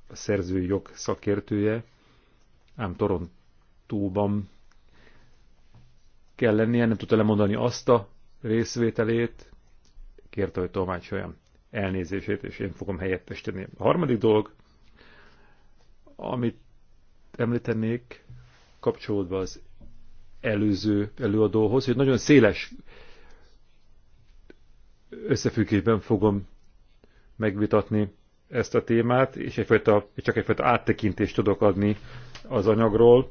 a szerzői jog szakértője, ám Torontóban kell lennie, nem tudta lemondani azt a részvételét, kérte, hogy olyan elnézését, és én fogom helyettesíteni. A harmadik dolog, amit említenék, kapcsolódva az előző előadóhoz, hogy nagyon széles összefüggésben fogom megvitatni ezt a témát, és egyfajta, csak egyfajta áttekintést tudok adni az anyagról,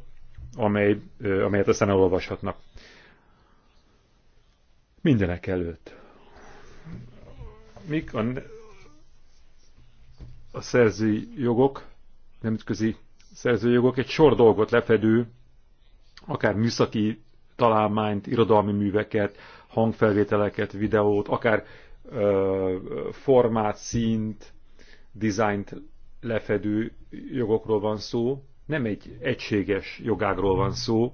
amely, amelyet aztán elolvashatnak. Mindenek előtt. Mik a, a szerzői jogok, nemzetközi szerzői jogok egy sor dolgot lefedő akár műszaki találmányt, irodalmi műveket, hangfelvételeket, videót, akár ö, formát, színt, dizájnt lefedő jogokról van szó. Nem egy egységes jogágról van szó,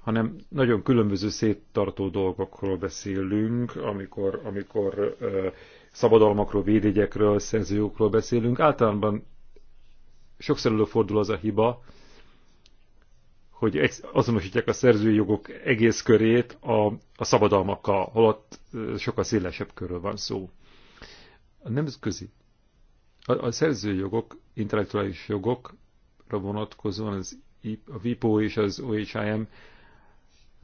hanem nagyon különböző széttartó dolgokról beszélünk, amikor, amikor ö, szabadalmakról, védjegyekről, szerzőjogokról beszélünk. Általában sokszor előfordul az a hiba, hogy azonosítják a szerzői jogok egész körét a, a szabadalmakkal, holott sokkal szélesebb körről van szó. A nemzetközi, a, a szerzői jogok, intellektuális jogokra vonatkozóan az, a WIPO és az OHIM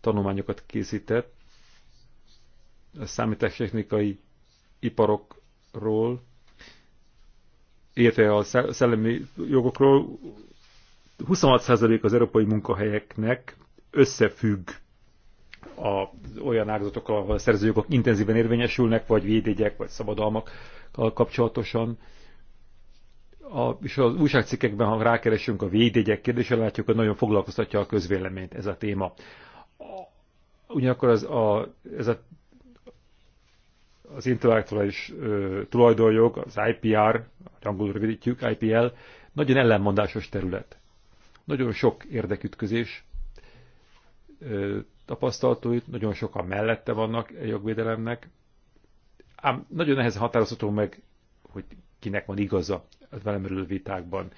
tanulmányokat készített a számítástechnikai iparokról, érte a szellemi jogokról, 26% az európai munkahelyeknek összefügg a, olyan ágazatokkal, ahol a szerzőjogok intenzíven érvényesülnek, vagy védégyek, vagy szabadalmak kapcsolatosan. A, és az újságcikkekben, ha rákeresünk a védégyek kérdésre, látjuk, hogy nagyon foglalkoztatja a közvéleményt ez a téma. Ugyanakkor az, a, ez a, az intellektuális tulajdonjog, az IPR, angolul rövidítjük, IPL, nagyon ellenmondásos terület nagyon sok érdekütközés tapasztalható nagyon sokan mellette vannak a jogvédelemnek, ám nagyon nehezen határozható meg, hogy kinek van igaza a felmerülő vitákban.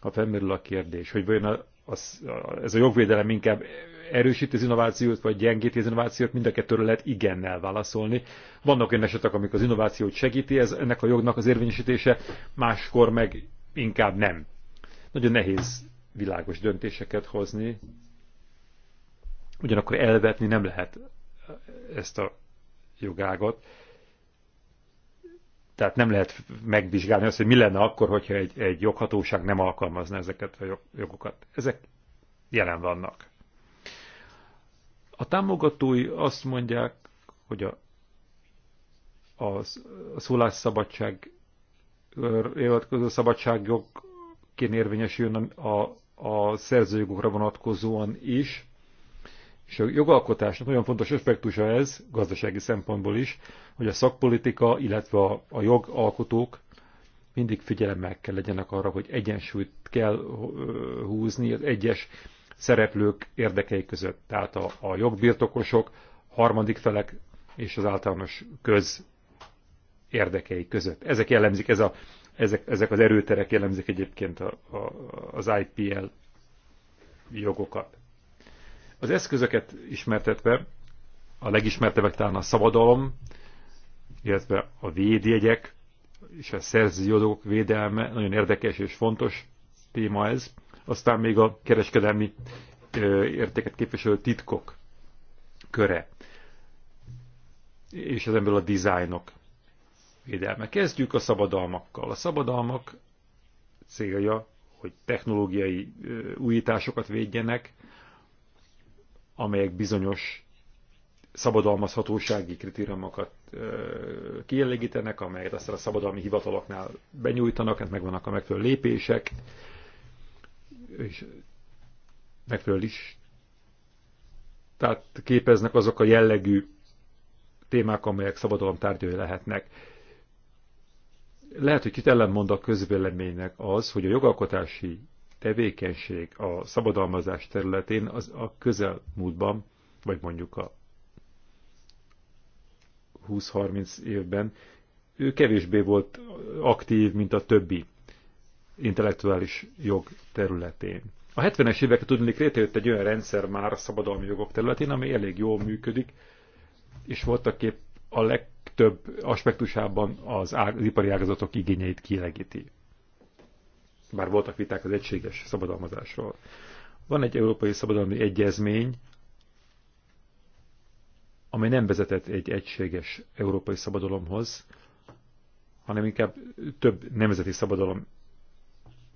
Ha felmerül a kérdés, hogy vajon az, ez a jogvédelem inkább erősíti az innovációt, vagy gyengíti az innovációt, mind a kettőről lehet igennel válaszolni. Vannak olyan esetek, amik az innovációt segíti, ez ennek a jognak az érvényesítése, máskor meg inkább nem. Nagyon nehéz világos döntéseket hozni, ugyanakkor elvetni nem lehet ezt a jogágot. Tehát nem lehet megvizsgálni azt, hogy mi lenne akkor, hogyha egy, egy joghatóság nem alkalmazna ezeket a jogokat. Ezek jelen vannak. A támogatói azt mondják, hogy a, a, a szólásszabadság, a szabadságjog kéne érvényesüljön a, a szerzőjogokra vonatkozóan is, és a jogalkotásnak nagyon fontos aspektusa ez, gazdasági szempontból is, hogy a szakpolitika, illetve a, a jogalkotók mindig figyelemmel kell legyenek arra, hogy egyensúlyt kell húzni az egyes szereplők érdekei között, tehát a, a jogbirtokosok, harmadik felek és az általános köz érdekei között. Ezek jellemzik, ez a ezek, ezek az erőterek jellemzik egyébként a, a, az IPL jogokat. Az eszközöket ismertetve, a legismertebbek talán a szabadalom, illetve a védjegyek és a szerzői jogok védelme, nagyon érdekes és fontos téma ez. Aztán még a kereskedelmi értéket képviselő titkok köre, és ezen belül a dizájnok védelme. Kezdjük a szabadalmakkal. A szabadalmak célja, hogy technológiai újításokat védjenek, amelyek bizonyos szabadalmazhatósági kritériumokat kielégítenek, amelyet aztán a szabadalmi hivataloknál benyújtanak, hát megvannak a megfelelő lépések, és megfelelő is. Tehát képeznek azok a jellegű témák, amelyek szabadalom tárgyai lehetnek lehet, hogy kit ellenmond a közvéleménynek az, hogy a jogalkotási tevékenység a szabadalmazás területén az a közelmúltban, vagy mondjuk a 20-30 évben ő kevésbé volt aktív, mint a többi intellektuális jog területén. A 70-es évek tudni létrejött egy olyan rendszer már a szabadalmi jogok területén, ami elég jól működik, és voltak épp a legtöbb aspektusában az, ág, az ipari ágazatok igényeit kielegíti. Bár voltak viták az egységes szabadalmazásról. Van egy európai szabadalmi egyezmény, amely nem vezetett egy egységes európai szabadalomhoz, hanem inkább több nemzeti szabadalom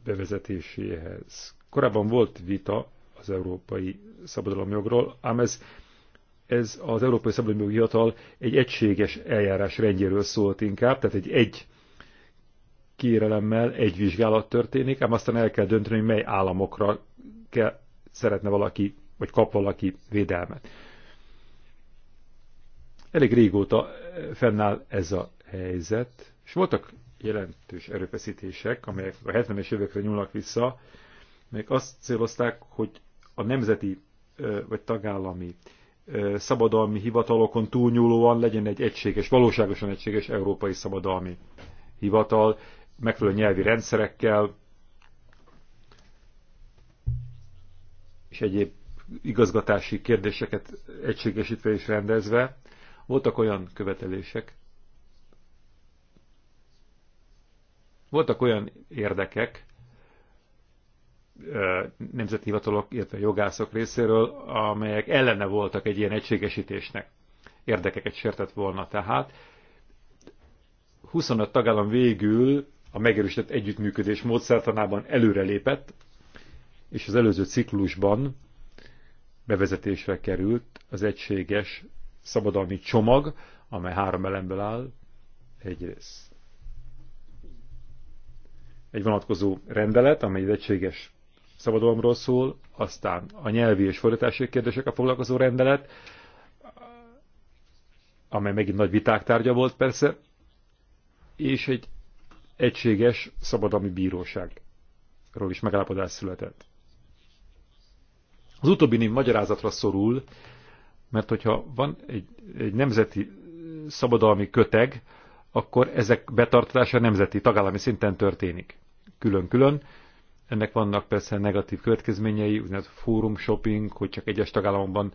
bevezetéséhez. Korábban volt vita az európai szabadalomjogról, ám ez ez az Európai Szabadalmi Hivatal egy egységes eljárás rendjéről szólt inkább, tehát egy egy kérelemmel egy vizsgálat történik, ám aztán el kell dönteni, hogy mely államokra kell, szeretne valaki, vagy kap valaki védelmet. Elég régóta eh, fennáll ez a helyzet, és voltak jelentős erőfeszítések, amelyek a 70-es évekre nyúlnak vissza, melyek azt célozták, hogy a nemzeti eh, vagy tagállami szabadalmi hivatalokon túlnyúlóan legyen egy egységes, valóságosan egységes európai szabadalmi hivatal, megfelelő nyelvi rendszerekkel, és egyéb igazgatási kérdéseket egységesítve és rendezve. Voltak olyan követelések, voltak olyan érdekek, nemzeti hivatalok, illetve jogászok részéről, amelyek ellene voltak egy ilyen egységesítésnek. Érdekeket sértett volna tehát. 25 tagállam végül a megerősített együttműködés módszertanában előrelépett, és az előző ciklusban bevezetésre került az egységes szabadalmi csomag, amely három elemből áll, egyrészt egy vonatkozó rendelet, amely az egységes szabadalomról szól, aztán a nyelvi és fordítási kérdésekkel foglalkozó rendelet, amely megint nagy viták tárgya volt persze, és egy egységes szabadalmi bíróságról is megállapodás született. Az utóbbi nem magyarázatra szorul, mert hogyha van egy, egy nemzeti szabadalmi köteg, akkor ezek betartása nemzeti, tagállami szinten történik. Külön-külön, ennek vannak persze negatív következményei, úgynevezett fórum shopping, hogy csak egyes tagállamokban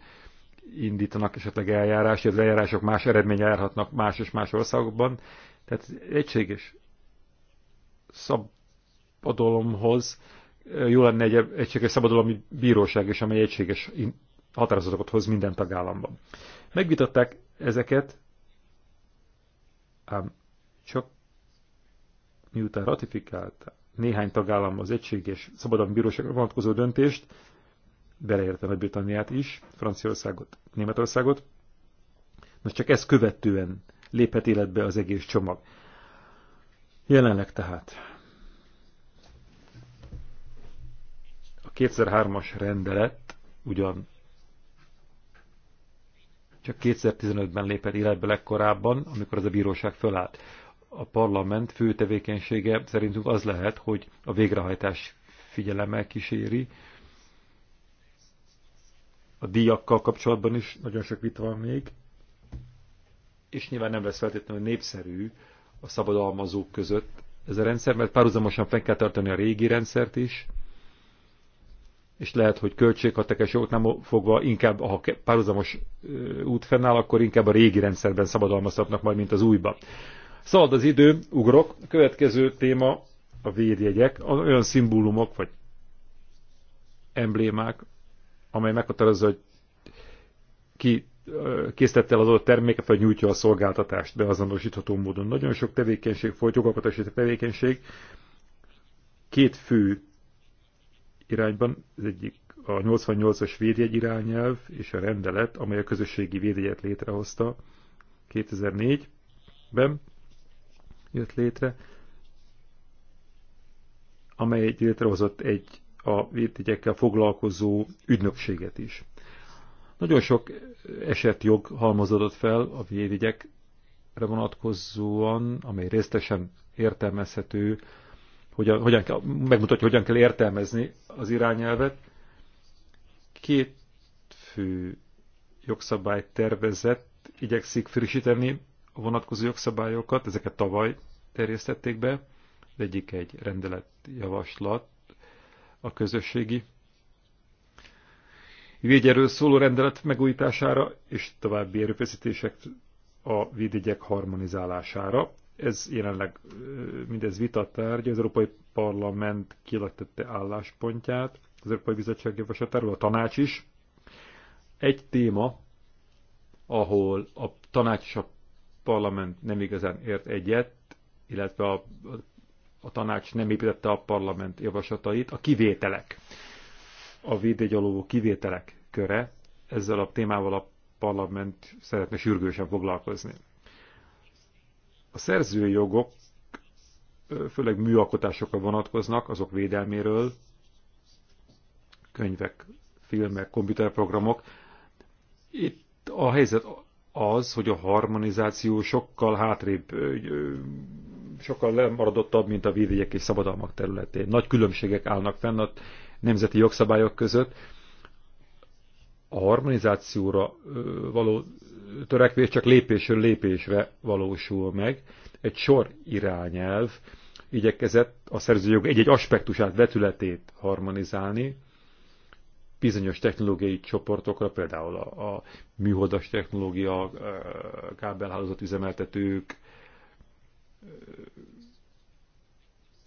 indítanak esetleg eljárás, az eljárások más eredmény járhatnak más és más országokban. Tehát egységes szabadalomhoz eh, jó lenne egy egységes szabadalomi bíróság is, amely egységes határozatokat hoz minden tagállamban. Megvitatták ezeket, ám csak miután ratifikálták néhány tagállam az és szabadon bíróságra vonatkozó döntést, beleértve Nagy-Britanniát is, Franciaországot, Németországot. Most csak ezt követően léphet életbe az egész csomag. Jelenleg tehát a 2003-as rendelet ugyan csak 2015-ben lépett életbe legkorábban, amikor az a bíróság fölállt a parlament fő tevékenysége szerintünk az lehet, hogy a végrehajtás figyelemmel kíséri. A díjakkal kapcsolatban is nagyon sok vita van még, és nyilván nem lesz feltétlenül népszerű a szabadalmazók között ez a rendszer, mert párhuzamosan fenn kell tartani a régi rendszert is, és lehet, hogy költséghatekes nem fogva inkább, ha párhuzamos út fennáll, akkor inkább a régi rendszerben szabadalmazhatnak majd, mint az újba. Szalad az idő, ugrok. A következő téma a védjegyek, olyan szimbólumok vagy emblémák, amely meghatározza, hogy ki készítette el az adott terméket, vagy nyújtja a szolgáltatást beazonosítható módon. Nagyon sok tevékenység folyt, jogalkotási tevékenység két fő irányban, az egyik a 88-as védjegy irányelv és a rendelet, amely a közösségi védjegyet létrehozta 2004-ben, jött létre, amely létrehozott egy a vétügyekkel foglalkozó ügynökséget is. Nagyon sok eset jog halmozódott fel a védügyekre vonatkozóan, amely résztesen értelmezhető, hogyan, hogyan kell, megmutatja, hogyan kell értelmezni az irányelvet. Két fő jogszabály tervezett igyekszik frissíteni vonatkozó jogszabályokat, ezeket tavaly terjesztették be, az egyik egy rendeletjavaslat a közösségi védjéről szóló rendelet megújítására és további erőfeszítések a védjegyek harmonizálására. Ez jelenleg mindez tárgy, az Európai Parlament kiletette álláspontját, az Európai Bizottság javaslatáról, a tanács is. Egy téma, ahol a tanács és a parlament nem igazán ért egyet, illetve a, a tanács nem építette a parlament javaslatait, a kivételek, a védégyalóvó kivételek köre, ezzel a témával a parlament szeretne sürgősen foglalkozni. A szerzőjogok főleg műalkotásokra vonatkoznak, azok védelméről, könyvek, filmek, komputerprogramok. Itt a helyzet az, hogy a harmonizáció sokkal hátrébb, sokkal lemaradottabb, mint a védjegyek és szabadalmak területén. Nagy különbségek állnak fenn a nemzeti jogszabályok között. A harmonizációra való törekvés csak lépésről lépésre valósul meg. Egy sor irányelv igyekezett a szerzőjog egy-egy aspektusát, vetületét harmonizálni, bizonyos technológiai csoportokra, például a, a műholdas technológia, kábelhálózat üzemeltetők,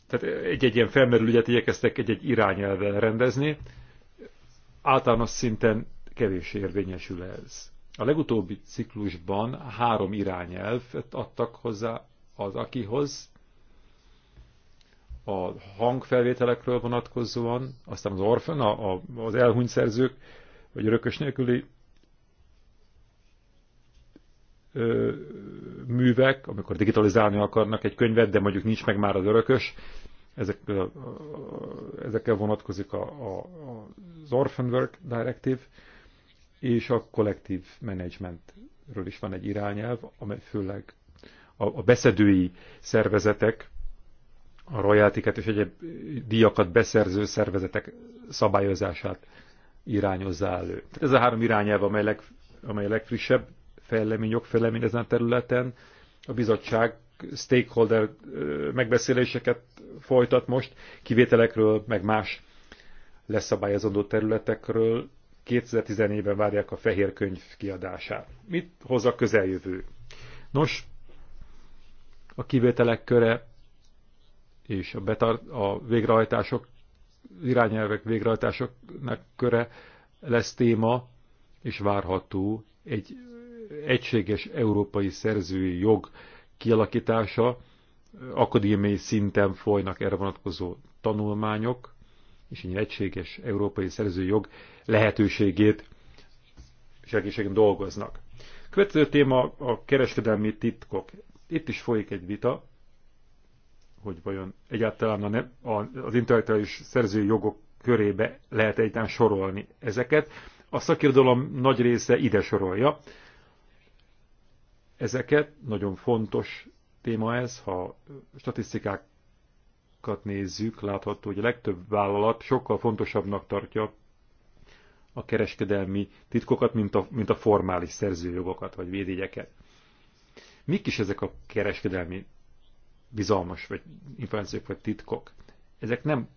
tehát egy-egy ilyen felmerül ügyet igyekeztek egy-egy irányelvel rendezni, általános szinten kevés érvényesül ez. A legutóbbi ciklusban három irányelvet adtak hozzá az akihoz, a hangfelvételekről vonatkozóan, aztán az orfen, a, a, az elhunyt szerzők, vagy örökös nélküli ö, művek, amikor digitalizálni akarnak egy könyvet, de mondjuk nincs meg már az örökös, ezek, ö, ö, ezekkel vonatkozik a, a, az Orphan Work Directive, és a kollektív managementről is van egy irányelv, amely főleg a, a beszedői szervezetek a royaltiket és egyéb díjakat beszerző szervezetek szabályozását irányozza elő. Tehát ez a három irányelv, amely, leg, amely a legfrissebb fejlemény, jogfejlemény ezen a területen. A bizottság stakeholder megbeszéléseket folytat most, kivételekről, meg más leszabályozandó területekről. 2014-ben várják a fehér könyv kiadását. Mit hoz a közeljövő? Nos, a kivételek köre és a, betart, a végrehajtások, irányelvek végrehajtásoknak köre lesz téma, és várható egy egységes európai szerzői jog kialakítása, akadémiai szinten folynak erre vonatkozó tanulmányok, és egy egységes európai szerzői jog lehetőségét segítségén dolgoznak. Következő téma a kereskedelmi titkok. Itt is folyik egy vita, hogy vajon egyáltalán a ne, a, az intellektuális szerzői jogok körébe lehet egyáltalán sorolni ezeket. A szakirodalom nagy része ide sorolja. Ezeket nagyon fontos téma ez, ha statisztikákat nézzük, látható, hogy a legtöbb vállalat sokkal fontosabbnak tartja a kereskedelmi titkokat, mint a, mint a formális szerzőjogokat vagy védégyeket. Mik is ezek a kereskedelmi bizalmas, vagy információk, vagy titkok. Ezek nem,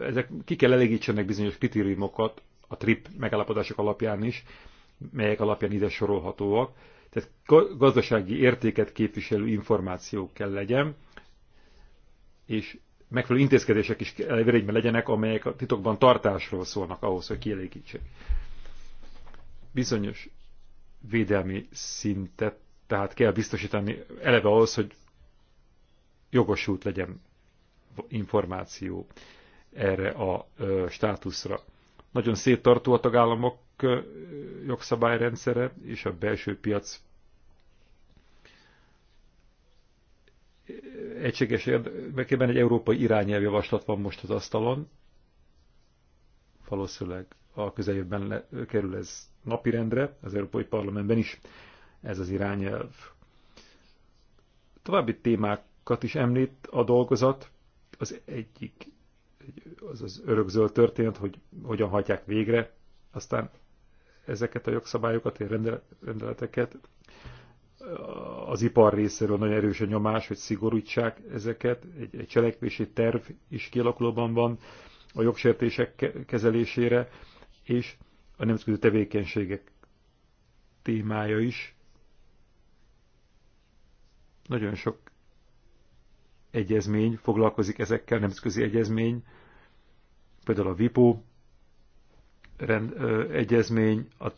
ezek ki kell elégítsenek bizonyos kritériumokat a TRIP megállapodások alapján is, melyek alapján ide sorolhatóak. Tehát gazdasági értéket képviselő információk kell legyen, és megfelelő intézkedések is elvérényben legyenek, amelyek a titokban tartásról szólnak ahhoz, hogy kielégítsék. Bizonyos védelmi szintet, tehát kell biztosítani eleve ahhoz, hogy jogosult legyen információ erre a státuszra. Nagyon széttartó a tagállamok jogszabályrendszere és a belső piac egységes érdekében egy európai irányelvjavaslat van most az asztalon. Valószínűleg a közeljövőben kerül ez napirendre, az Európai Parlamentben is ez az irányelv. További témák dolgokat is említ a dolgozat. Az egyik az az örökzöld történet, hogy hogyan hagyják végre, aztán ezeket a jogszabályokat, és rendeleteket. Az ipar részéről nagyon erős a nyomás, hogy szigorítsák ezeket. Egy, egy cselekvési terv is kialakulóban van a jogsértések kezelésére, és a nemzetközi tevékenységek témája is. Nagyon sok egyezmény foglalkozik ezekkel, nemzetközi egyezmény, például a WIPO rend, ö, egyezmény, a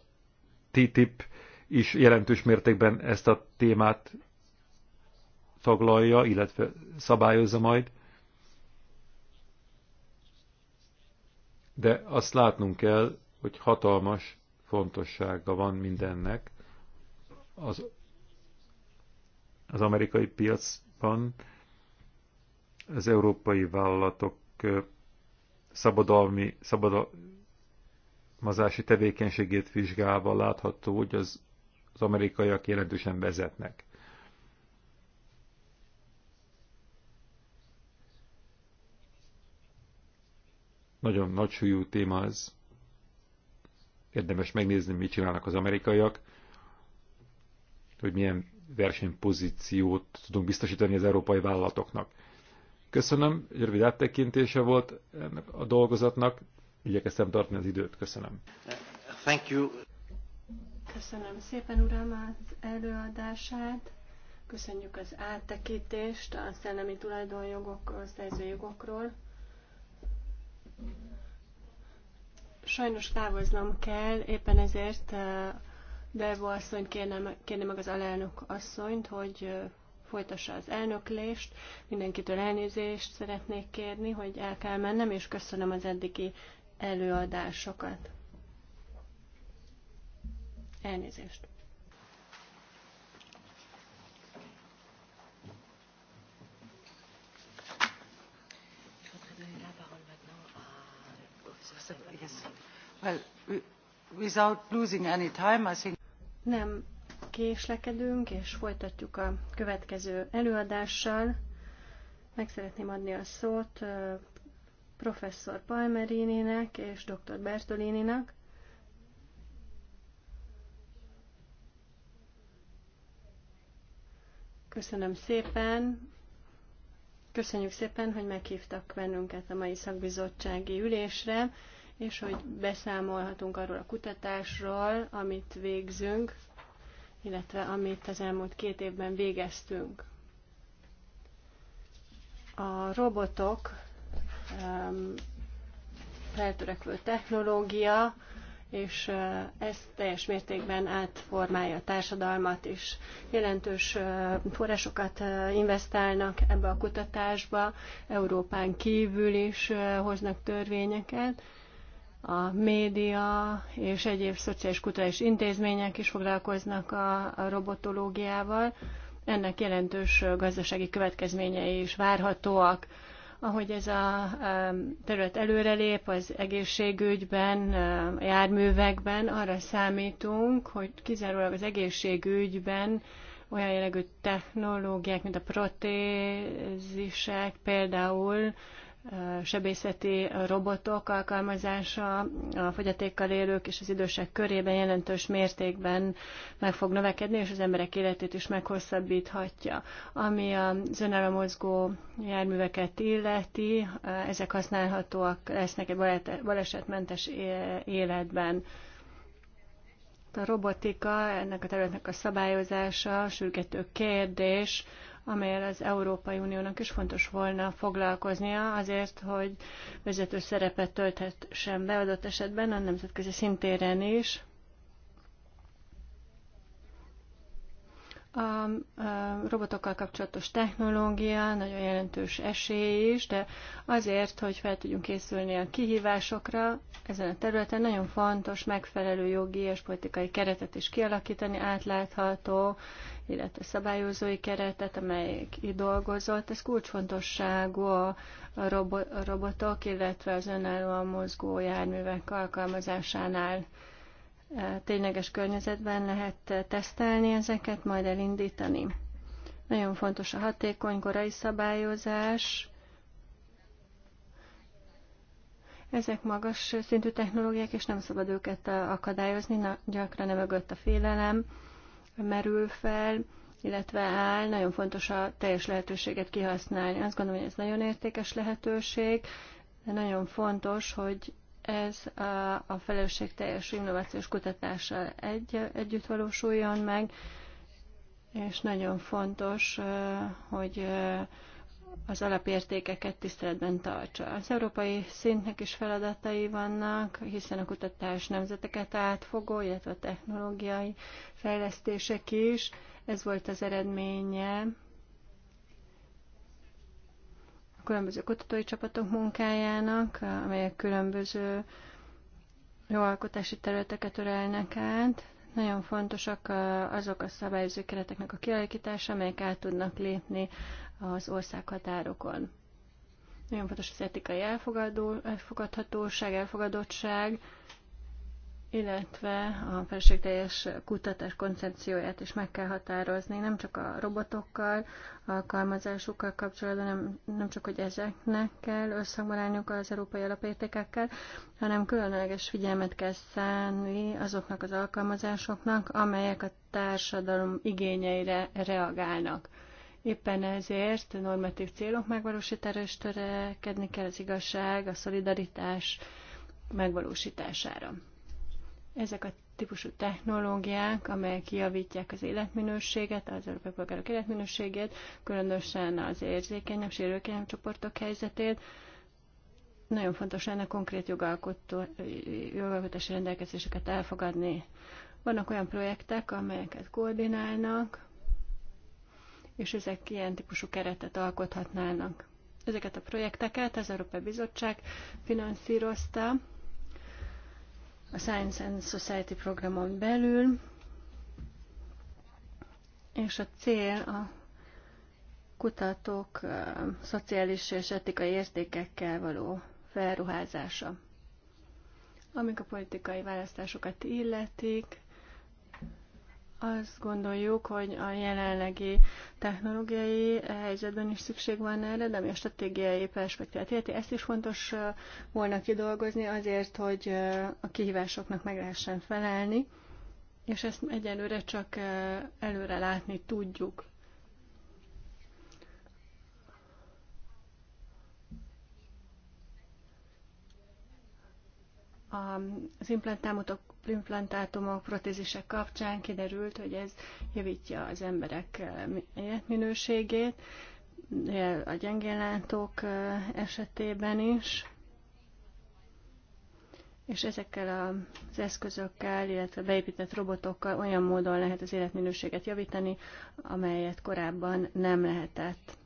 TTIP is jelentős mértékben ezt a témát taglalja, illetve szabályozza majd. De azt látnunk kell, hogy hatalmas fontossága van mindennek az, az amerikai piacban, az európai vállalatok szabadalmi, szabadalmazási tevékenységét vizsgálva látható, hogy az, az amerikaiak jelentősen vezetnek. Nagyon nagy súlyú téma ez. Érdemes megnézni, mit csinálnak az amerikaiak, hogy milyen versenypozíciót tudunk biztosítani az európai vállalatoknak Köszönöm, egy rövid áttekintése volt ennek a dolgozatnak. Igyekeztem tartani az időt. Köszönöm. Thank you. Köszönöm szépen, uram, az előadását. Köszönjük az áttekintést a szellemi tulajdonjogokról, jogokról. Sajnos távoznom kell, éppen ezért eh, Delvo asszony kérne, kérne meg az alelnök asszonyt, hogy eh, folytassa az elnöklést. Mindenkitől elnézést szeretnék kérni, hogy el kell mennem, és köszönöm az eddigi előadásokat. Elnézést. Well, without losing any time, I think... Nem késlekedünk, és folytatjuk a következő előadással. Meg szeretném adni a szót professzor Palmerininek és dr. Bertolininek. Köszönöm szépen. Köszönjük szépen, hogy meghívtak bennünket a mai szakbizottsági ülésre, és hogy beszámolhatunk arról a kutatásról, amit végzünk illetve amit az elmúlt két évben végeztünk. A robotok feltörekvő technológia, és ez teljes mértékben átformálja a társadalmat is. Jelentős forrásokat investálnak ebbe a kutatásba, Európán kívül is hoznak törvényeket, a média és egyéb szociális kutatás intézmények is foglalkoznak a, a robotológiával. Ennek jelentős gazdasági következményei is várhatóak. Ahogy ez a terület előrelép az egészségügyben, a járművekben, arra számítunk, hogy kizárólag az egészségügyben olyan jellegű technológiák, mint a protézisek például sebészeti robotok alkalmazása a fogyatékkal élők és az idősek körében jelentős mértékben meg fog növekedni, és az emberek életét is meghosszabbíthatja. Ami a zönára mozgó járműveket illeti, ezek használhatóak lesznek egy balesetmentes életben. A robotika, ennek a területnek a szabályozása, sürgető kérdés, amelyel az Európai Uniónak is fontos volna foglalkoznia azért, hogy vezető szerepet tölthessen be adott esetben a nemzetközi szintéren is. A robotokkal kapcsolatos technológia nagyon jelentős esély is, de azért, hogy fel tudjunk készülni a kihívásokra, ezen a területen nagyon fontos megfelelő jogi és politikai keretet is kialakítani, átlátható illetve szabályozói keretet, amely kidolgozott. Ez kulcsfontosságú a robotok, illetve az önállóan mozgó járművek alkalmazásánál e, tényleges környezetben lehet tesztelni ezeket, majd elindítani. Nagyon fontos a hatékony korai szabályozás. Ezek magas szintű technológiák, és nem szabad őket akadályozni, gyakran nem mögött a félelem merül fel, illetve áll, nagyon fontos a teljes lehetőséget kihasználni. Azt gondolom, hogy ez nagyon értékes lehetőség, de nagyon fontos, hogy ez a, a teljes innovációs kutatással egy, együtt valósuljon meg, és nagyon fontos, hogy az alapértékeket tiszteletben tartsa. Az európai szintnek is feladatai vannak, hiszen a kutatás nemzeteket átfogó, illetve a technológiai fejlesztések is. Ez volt az eredménye a különböző kutatói csapatok munkájának, amelyek különböző alkotási területeket ölelnek át. Nagyon fontosak azok a szabályozó kereteknek a kialakítása, amelyek át tudnak lépni az országhatárokon. Nagyon fontos az etikai elfogadó, elfogadhatóság, elfogadottság, illetve a felségteljes kutatás koncepcióját is meg kell határozni, nem csak a robotokkal, alkalmazásukkal kapcsolatban, nem, nem csak, hogy ezeknek kell összhangban állniuk az európai alapértékekkel, hanem különleges figyelmet kell szánni azoknak az alkalmazásoknak, amelyek a társadalom igényeire reagálnak. Éppen ezért normatív célok megvalósítására is törekedni kell az igazság, a szolidaritás megvalósítására. Ezek a típusú technológiák, amelyek javítják az életminőséget, az európai polgárok életminőségét, különösen az érzékenyebb, sérülékenyebb csoportok helyzetét, nagyon fontos lenne konkrét jogalkotási rendelkezéseket elfogadni. Vannak olyan projektek, amelyeket koordinálnak, és ezek ilyen típusú keretet alkothatnának. Ezeket a projekteket az Európai Bizottság finanszírozta a Science and Society programon belül, és a cél a kutatók szociális és etikai értékekkel való felruházása. Amik a politikai választásokat illetik, azt gondoljuk, hogy a jelenlegi technológiai helyzetben is szükség van erre, de ami a stratégiai perspektívát illeti, ezt is fontos volna kidolgozni azért, hogy a kihívásoknak meg lehessen felelni, és ezt egyelőre csak előre látni tudjuk. Az implantámotok implantátumok, protézisek kapcsán kiderült, hogy ez javítja az emberek eh, életminőségét, eh, a gyengénlátók eh, esetében is, és ezekkel az eszközökkel, illetve beépített robotokkal olyan módon lehet az életminőséget javítani, amelyet korábban nem lehetett.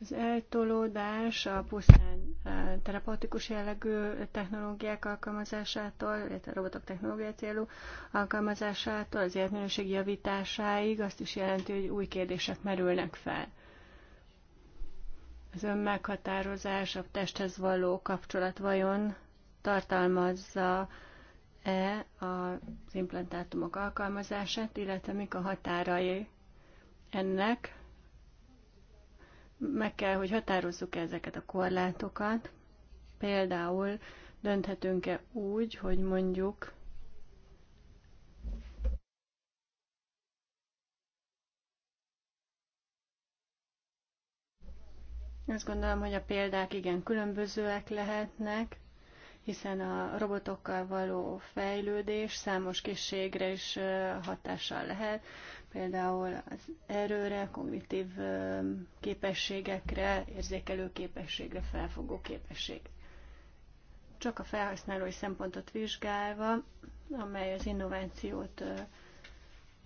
Az eltolódás a pusztán terapeutikus jellegű technológiák alkalmazásától, illetve robotok technológia célú alkalmazásától, az életminőség javításáig azt is jelenti, hogy új kérdések merülnek fel. Az önmeghatározás, a testhez való kapcsolat vajon tartalmazza e az implantátumok alkalmazását, illetve mik a határai ennek, meg kell, hogy határozzuk -e ezeket a korlátokat. Például dönthetünk-e úgy, hogy mondjuk Azt gondolom, hogy a példák igen különbözőek lehetnek, hiszen a robotokkal való fejlődés számos készségre is hatással lehet például az erőre, kognitív képességekre, érzékelő képességre, felfogó képesség. Csak a felhasználói szempontot vizsgálva, amely az innovációt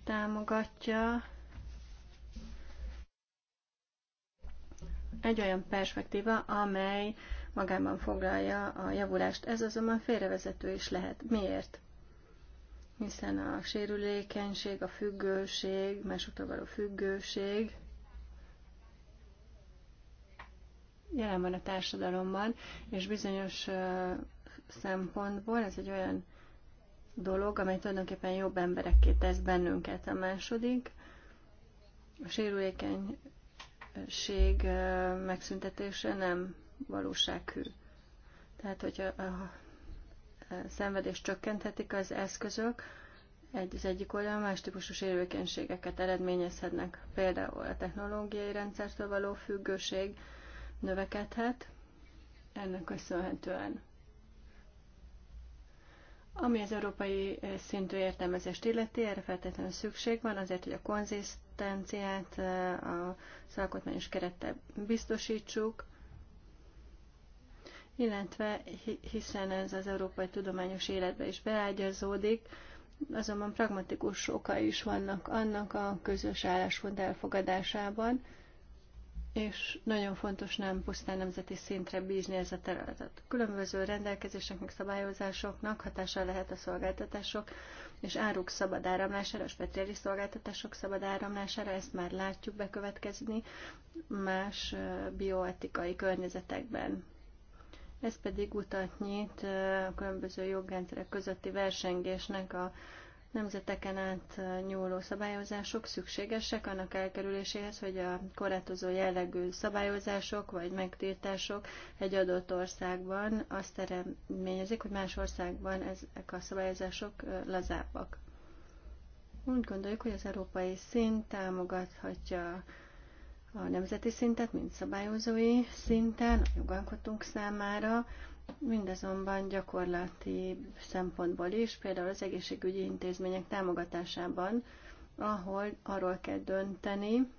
támogatja, egy olyan perspektíva, amely magában foglalja a javulást. Ez azonban félrevezető is lehet. Miért? hiszen a sérülékenység, a függőség, másoktól való függőség jelen van a társadalomban, és bizonyos szempontból ez egy olyan dolog, amely tulajdonképpen jobb emberekké tesz bennünket. A második, a sérülékenység megszüntetése nem valósághű. Tehát, hogyha a szenvedést csökkenthetik az eszközök, egy, az egyik oldalon más típusú sérülékenységeket eredményezhetnek, például a technológiai rendszertől való függőség növekedhet, ennek köszönhetően. Ami az európai szintű értelmezést illeti, erre feltétlenül szükség van, azért, hogy a konzisztenciát eh, a alkotmányos kerettel biztosítsuk, illetve hiszen ez az európai tudományos életbe is beágyazódik, azonban pragmatikus okai is vannak annak a közös álláspont elfogadásában, és nagyon fontos nem pusztán nemzeti szintre bízni ez a területet. Különböző rendelkezéseknek, szabályozásoknak hatása lehet a szolgáltatások és áruk szabad áramlására, a speciális szolgáltatások szabad áramlására, ezt már látjuk bekövetkezni más bioetikai környezetekben. Ez pedig utat nyit a különböző jogrendszerek közötti versengésnek a nemzeteken át nyúló szabályozások szükségesek annak elkerüléséhez, hogy a korlátozó jellegű szabályozások vagy megtiltások egy adott országban azt eredményezik, hogy más országban ezek a szabályozások lazábbak. Úgy gondoljuk, hogy az európai szint támogathatja a nemzeti szintet, mint szabályozói szinten, a jogalkotunk számára, mindazonban gyakorlati szempontból is, például az egészségügyi intézmények támogatásában, ahol arról kell dönteni,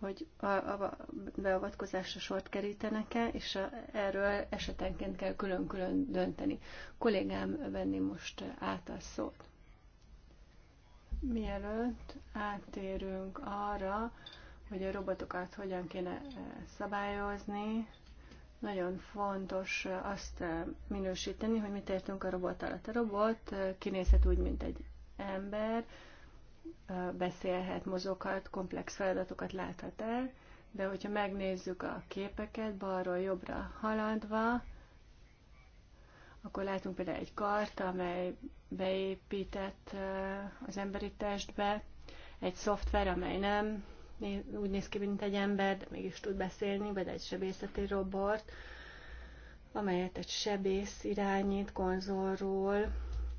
hogy a, a beavatkozásra sort kerítenek-e, és a, erről esetenként kell külön-külön dönteni. A kollégám venni most át a szót. Mielőtt átérünk arra, hogy a robotokat hogyan kéne eh, szabályozni. Nagyon fontos eh, azt eh, minősíteni, hogy mit értünk a robot alatt. A robot kinézhet úgy, mint egy ember, beszélhet, mozoghat, komplex feladatokat láthat el, de hogyha megnézzük a képeket balról jobbra haladva, akkor látunk például egy kart, amely beépített az emberi testbe, egy szoftver, amely nem, úgy néz ki, mint egy ember, de mégis tud beszélni, vagy egy sebészeti robot, amelyet egy sebész irányít konzolról,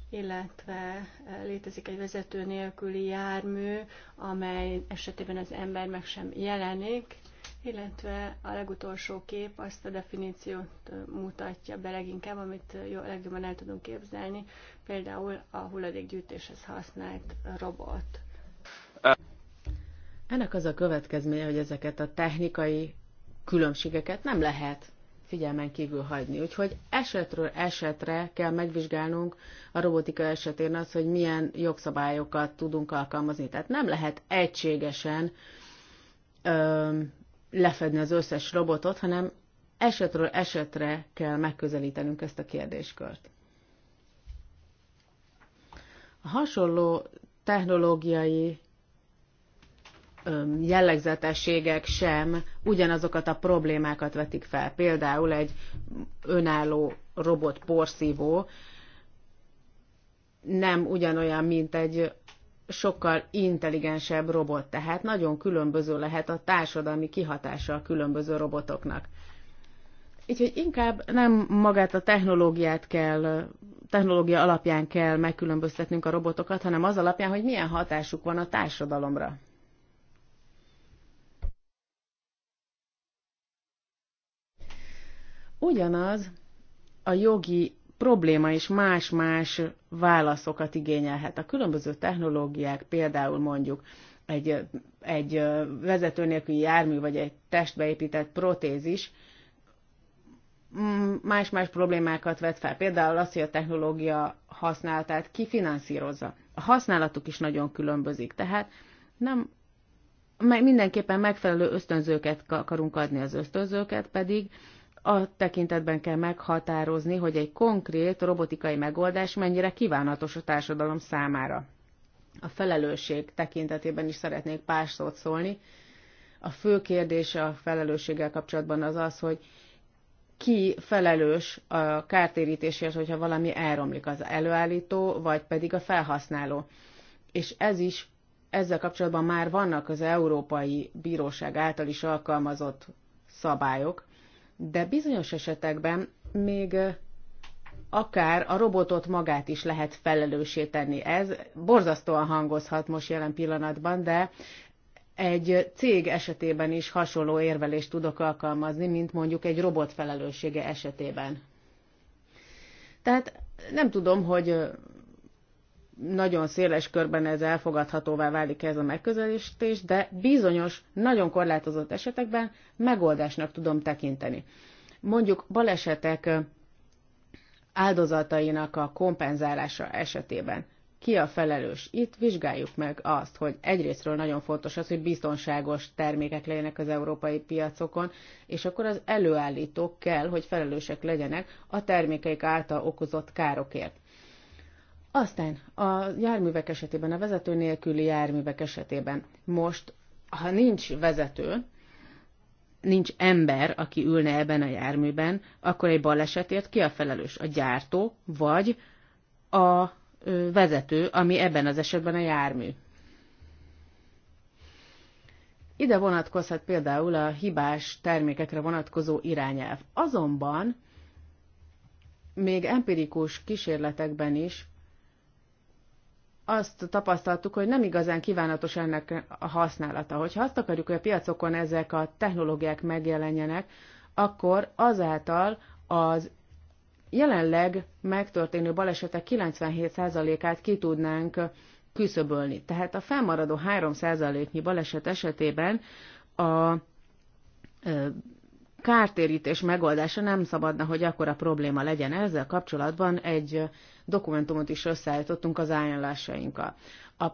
illetve e, létezik egy vezető nélküli jármű, amely esetében az ember meg sem jelenik, illetve a legutolsó kép azt a definíciót e, mutatja be leginkább, amit e, jó, legjobban el tudunk képzelni, például a hulladékgyűjtéshez használt robot. Ennek az a következménye, hogy ezeket a technikai különbségeket nem lehet figyelmen kívül hagyni. Úgyhogy esetről esetre kell megvizsgálnunk a robotika esetén az, hogy milyen jogszabályokat tudunk alkalmazni. Tehát nem lehet egységesen ö, lefedni az összes robotot, hanem esetről esetre kell megközelítenünk ezt a kérdéskört. A hasonló technológiai jellegzetességek sem ugyanazokat a problémákat vetik fel. Például egy önálló robot porszívó nem ugyanolyan, mint egy sokkal intelligensebb robot, tehát nagyon különböző lehet a társadalmi kihatása a különböző robotoknak. Így, hogy inkább nem magát a technológiát kell, technológia alapján kell megkülönböztetnünk a robotokat, hanem az alapján, hogy milyen hatásuk van a társadalomra. Ugyanaz a jogi probléma is más-más válaszokat igényelhet. A különböző technológiák például mondjuk egy, egy vezető nélküli jármű, vagy egy testbeépített protézis más-más problémákat vet fel. Például az, hogy a technológia használatát kifinanszírozza. A használatuk is nagyon különbözik, tehát nem mindenképpen megfelelő ösztönzőket akarunk adni, az ösztönzőket pedig a tekintetben kell meghatározni, hogy egy konkrét robotikai megoldás mennyire kívánatos a társadalom számára. A felelősség tekintetében is szeretnék pár szót szólni. A fő kérdés a felelősséggel kapcsolatban az az, hogy ki felelős a kártérítésért, hogyha valami elromlik, az előállító, vagy pedig a felhasználó. És ez is, ezzel kapcsolatban már vannak az Európai Bíróság által is alkalmazott szabályok, de bizonyos esetekben még akár a robotot magát is lehet felelőssé tenni. Ez borzasztóan hangozhat most jelen pillanatban, de egy cég esetében is hasonló érvelést tudok alkalmazni, mint mondjuk egy robot felelőssége esetében. Tehát nem tudom, hogy nagyon széles körben ez elfogadhatóvá válik ez a megközelítés, de bizonyos, nagyon korlátozott esetekben megoldásnak tudom tekinteni. Mondjuk balesetek áldozatainak a kompenzálása esetében. Ki a felelős? Itt vizsgáljuk meg azt, hogy egyrésztről nagyon fontos az, hogy biztonságos termékek legyenek az európai piacokon, és akkor az előállítók kell, hogy felelősek legyenek a termékeik által okozott károkért aztán a járművek esetében, a vezető nélküli járművek esetében most, ha nincs vezető, nincs ember, aki ülne ebben a járműben, akkor egy balesetért ki a felelős? A gyártó vagy a vezető, ami ebben az esetben a jármű. Ide vonatkozhat például a hibás termékekre vonatkozó irányelv. Azonban még empirikus kísérletekben is azt tapasztaltuk, hogy nem igazán kívánatos ennek a használata. Hogyha azt akarjuk, hogy a piacokon ezek a technológiák megjelenjenek, akkor azáltal az jelenleg megtörténő balesetek 97%-át ki tudnánk küszöbölni. Tehát a felmaradó 3%-nyi baleset esetében a kártérítés megoldása nem szabadna, hogy akkora probléma legyen. Ezzel kapcsolatban egy dokumentumot is összeállítottunk az ajánlásainkkal. A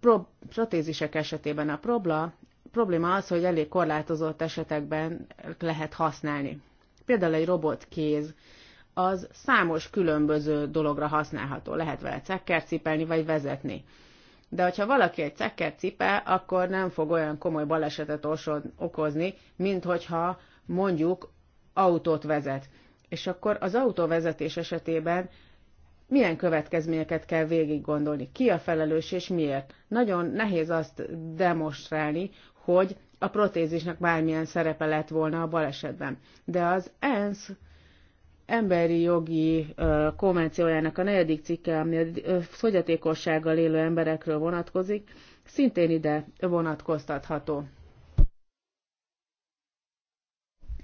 pro- protézisek esetében a probla, probléma az, hogy elég korlátozott esetekben lehet használni. Például egy kéz, az számos különböző dologra használható. Lehet vele cekker cipelni, vagy vezetni. De hogyha valaki egy cekker cipel, akkor nem fog olyan komoly balesetet okozni, mint hogyha mondjuk autót vezet. És akkor az autóvezetés esetében milyen következményeket kell végig gondolni, ki a felelős és miért. Nagyon nehéz azt demonstrálni, hogy a protézisnek bármilyen szerepe lett volna a balesetben. De az ENSZ emberi jogi konvenciójának a negyedik cikke, ami a fogyatékossággal élő emberekről vonatkozik, szintén ide vonatkoztatható.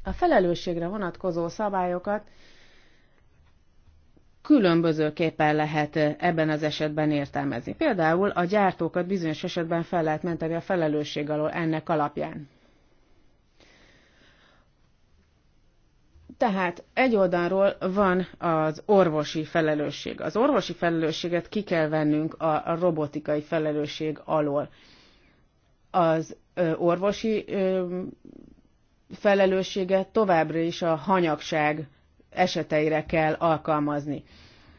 A felelősségre vonatkozó szabályokat különbözőképpen lehet ebben az esetben értelmezni. Például a gyártókat bizonyos esetben fel lehet menteni a felelősség alól ennek alapján. Tehát egy oldalról van az orvosi felelősség. Az orvosi felelősséget ki kell vennünk a robotikai felelősség alól. Az orvosi felelősséget továbbra is a hanyagság eseteire kell alkalmazni.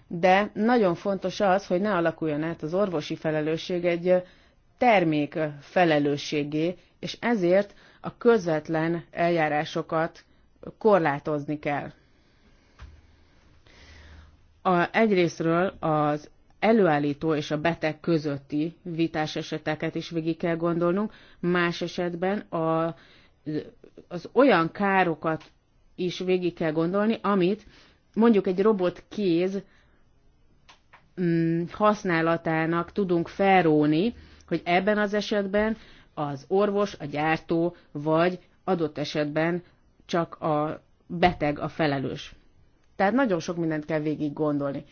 De nagyon fontos az, hogy ne alakuljon át az orvosi felelősség egy termék felelősségé, és ezért a közvetlen eljárásokat korlátozni kell. A, egyrésztről az előállító és a beteg közötti vitás eseteket is végig kell gondolnunk, más esetben a az olyan károkat is végig kell gondolni, amit mondjuk egy robot kéz mm, használatának tudunk felróni, hogy ebben az esetben az orvos, a gyártó, vagy adott esetben csak a beteg a felelős. Tehát nagyon sok mindent kell végig gondolni.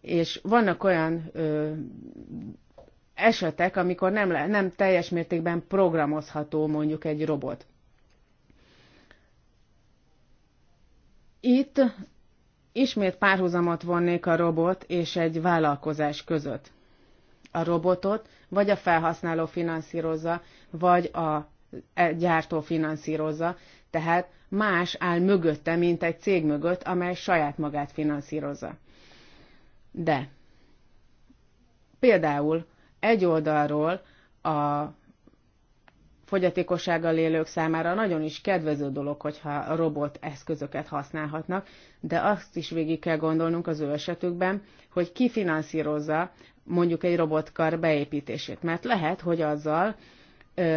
És vannak olyan ö, esetek, amikor nem, le, nem teljes mértékben programozható mondjuk egy robot. Itt ismét párhuzamot vonnék a robot és egy vállalkozás között. A robotot vagy a felhasználó finanszírozza, vagy a e, gyártó finanszírozza, tehát más áll mögötte, mint egy cég mögött, amely saját magát finanszírozza. De például egy oldalról a fogyatékossággal élők számára nagyon is kedvező dolog, hogyha robot eszközöket használhatnak, de azt is végig kell gondolnunk az ő esetükben, hogy ki finanszírozza mondjuk egy robotkar beépítését. Mert lehet, hogy azzal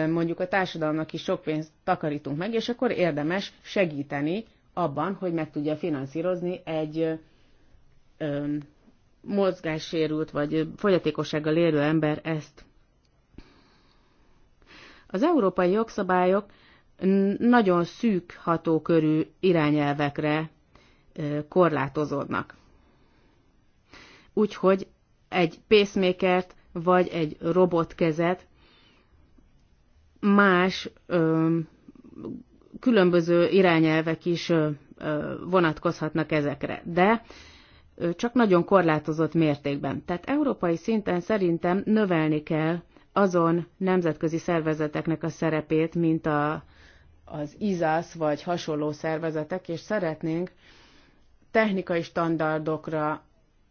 mondjuk a társadalomnak is sok pénzt takarítunk meg, és akkor érdemes segíteni abban, hogy meg tudja finanszírozni egy mozgássérült vagy fogyatékossággal élő ember ezt. Az európai jogszabályok nagyon szűk hatókörű irányelvekre korlátozódnak. Úgyhogy egy pacemakert vagy egy robotkezet más ö, különböző irányelvek is ö, vonatkozhatnak ezekre. De csak nagyon korlátozott mértékben. Tehát európai szinten szerintem növelni kell azon nemzetközi szervezeteknek a szerepét, mint a, az ISAS vagy hasonló szervezetek, és szeretnénk technikai standardokra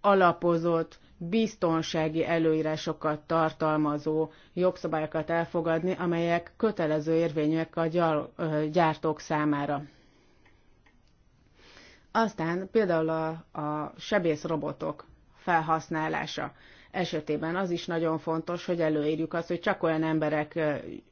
alapozott, biztonsági előírásokat tartalmazó jogszabályokat elfogadni, amelyek kötelező érvényűek a gyártók számára. Aztán például a, a sebészrobotok felhasználása esetében az is nagyon fontos, hogy előírjuk azt, hogy csak olyan emberek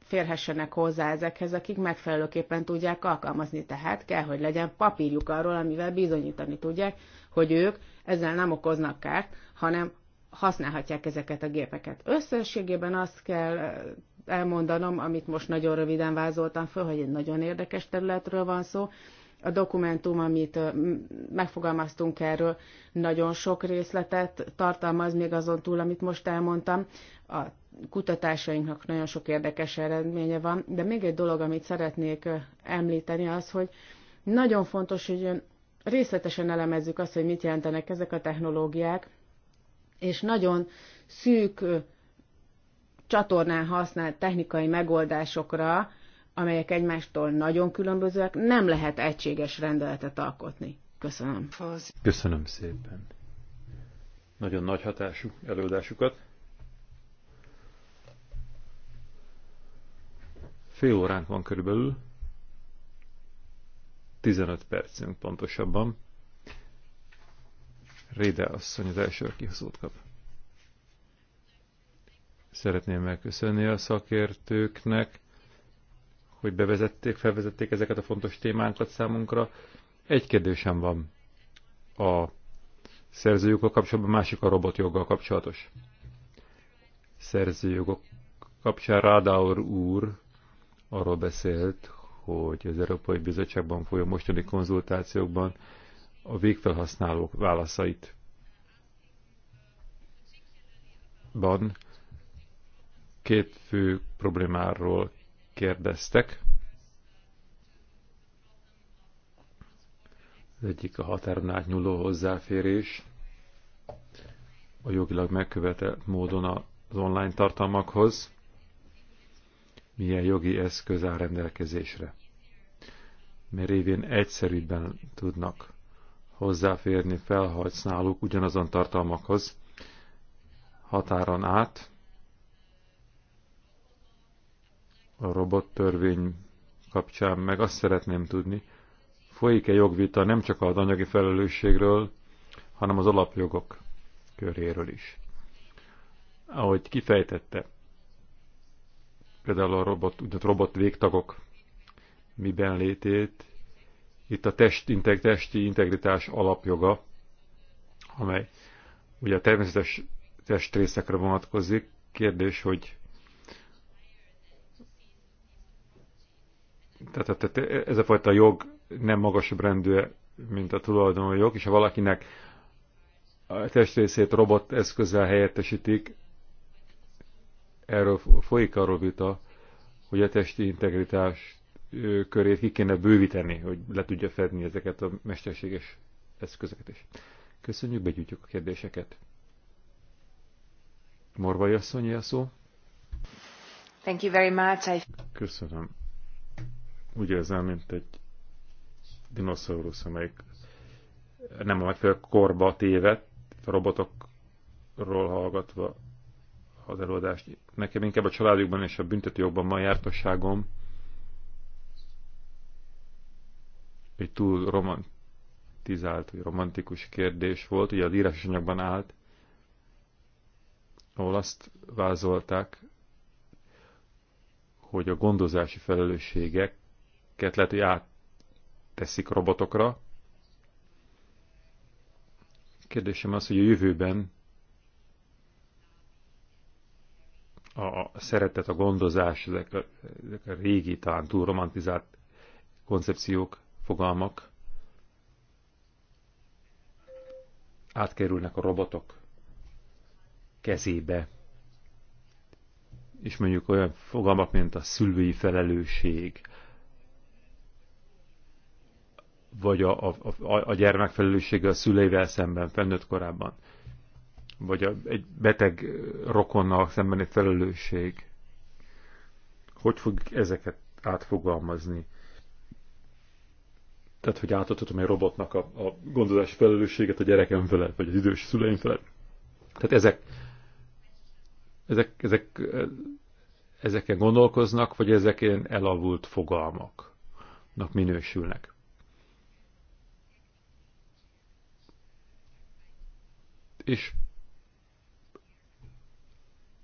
férhessenek hozzá ezekhez, akik megfelelőképpen tudják alkalmazni. Tehát kell, hogy legyen papírjuk arról, amivel bizonyítani tudják, hogy ők ezzel nem okoznak kárt, hanem használhatják ezeket a gépeket. Összességében azt kell elmondanom, amit most nagyon röviden vázoltam föl, hogy egy nagyon érdekes területről van szó, a dokumentum, amit megfogalmaztunk erről, nagyon sok részletet tartalmaz, még azon túl, amit most elmondtam. A kutatásainknak nagyon sok érdekes eredménye van, de még egy dolog, amit szeretnék említeni, az, hogy nagyon fontos, hogy részletesen elemezzük azt, hogy mit jelentenek ezek a technológiák, és nagyon szűk csatornán használt technikai megoldásokra amelyek egymástól nagyon különbözőek, nem lehet egységes rendeletet alkotni. Köszönöm. Köszönöm szépen. Nagyon nagy hatású előadásukat. Fél óránk van körülbelül. 15 percünk pontosabban. Réde asszony az első, aki szót kap. Szeretném megköszönni a szakértőknek hogy bevezették, felvezették ezeket a fontos témánkat számunkra. Egy kérdésem van a szerzőjogokkal kapcsolatban, másik a robotjoggal kapcsolatos. Szerzőjogok kapcsán Rádaur úr arról beszélt, hogy az Európai Bizottságban folyó mostani konzultációkban a végfelhasználók válaszait van két fő problémáról kérdeztek. Az egyik a határon átnyúló hozzáférés a jogilag megkövetett módon az online tartalmakhoz, milyen jogi eszköz áll rendelkezésre, mert évén egyszerűbben tudnak hozzáférni felhasználók ugyanazon tartalmakhoz határon át, a robottörvény kapcsán meg azt szeretném tudni, folyik-e jogvita nem csak az anyagi felelősségről, hanem az alapjogok köréről is. Ahogy kifejtette, például a robot, úgynevezett robot végtagok miben létét, itt a test, integ, testi integritás alapjoga, amely ugye a természetes testrészekre vonatkozik, kérdés, hogy tehát, tehát e- e- ez a fajta jog nem magasabb rendű, mint a jog, és ha valakinek a testrészét robot eszközzel helyettesítik, erről folyik a vita, hogy a testi integritás körét ki kéne bővíteni, hogy le tudja fedni ezeket a mesterséges eszközöket is. Köszönjük, begyűjtjük a kérdéseket. Morvai asszonyi a szó. Thank you very much. I... Köszönöm úgy érzem, mint egy dinoszaurusz, amelyik nem a megfelelő korba tévedt, a robotokról hallgatva az előadást. Nekem inkább a családjukban és a büntetőjogban van jártosságom, egy túl romantizált, vagy romantikus kérdés volt, ugye az írásos anyagban állt, ahol azt vázolták, hogy a gondozási felelősségek ezeket lehet, hogy átteszik robotokra. Kérdésem az, hogy a jövőben a szeretet, a gondozás, ezek a, ezek a régi, talán túl romantizált koncepciók, fogalmak átkerülnek a robotok kezébe és mondjuk olyan fogalmak, mint a szülői felelősség, vagy a, a, a, a gyermekfelelőssége a szüleivel szemben, felnőtt korában, vagy a, egy beteg rokonnal szembeni felelősség. Hogy fog ezeket átfogalmazni? Tehát, hogy átadhatom egy robotnak a, a gondozás felelősséget a gyerekem felett, vagy az idős szüleim felett. Tehát ezek, ezek, ezek, ezeken gondolkoznak, vagy ezek ilyen elavult fogalmaknak minősülnek. és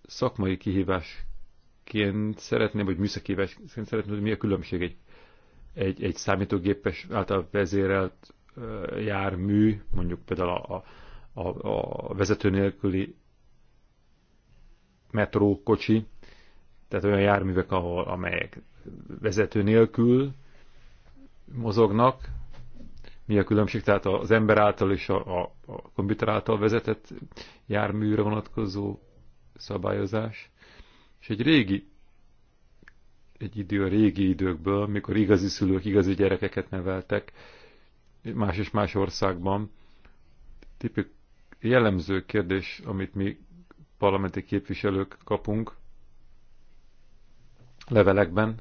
szakmai kihívásként szeretném, vagy műszaki kihívásként szeretném, hogy mi a különbség egy, egy, egy számítógépes által vezérelt jármű, mondjuk például a, a, a vezető nélküli metrókocsi, tehát olyan járművek, ahol, amelyek vezető nélkül mozognak, mi a különbség, tehát az ember által és a, a, a komputer által vezetett járműre vonatkozó szabályozás. És egy régi, egy idő a régi időkből, mikor igazi szülők igazi gyerekeket neveltek, más és más országban, tipik jellemző kérdés, amit mi parlamenti képviselők kapunk levelekben,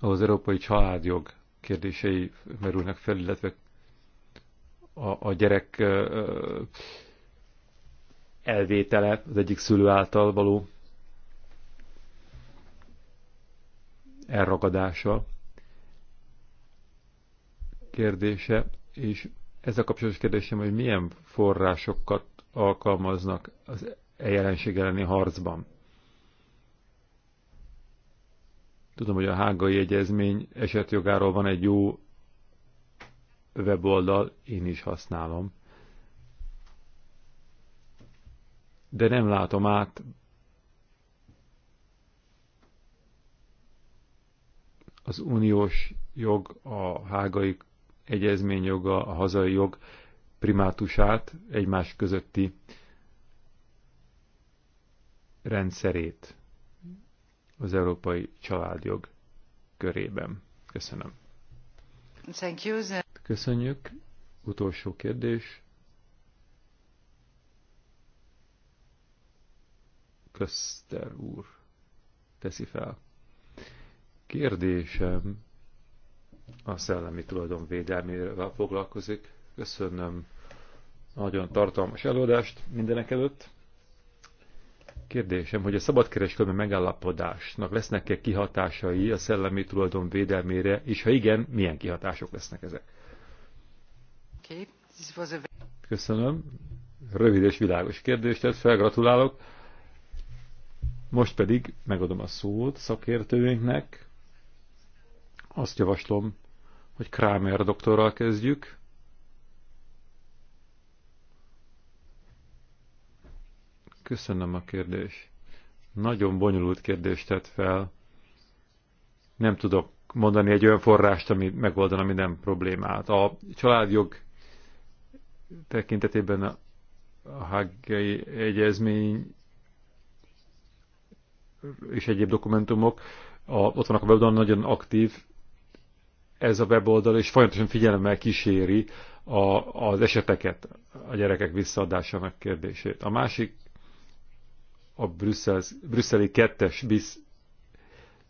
az európai családjog kérdései merülnek fel, illetve a, a gyerek elvétele az egyik szülő által való elragadása kérdése, és ez a kapcsolatos kérdésem, hogy milyen forrásokat alkalmaznak az e, e- jelenség elleni harcban. Tudom, hogy a hágai egyezmény esetjogáról van egy jó weboldal, én is használom. De nem látom át az uniós jog, a hágai egyezmény joga, a hazai jog primátusát, egymás közötti rendszerét az európai családjog körében. Köszönöm. Thank you. Köszönjük. Utolsó kérdés. Köszter úr teszi fel. Kérdésem a szellemi tulajdon védelmével foglalkozik. Köszönöm nagyon tartalmas előadást mindenek előtt kérdésem, hogy a szabadkereskedelmi megállapodásnak lesznek-e kihatásai a szellemi tulajdon védelmére, és ha igen, milyen kihatások lesznek ezek? Köszönöm. Rövid és világos kérdést tehát felgratulálok. gratulálok. Most pedig megadom a szót szakértőinknek. Azt javaslom, hogy Kramer doktorral kezdjük. Köszönöm a kérdés. Nagyon bonyolult kérdést tett fel. Nem tudok mondani egy olyan forrást, ami megoldana minden problémát. A családjog tekintetében a, a hágai egyezmény és egyéb dokumentumok, a, ott vannak a weboldalon nagyon aktív ez a weboldal, és folyamatosan figyelemmel kíséri a, az eseteket, a gyerekek visszaadásának kérdését. A másik a Brüsszel, brüsszeli kettes BISZ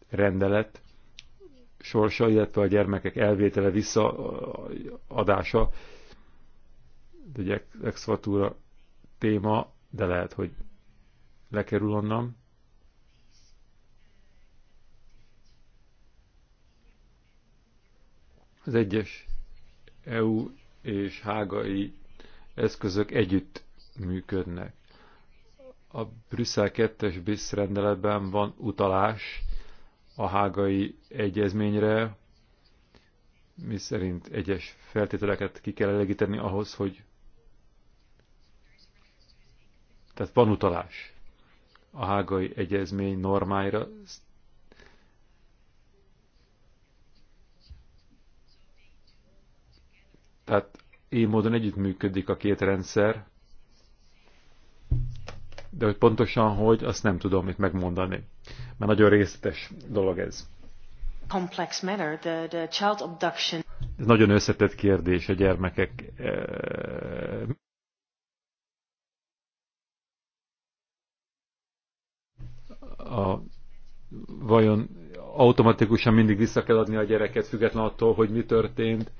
rendelet sorsa, illetve a gyermekek elvétele visszaadása, egy exvatúra téma, de lehet, hogy lekerül onnan. Az egyes EU és hágai eszközök együtt működnek. A Brüsszel 2-es BISZ rendeletben van utalás a hágai egyezményre, mi szerint egyes feltételeket ki kell elégíteni ahhoz, hogy tehát van utalás a hágai egyezmény normáira. Tehát így módon együttműködik a két rendszer, de hogy pontosan hogy, azt nem tudom mit megmondani. Mert nagyon részletes dolog ez. Complex matter, the, the child abduction. Ez nagyon összetett kérdés a gyermekek. Eh, a, vajon automatikusan mindig vissza kell adni a gyereket, független attól, hogy mi történt,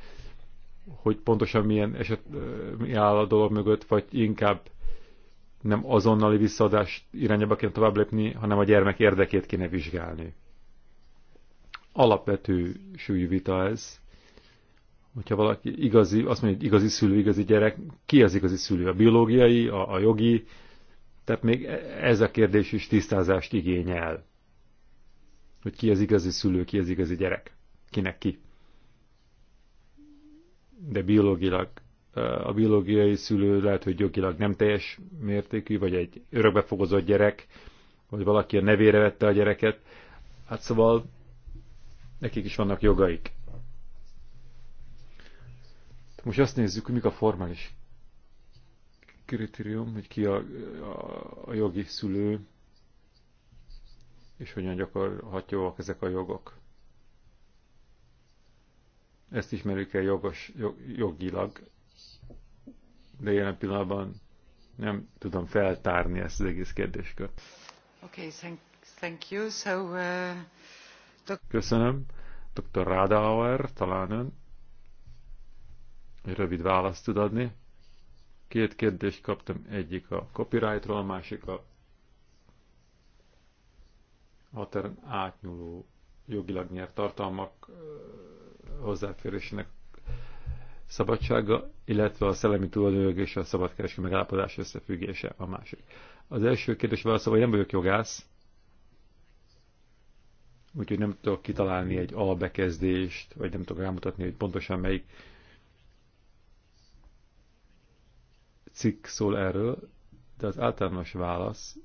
hogy pontosan milyen eset eh, mi áll a dolog mögött, vagy inkább nem azonnali visszaadás irányába kéne tovább lépni, hanem a gyermek érdekét kéne vizsgálni. Alapvető súlyú vita ez. Hogyha valaki igazi, azt mondja, hogy igazi szülő, igazi gyerek, ki az igazi szülő? A biológiai, a, a jogi? Tehát még e, ez a kérdés is tisztázást igényel. Hogy ki az igazi szülő, ki az igazi gyerek. Kinek ki. De biológilag a biológiai szülő lehet, hogy jogilag nem teljes mértékű, vagy egy örökbefogozott gyerek, vagy valaki a nevére vette a gyereket. Hát szóval nekik is vannak jogaik. Most azt nézzük, hogy mik a formális kritérium, hogy ki a, a, a jogi szülő, és hogyan gyakorhatjóak ezek a jogok. Ezt ismerjük el jogos, jog, jogilag, de jelen pillanatban nem tudom feltárni ezt az egész kérdéskört. Okay, thank, thank you. So, uh, doc- Köszönöm. Dr. Radauer, talán ön egy rövid választ tud adni. Két kérdést kaptam, egyik a copyrightról, a másik a határon átnyúló jogilag nyert tartalmak uh, hozzáférésének szabadsága, illetve a szellemi tulajdonjog és a szabadkereskedelmi megállapodás összefüggése a másik. Az első kérdés válaszol, hogy nem vagyok jogász, úgyhogy nem tudok kitalálni egy albekezdést, vagy nem tudok rámutatni, hogy pontosan melyik cikk szól erről, de az általános válasz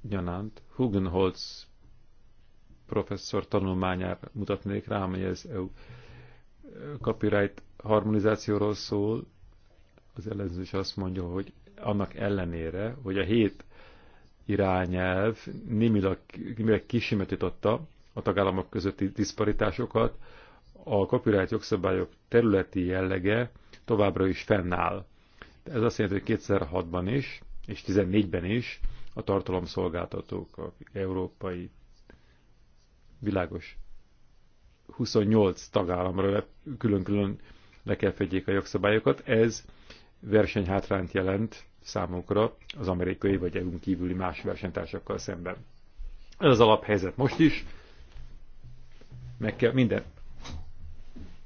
gyanánt Hugenholz professzor tanulmányára mutatnék rá, hogy ez EU copyright harmonizációról szól, az ellenző is azt mondja, hogy annak ellenére, hogy a hét irányelv némileg, kisimetította a tagállamok közötti diszparitásokat, a copyright jogszabályok területi jellege továbbra is fennáll. De ez azt jelenti, hogy 2006-ban is, és 2014-ben is a tartalomszolgáltatók, a európai világos 28 tagállamra külön-külön le kell fedjék a jogszabályokat. Ez versenyhátrányt jelent számunkra, az amerikai vagy EU-n kívüli más versenytársakkal szemben. Ez az alaphelyzet most is. Meg kell minden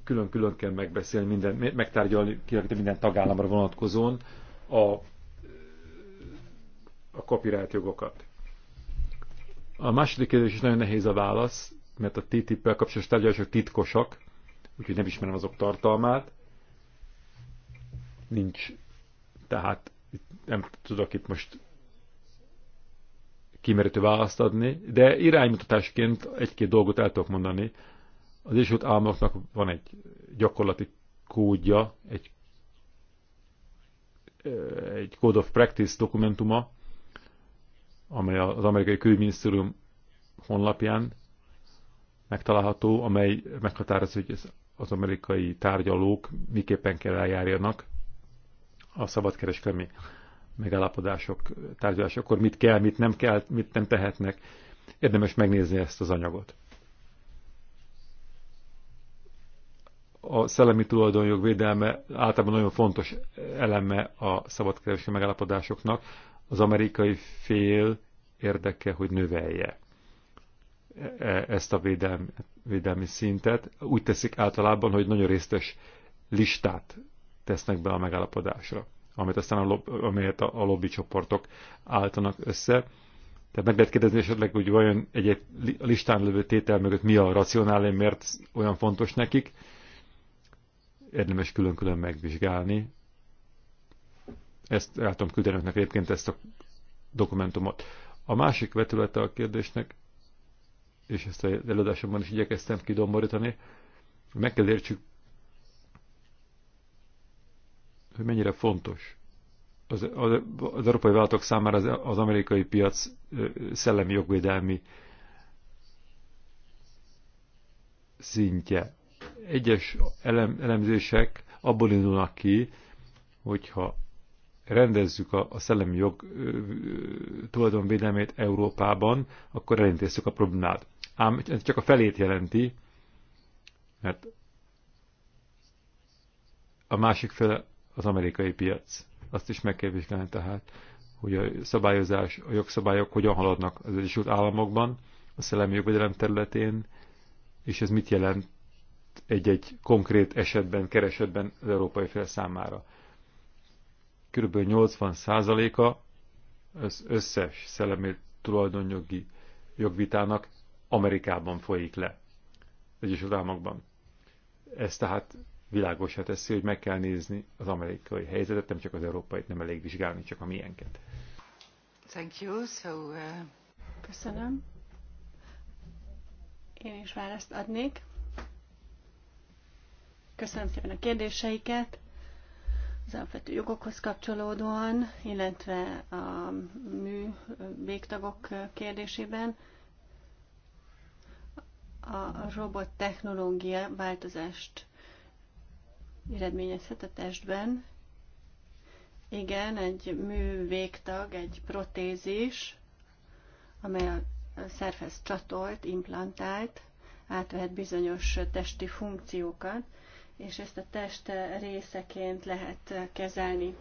külön-külön kell megbeszélni, minden, megtárgyalni minden tagállamra vonatkozóan a, a copyright jogokat. A második kérdés is nagyon nehéz a válasz mert a TTIP-el kapcsolatos tárgyalások titkosak, úgyhogy nem ismerem azok tartalmát. Nincs, tehát nem tudok itt most kimerítő választ adni, de iránymutatásként egy-két dolgot el tudok mondani. Az Egyesült Államoknak van egy gyakorlati kódja, egy, egy Code of Practice dokumentuma, amely az amerikai külügyminisztérium honlapján megtalálható, amely meghatározza, hogy az amerikai tárgyalók miképpen kell eljárjanak a szabadkereskedelmi megállapodások, akkor mit kell, mit nem kell, mit nem tehetnek. Érdemes megnézni ezt az anyagot. a szellemi tulajdonjog védelme általában nagyon fontos eleme a szabadkereskedelmi megállapodásoknak. Az amerikai fél érdeke, hogy növelje E, ezt a védelmi, védelmi szintet. Úgy teszik általában, hogy nagyon résztes listát tesznek be a megállapodásra, amit aztán a, lob, amelyet a, a lobby csoportok álltanak össze. Tehát meg lehet kérdezni esetleg, hogy vajon egy, egy listán lévő tétel mögött mi a racionálé, miért olyan fontos nekik. Érdemes külön-külön megvizsgálni. Ezt el tudom küldeni egyébként ezt a dokumentumot. A másik vetülete a kérdésnek és ezt az előadásomban is igyekeztem kidomborítani, meg kell értsük, hogy mennyire fontos az, az, az európai vállalatok számára az, az amerikai piac szellemi jogvédelmi szintje. Egyes elem, elemzések abból indulnak ki, hogyha rendezzük a, a szellemi jog tulajdonvédelmét Európában, akkor elintéztük a problémát ám ez csak a felét jelenti, mert a másik fele az amerikai piac. Azt is meg kell vizsgálni tehát, hogy a szabályozás, a jogszabályok hogyan haladnak az Egyesült Államokban, a szellemi jogvédelem területén, és ez mit jelent egy-egy konkrét esetben, keresetben az európai fél számára. Körülbelül 80%-a az összes szellemi tulajdonjogi jogvitának Amerikában folyik le, Egyesült Államokban. Ez tehát világosá teszi, hogy meg kell nézni az amerikai helyzetet, nem csak az európai, nem elég vizsgálni, csak a miénket. Thank you. So, uh... Köszönöm. Én is választ adnék. Köszönöm szépen a kérdéseiket az alapvető jogokhoz kapcsolódóan, illetve a mű végtagok kérdésében a robot technológia változást eredményezhet a testben. Igen, egy művégtag, egy protézis, amely a szervez csatolt, implantált, átvehet bizonyos testi funkciókat, és ezt a test részeként lehet kezelni.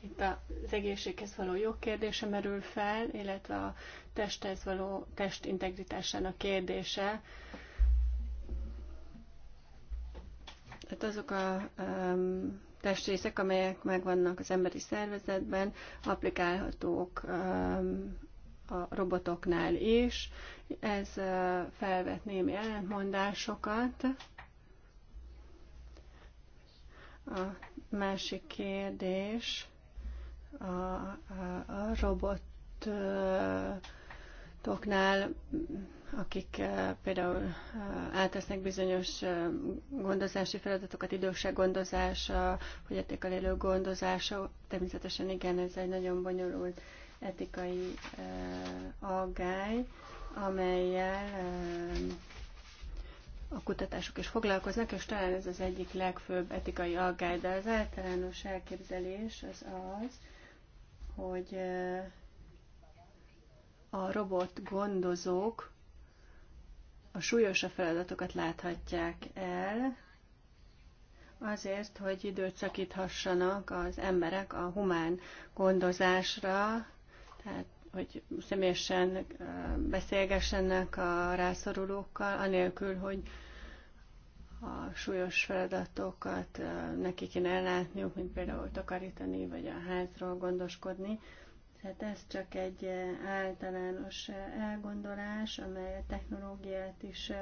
Itt az egészséghez való jogkérdése kérdése merül fel, illetve a testhez való test integritásának kérdése. Tehát azok a um, testrészek, amelyek megvannak az emberi szervezetben, applikálhatók um, a robotoknál is. Ez felvet némi ellentmondásokat. A másik kérdés a, a, a robotoknál, akik eh, például átesznek eh, bizonyos eh, gondozási feladatokat, időség gondozása, fogyatékkal élő gondozása, természetesen igen, ez egy nagyon bonyolult etikai aggály, amelyel a kutatások is foglalkoznak, és talán ez az egyik legfőbb etikai aggály, de az általános elképzelés az az, hogy a robot gondozók a súlyosabb feladatokat láthatják el, azért, hogy időt szakíthassanak az emberek a humán gondozásra, tehát hogy személyesen beszélgessenek a rászorulókkal, anélkül, hogy a súlyos feladatokat nekik kéne ellátniuk, mint például takarítani, vagy a házról gondoskodni. Tehát ez csak egy általános elgondolás, amely a technológiát is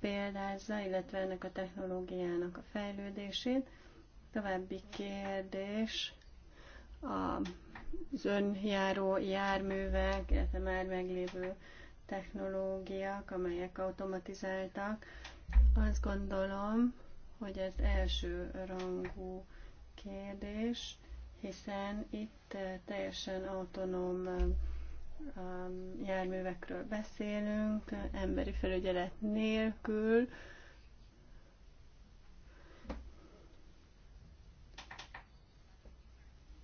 példázza, illetve ennek a technológiának a fejlődését. További kérdés az önjáró járművek, illetve már meglévő technológiák, amelyek automatizáltak. Azt gondolom, hogy ez első rangú kérdés, hiszen itt eh, teljesen autonóm eh, um, járművekről beszélünk, emberi felügyelet nélkül,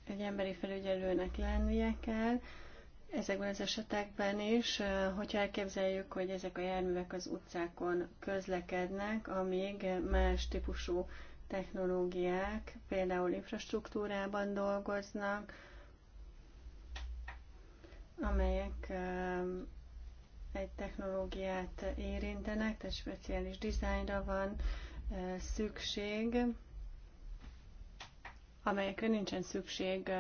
egy emberi felügyelőnek lennie kell, ezekben az esetekben is, hogyha elképzeljük, hogy ezek a járművek az utcákon közlekednek, amíg más típusú technológiák, például infrastruktúrában dolgoznak, amelyek egy technológiát érintenek, tehát speciális dizájnra van szükség, amelyekre nincsen szükség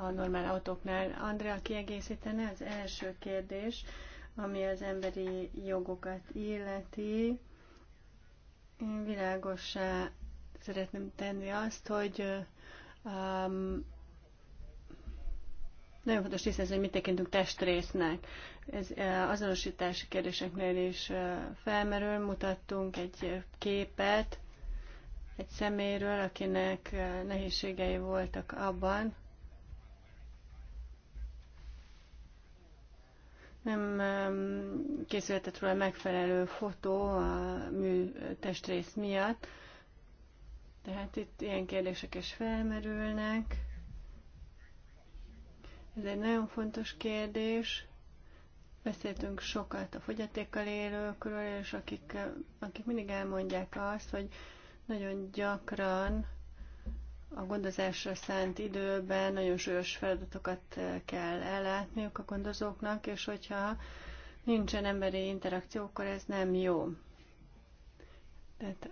a normál autóknál. Andrea kiegészítene az első kérdés, ami az emberi jogokat illeti. Én világosá szeretném tenni azt, hogy um, nagyon fontos tisztázni, hogy mit tekintünk testrésznek. Ez azonosítási kérdéseknél is felmerül. Mutattunk egy képet egy szeméről, akinek nehézségei voltak abban, nem készülhetett róla megfelelő fotó a mű testrész miatt. Tehát itt ilyen kérdések is felmerülnek. Ez egy nagyon fontos kérdés. Beszéltünk sokat a fogyatékkal élőkről, és akik, akik mindig elmondják azt, hogy nagyon gyakran a gondozásra szánt időben nagyon súlyos feladatokat eh, kell ellátniuk a gondozóknak, és hogyha nincsen emberi interakció, akkor ez nem jó. Tehát,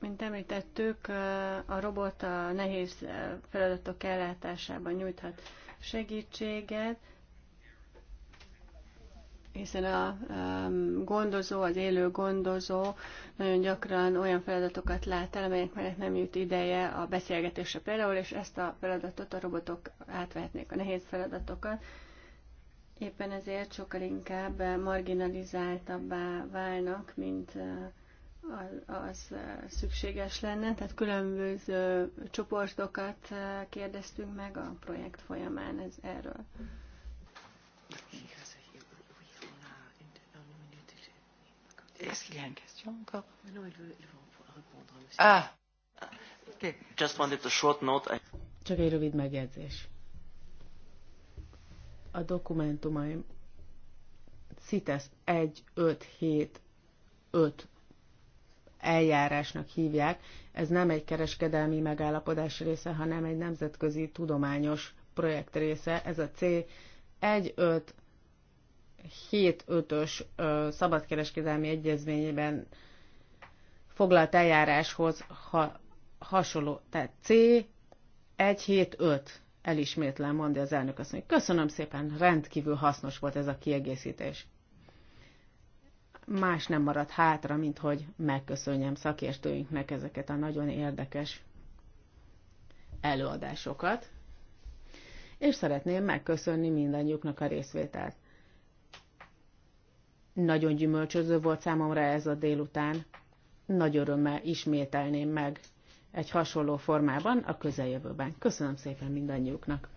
mint említettük, eh, a robot a nehéz eh, feladatok ellátásában nyújthat segítséget, hiszen a gondozó, az élő gondozó nagyon gyakran olyan feladatokat lát el, amelyek mellett nem jut ideje a beszélgetésre például, és ezt a feladatot a robotok átvehetnék, a nehéz feladatokat. Éppen ezért sokkal inkább marginalizáltabbá válnak, mint eh, az eh, szükséges lenne. Tehát különböző csoportokat eh, kérdeztünk meg a projekt folyamán ez erről. Est-ce qu'il y a une question encore Non, il veut, il veut répondre. aussi. Ah, ah okay. Just wanted a short note. Csak egy rövid megjegyzés. A dokumentumaim CITES 1, 5, 7, 5 eljárásnak hívják. Ez nem egy kereskedelmi megállapodás része, hanem egy nemzetközi tudományos projekt része. Ez a C1, 5, 7-5-ös szabadkereskedelmi egyezményében foglalt eljáráshoz ha, hasonló. Tehát C 5, elismétlen mondja az elnök azt, hogy köszönöm szépen, rendkívül hasznos volt ez a kiegészítés. Más nem maradt hátra, mint hogy megköszönjem szakértőinknek ezeket a nagyon érdekes előadásokat, és szeretném megköszönni mindannyiuknak a részvételt. Nagyon gyümölcsöző volt számomra ez a délután. Nagy örömmel ismételném meg egy hasonló formában a közeljövőben. Köszönöm szépen mindannyiuknak!